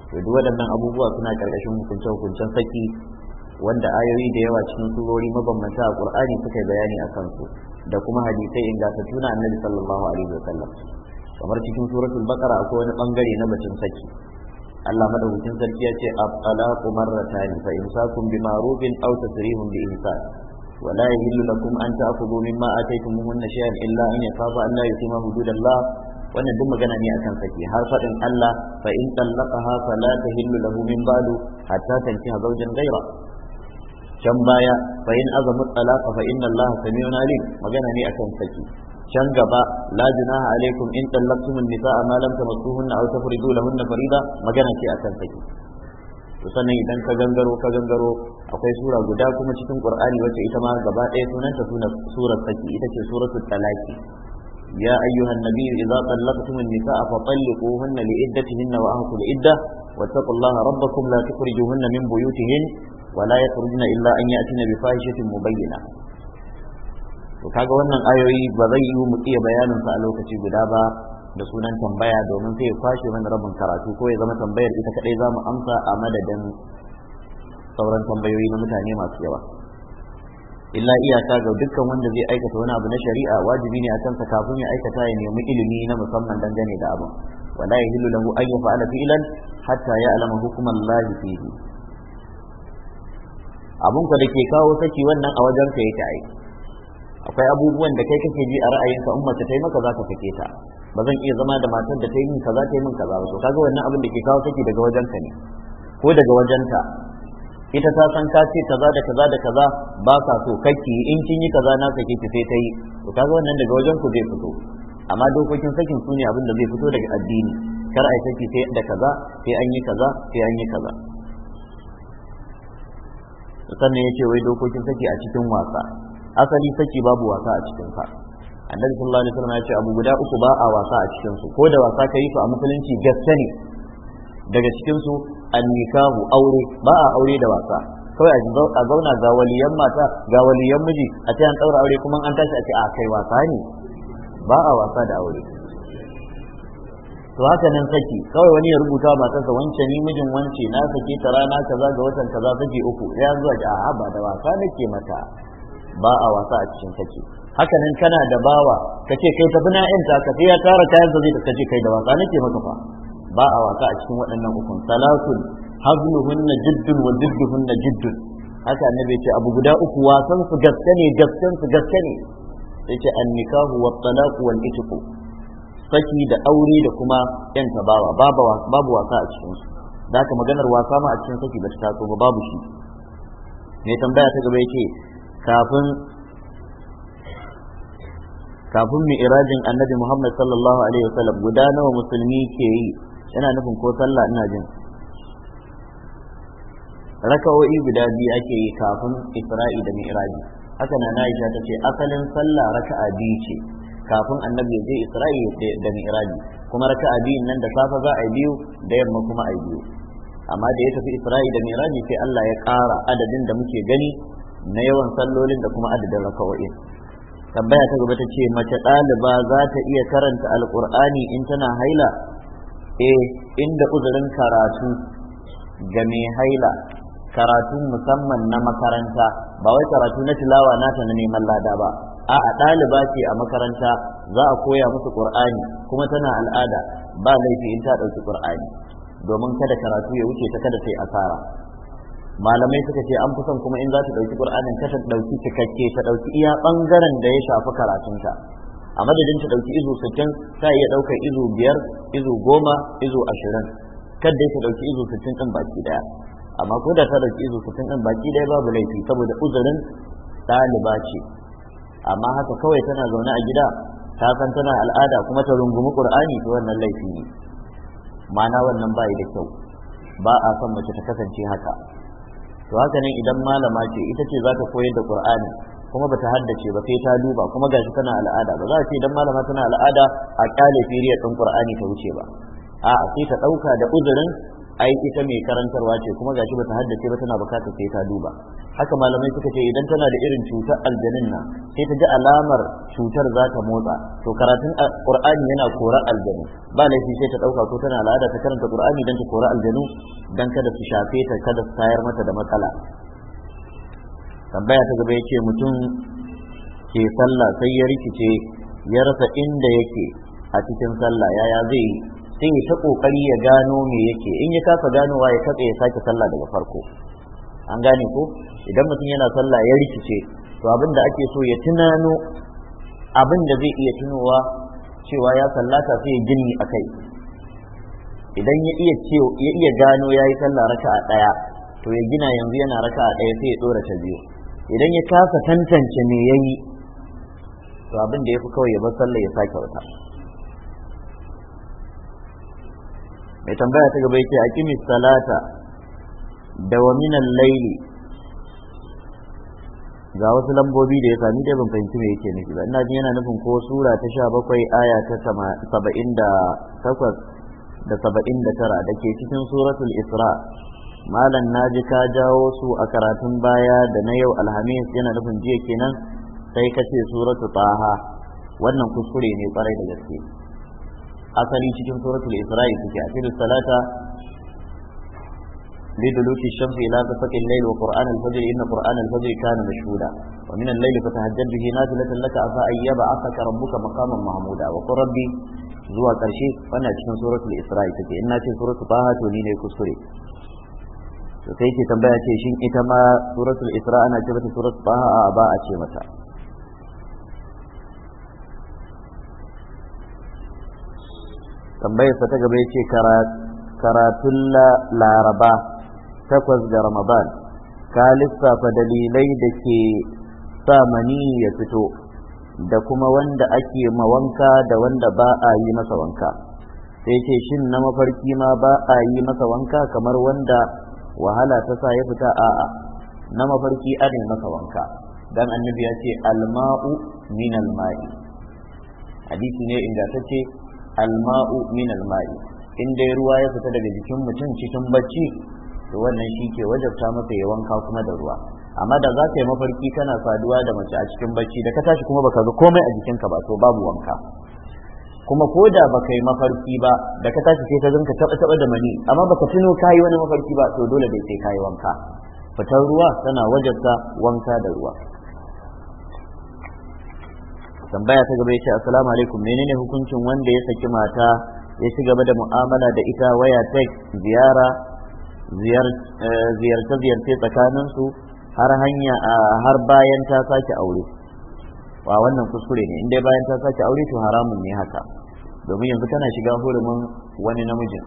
to duk waɗannan abubuwa suna ƙarƙashin hukunce hukuncen saki wanda ayoyi da yawa cikin surori mabambanta a Qur'ani suka yi bayani a kansu da kuma hadisai ingantattu na Annabi sallallahu alaihi wasallam kamar cikin suratul baqara akwai wani bangare na bacin saki Allah madaukakin sarki ya ce at-talaqu marratan fa imsakum bi ma'rufin aw tasrihum bi ihsan wa la yahillu lakum an ta'khudhu mimma ataytumuhunna shay'an illa an yakhafa an la yutima hududallah wannan duk magana ne akan saki har faɗin Allah fa in tallaqaha fala tahillu lahu min ba'du hatta tankiha zawjan ghayra can baya fa in azamat talaqa fa inna Allah sami'un alim magana ne akan saki can gaba la junaha alaikum in tallaqtum an-nisaa ma lam tamassuhunna aw tafridu lahunna farida magana ce akan saki to sannan idan ka gangaro ka gangaro akwai sura guda kuma cikin qur'ani wacce ita ma gaba ɗaya sunanta sunan surar saki ita ce suratul talaqi يا أيها النبي إذا طلقتم النساء فطلقوهن لعدتهن وأنقوا العدة واتقوا الله ربكم لا تخرجوهن من بيوتهن ولا يخرجن إلا أن يأتين بفاحشة مبينة to kaga wannan ayoyi ba zai yi mu iya bayanin sa a lokaci guda ba da sunan tambaya domin sai ya kwashe mana rabin karatu ko ya zama tambayar ita kadai za mu amsa a madadin sauran tambayoyi na mutane masu yawa illa iyaka ga dukkan wanda zai aikata wani abu na shari'a wajibi ne a kansa kafin ya aikata ya nemi ilimi na musamman dangane da abin wala yahillu lahu an yaf'ala fi'lan hatta ya ya'lama hukuman lahi fihi abun ka da ke kawo saki wannan a wajen ka yake ai akwai abubuwan da kai kake ji a ra'ayinka in mace ta yi maka zaka fake ta ba zan iya zama da matar da ta yi min kaza ta yi min kaza ba to kaga wannan abin da ke kawo saki daga wajen ka ne ko daga wajen wajenta ita ta san ka ce kaza da kaza da kaza ba ka so kake in kin yi kaza na sake ki sai ta yi to kaga wannan daga wajen ku zai fito amma dokokin sakin su ne abin da zai fito daga addini kar a saki sai da kaza sai an yi kaza sai an yi kaza sannan ya ce wai dokokin saki a cikin wasa asali saki babu wasa a cikin sa annabi sallallahu alaihi wasallam ya ce abu guda uku ba a wasa a cikin su ko da wasa kai su a musulunci gaske ne daga cikin su annikahu aure ba a aure da wasa kawai a zauna ga waliyan mata ga waliyan miji a ce an tsaura aure kuma an tashi a ce a kai wasa ne ba a wasa da aure to haka nan saki kawai wani ya rubuta sa wance ni mijin wance na saki ta rana kaza ga watan kaza saki uku ya zuwa ga a'a ba da wasa nake mata ba a wasa a cikin saki haka nan kana da bawa kace kai tafi na yanta ka sai ya tara kayan da zai kace kai da wasa nake maka fa ba a wasa a cikin waɗannan ukun salatun hazluhunna jiddun wa jidduhunna jiddun haka annabi ce abu guda uku wasan su gaske ne gasken su gaske ne yace annikahu wa talaq wal itqu saki da aure da kuma yan tabawa babu babu wasa a cikin su da haka maganar wasa ma a cikin saki da ta so ba babu shi ne tambaya ta gaba yace kafin kafin mi irajin annabi Muhammad sallallahu alaihi wasallam guda nawa musulmi ke yi yana nufin ko sallah ina jin raka'o'i guda biyu ake yi kafin isra'i da mi'raji haka na Aisha ta ce asalin sallah raka'a biyu ce kafin annabi ya je isra'i da mi'raji kuma raka'a biyun nan da safa za a yi biyu da yamma kuma a yi biyu amma da ya tafi isra'i da mi'raji sai Allah ya ƙara adadin da muke gani na yawan sallolin da kuma adadin raka'o'i. tambaya ta gaba ta ce mace ɗaliba za ta iya karanta alƙur'ani in tana haila eh inda uzurin karatu ga mai haila karatu musamman na makaranta ba wai karatu na tilawa nata na neman lada ba a ɗaliba ce a makaranta za a koya musu ƙur'ani kuma tana al'ada ba laifi in ta ɗauki ƙur'ani domin kada karatu ya wuce ta kada sai asara malamai suka ce an fi son kuma in za ta ɗauki ƙur'anin ta ɗauki cikakke ta ɗauki iya ɓangaren da ya shafi karatunta a madadin ta ɗauki izo sittin ta iya ɗaukar izo biyar izo goma izo ashirin kada ta ɗauki izo sittin ɗin baki ɗaya amma ko da ta ɗauki izo sittin ɗin baki ɗaya babu laifi saboda uzurin ɗaliba ce amma haka kawai tana zaune a gida ta san tana al'ada kuma ta rungumi qur'ani to wannan laifi ne ma'ana wannan bai da kyau ba a son mace ta kasance haka to haka ne idan malama ce ita ce za ta koyar da qur'ani kuma bata haddace ba sai ta duba kuma gashi tana al'ada ba za a ce dan malama tana al'ada a kyale firiyar ɗan qur'ani ta wuce ba a'a sai ta ɗauka da uzurin ai ita mai karantarwa ce kuma gashi bata haddace ba tana bukata sai ta duba haka malamai suka ce idan tana da irin cutar aljanin nan sai ta ji alamar cutar za ta motsa to karatun qur'ani yana kora aljanu ba laifi sai ta ɗauka ko tana al'ada ta karanta qur'ani dan ta kora aljanu dan kada su shafe ta kada su tayar mata da matsala tambaya ta gaba yace mutum ke sallah sai ya rikice ya rasa inda yake a cikin sallah yaya zai sai ya ta kokari ya gano me yake in ya kasa ganowa ya katse ya sake sallah daga farko an gane ko idan mutum yana sallah ya rikice to abin da ake so ya tunano abin zai iya tunowa cewa ya sallata sai ya gini a kai idan ya iya ya iya gano yayi sallah raka'a ɗaya to ya gina yanzu yana raka'a ɗaya sai ya ɗora ta biyu idan ya kasa tantance me yi, to abin da ya fi kawai ya bar sallah ya sake wata mai tambaya ta gaba yake akimi salata da wa min Laili. ga wasu lambobi da ya sami dai ban fahimci me yake nufi ba ina jin yana nufin ko sura ta sha bakwai, aya ta saba'in da tara da ke cikin suratul isra' malam na ji ka jawo su a karatun baya da na yau alhamis yana nufin jiya kenan sai ka ce suratul taha wannan kuskure ne kwarai da gaske asali cikin suratul isra'i suke a cikin salata لدلوك الشمس إلى غسق الليل وقرآن الفجر إن قرآن الفجر كان مشهودا ومن الليل فتهجد به نازلة لك عسى أن يبعثك ربك مقاما محمودا وقل ربي زوى ترشيك وأنا سورة الإسراء إن سورة طه تولي لك to sai ke tambaya ce shin ita ma suratul isra ana ce mata surat ba a ba a ce mata tambayar sa ta gaba yace karatun laraba takwas ga ramadan ka lissafa dalilai da ke sa mani ya fito da kuma wanda ake mawanka da wanda ba a yi masa wanka sai ce shin na mafarki ma ba a yi masa wanka kamar wanda wahala ta sa ya fita a na mafarki ane maka wanka dan annabi ya ce alma'u min alma'i hadisi ne inda ta ce alma'u min alma'i in ruwa ya fita daga jikin mutum cikin bacci to wannan shi ke wajabta masa ya wanka kuma da ruwa amma da za ka yi mafarki kana saduwa da mace a cikin bacci da ka tashi kuma baka ga komai a jikinka ba to babu wanka kuma ko da baka yi mafarki ba da ka tashi sai ka zanka taba taba da mani amma ba baka tuno kayi wani mafarki ba to dole bai sai kayi wanka fitar ruwa tana wajarta wanka da ruwa tambaya ta gaba yace assalamu alaikum menene hukuncin wanda ya saki mata ya ci gaba da mu'amala da ita waya tek ziyara eh, ziyarce ziyarce tsakanin har hanya har bayan ta sake aure wa wannan kuskure ne in dai bayan ta sake aure to haramun ne haka domin yanzu kana shiga hurumin wani namiji.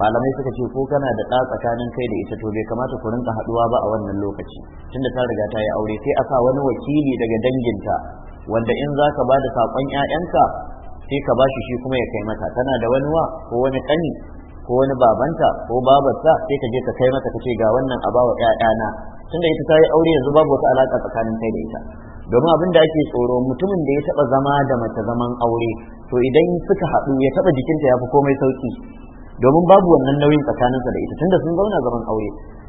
malamai suka ce ko kana da ɗa tsakanin kai da ita to bai kamata ku rinka haɗuwa ba a wannan lokaci tunda ta riga ta yi aure sai a sa wani wakili daga danginta wanda in za ka ba da saƙon 'ya'yanka sai ka ba shi shi kuma ya kai mata tana da wani wa ko wani ƙani ko wani babanta ko babarta sai ka je ka kai mata ka ce ga wannan a ƴaƴana. 'ya'yana tunda ita ta yi aure yanzu babu wata alaƙa tsakanin kai da ita domin abin da ake tsoro mutumin da ya taba zama da mace zaman aure to idan suka haɗu ya taba jikinta ya fi komai sauki domin babu wannan nauyin tsakaninsa da ita tunda sun zauna zaman aure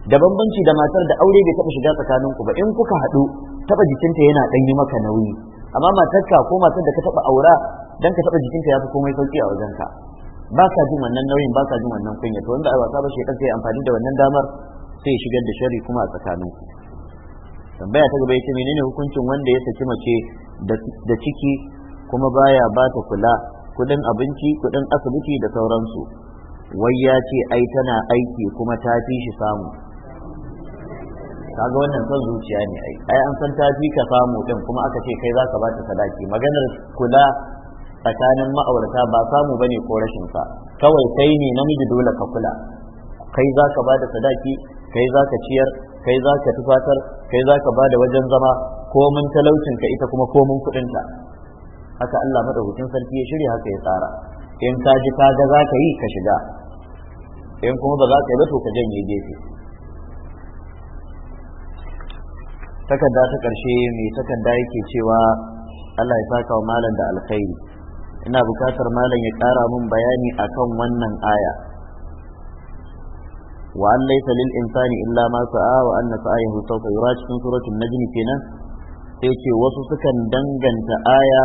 da bambanci da matar da aure bai taba shiga tsakaninku ba in kuka haɗu taba jikinta yana ɗan yi maka nauyi amma matar ka ko matar da ka taba aura dan ka taba jikinta ya fi komai sauki a wajenka ba ka jin wannan nauyin ba ka jin wannan kunya to wanda ai wasa ba shi sai amfani da wannan damar sai shigar da shari kuma a tsakaninku tambaya ta gaba yace menene hukuncin wanda ya saki mace da ciki kuma baya ba ta kula kudin abinci kudin asibiti da sauransu wai ya ce ai tana aiki kuma ta fi shi samu kaga wannan son zuciya ne ai ai an san ta fi ka samu din kuma aka ce kai zaka ba ta sadaki maganar kula tsakanin ma'aurata ba samu bane ko rashin sa kawai kai ne namiji dole ka kula kai zaka ba da sadaki kai zaka ciyar kai za ka tufatar kai za ka ba da wajen zama komin talaucin ka ita kuma komin kuɗinta haka Allah madaukakin sarki ya shirya haka ya tsara in ka ji ka ga za ka yi ka shiga in kuma ba za ka yi ba to ka janye gefe takarda ta ƙarshe mai takarda yake cewa Allah ya saka wa malam da alkhairi ina bukatar malam ya ƙara mun bayani akan wannan aya wa an laysa lil insani illa ma sa'a wa anna sa'ayahu sawfa yura cikin suratul najm kenan sai ce wasu sukan danganta aya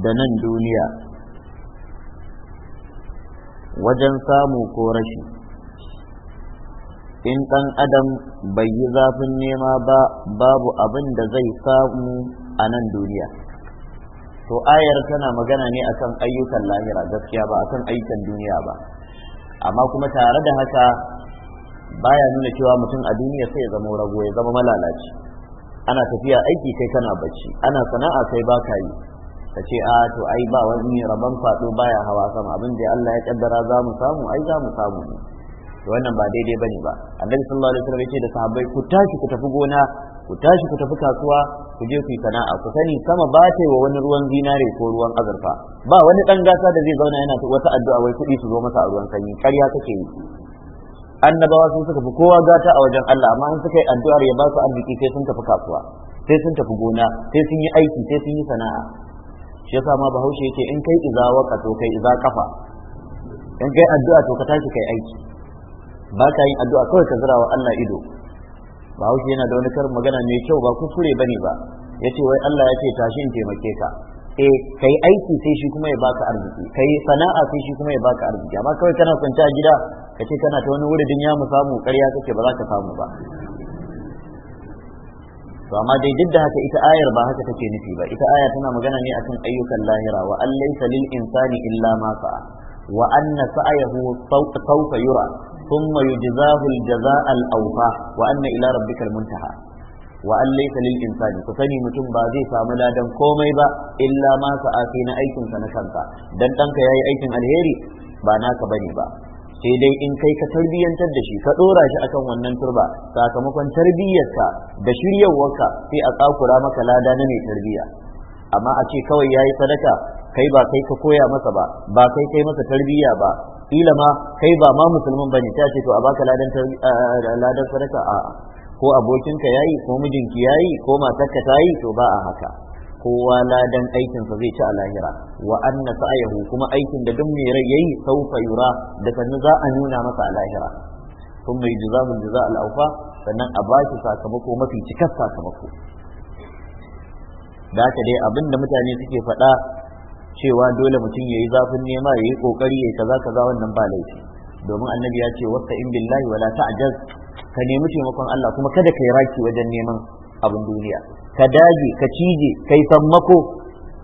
da nan duniya wajen samu ko rashi in ɗan adam bai yi zafin nema ba babu abin da zai samu a nan duniya to ayar tana magana ne akan ayyukan lahira gaskiya ba akan ayyukan duniya ba amma kuma tare da haka baya nuna cewa mutum a duniya sai ya zama rago ya zama malalaci ana tafiya aiki kai kana bacci ana sana'a sai baka yi ka ce a ah, to ai ba wani rabon faɗo baya hawa sama abin da Allah ya kaddara za mu samu ai za mu samu ne wannan ba daidai bane ba annabi sallallahu alaihi wasallam da sahabbai ku tashi ku tafi gona ku tashi ku tafi kasuwa ku je ku yi sana'a ku sani sama ba ta wa wani ruwan zinare ko ruwan azurfa ba wani dan gasa da zai zauna yana wata addu'a wai kuɗi su zo masa a ruwan sanyi ƙarya kake yi annabawa sun suka fi kowa gata a wajen Allah amma in suka yi addu'ar ya ba su arziki sai sun tafi kasuwa sai sun tafi gona sai sun yi aiki sai sun yi sana'a shi yasa ma bahaushe yake in kai iza waka to kai iza kafa in kai addu'a to ka tashi kai aiki ba ka yin addu'a kawai ka zira wa Allah ido ba bahaushe yana da wani karin magana mai kyau ba kuskure bane ba yace wai Allah ya ce tashi in taimake ka e eh, kai aiki sai shi kuma ya baka arziki kai sana'a sai shi kuma ya baka arziki amma kawai kana kwance a gida kace kana ta wani wuri ya mu samu ƙarya kake ba za ka samu ba to amma dai duk da haka ita ayar ba haka take nufi ba ita aya tana magana ne akan ayyukan lahira wa an laysa lil insani illa ma sa'a wa anna sa'ayahu sawfa yura ثم يجزاه الجزاء الأوفى وأن إلى ربك المنتهى وأن ليس للإنسان كسني متم بادي فاملا دم كومي با إلا ما سآتينا أيكم سنشنطا دن تنك يا أيكم الهيري باناك بني با sai dai in kai ka tarbiyyantar da shi ka dora shi akan wannan turba sakamakon tarbiyyarka da shiryarwarka sai a tsakura maka lada na mai tarbiyya amma a ce kawai yayi sadaka kai ba kai ka koya masa ba ba kai kai masa tarbiyya ba kila ma kai ba ma musulmin bane ta ce to a baka ladan ladan sadaka a ko abokinka yayi ko mijinki yayi ko matarka tayi to ba a haka kowa ladan aikinsa zai ci a lahira wa anna sa'ayahu kuma aikin da duk mai rai yayi saufa yura da sannu za a nuna masa a lahira kun mai jazahu jaza al'aufa sannan a ba shi sakamako mafi cikas sakamako da haka dai abin da mutane suke faɗa cewa dole mutum ya yi zafin nema ya yi kokari ya kaza kaza wannan ba laifi domin annabi ya ce wasta in billahi wala ta'jaz ka nemi taimakon Allah kuma kada kai raki wajen neman abin duniya ka dage ka cije kai sammako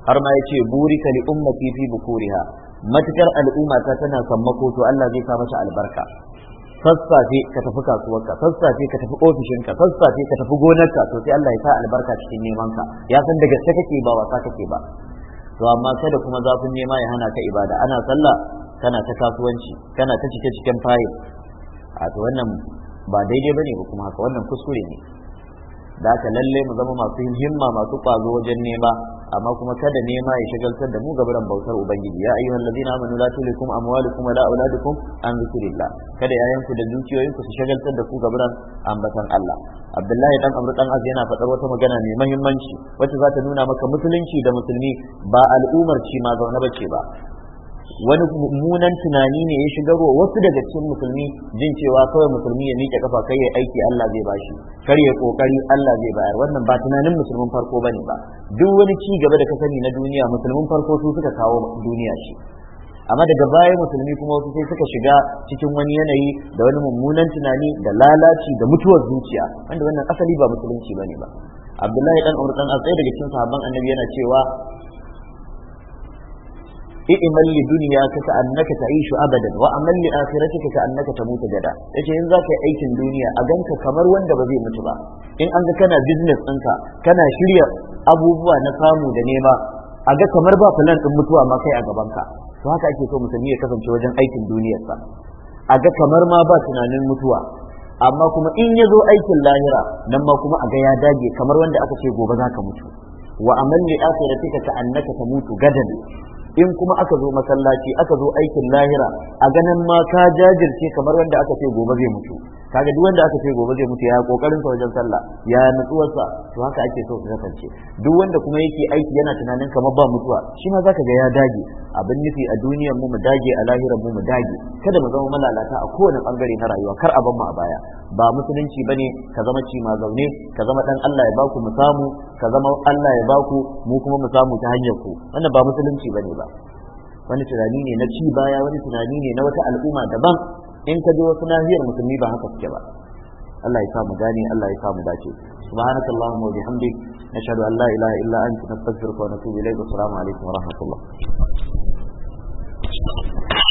har ma ya ce burika li ummati fi bukuriha matukar al'umma ta tana sammako to Allah zai sa mata albarka sassafe ka tafi kasuwarka sassafe ka tafi ofishinka sassafe ka tafi gonarka to sai Allah ya sa albarka cikin neman ka ya san da gaske kake ba wasa kake ba to amma kada kuma zafin nema ya hana ka ibada ana sallah kana ta kasuwanci kana ta cike cikin fayil a to wannan ba daidai bane ba kuma haka wannan kuskure ne da haka lalle mu zama masu himma masu kwazo wajen nema amma kuma kada nema ya shagaltar da mu gabaran bautar ubangiji ya ayyuhal ladina amanu la tulikum amwalukum wala auladukum an zikrillah kada yayan ku da dukiyoyin ku su shagaltar da ku gabaran ambatan Allah Abdullahi dan Amr dan Az yana faɗar wata magana mai muhimmanci wacce za ta nuna maka musulunci da musulmi ba al'umar ci ma zaune bace ba wani mummunan tunani ne ya shiga shigarwa wasu daga cikin musulmi jin cewa kawai musulmi ya miƙe kafa kai ya aiki Allah zai bashi kar ya kokari Allah zai bayar wannan ba tunanin musulmin farko bane ba duk wani ci gaba da ka sani na duniya musulmin farko su suka kawo duniya shi amma daga baya musulmi kuma wasu sai suka shiga cikin wani yanayi da wani mummunan tunani da lalaci da mutuwar zuciya wanda wannan asali ba musulunci bane ba Abdullahi dan Umar dan Asai daga cikin sahabban Annabi yana cewa i'mal li dunya ka annaka ta'ishu abadan wa amal li akhiratika ka annaka tamutu gada yace in zaka yi aikin duniya a ganka kamar wanda ba zai mutu ba in an ga kana business ɗinka kana shirya abubuwa na samu da nema a ga kamar ba fulan din mutuwa ma kai a gaban ka, to haka ake so musulmi ya kasance wajen aikin sa a ga kamar ma ba tunanin mutuwa amma kuma in ya zo aikin lahira nan ma kuma a ga ya dage kamar wanda aka ce gobe za ka mutu wa amal li akhiratika ka annaka tamutu gadan in kuma aka zo masallaci aka zo aikin lahira a ganin ma ka jajirce kamar wanda aka ce gobe zai mutu kaga duk wanda aka ce gobe zai mutu ya kokarin sa wajen sallah ya nutsuwarsa to haka ake so su kasance duk wanda kuma yake aiki yana tunanin kamar ba mutuwa shi ma zaka ga ya dage abin nufi a duniyar mu mu dage a lahirar mu mu dage kada mu zama malalata a kowane bangare na rayuwa kar a mu a baya ba musulunci bane ka zama ci ma zaune ka zama dan Allah ya baku mu samu ka zama Allah ya baku mu kuma mu samu ta hanyar ku wannan ba musulunci bane ba wani tunani ne na ci baya wani tunani ne na wata al'umma daban in ka ji wasu nahiyar musulmi ba haka suke ba Allah ya sa mu gane Allah ya sa mu dace subhanakallahumma wa bihamdik nashhadu an la ilaha illa anta nastaghfiruka wa natubu ilayk assalamu alaikum wa rahmatullah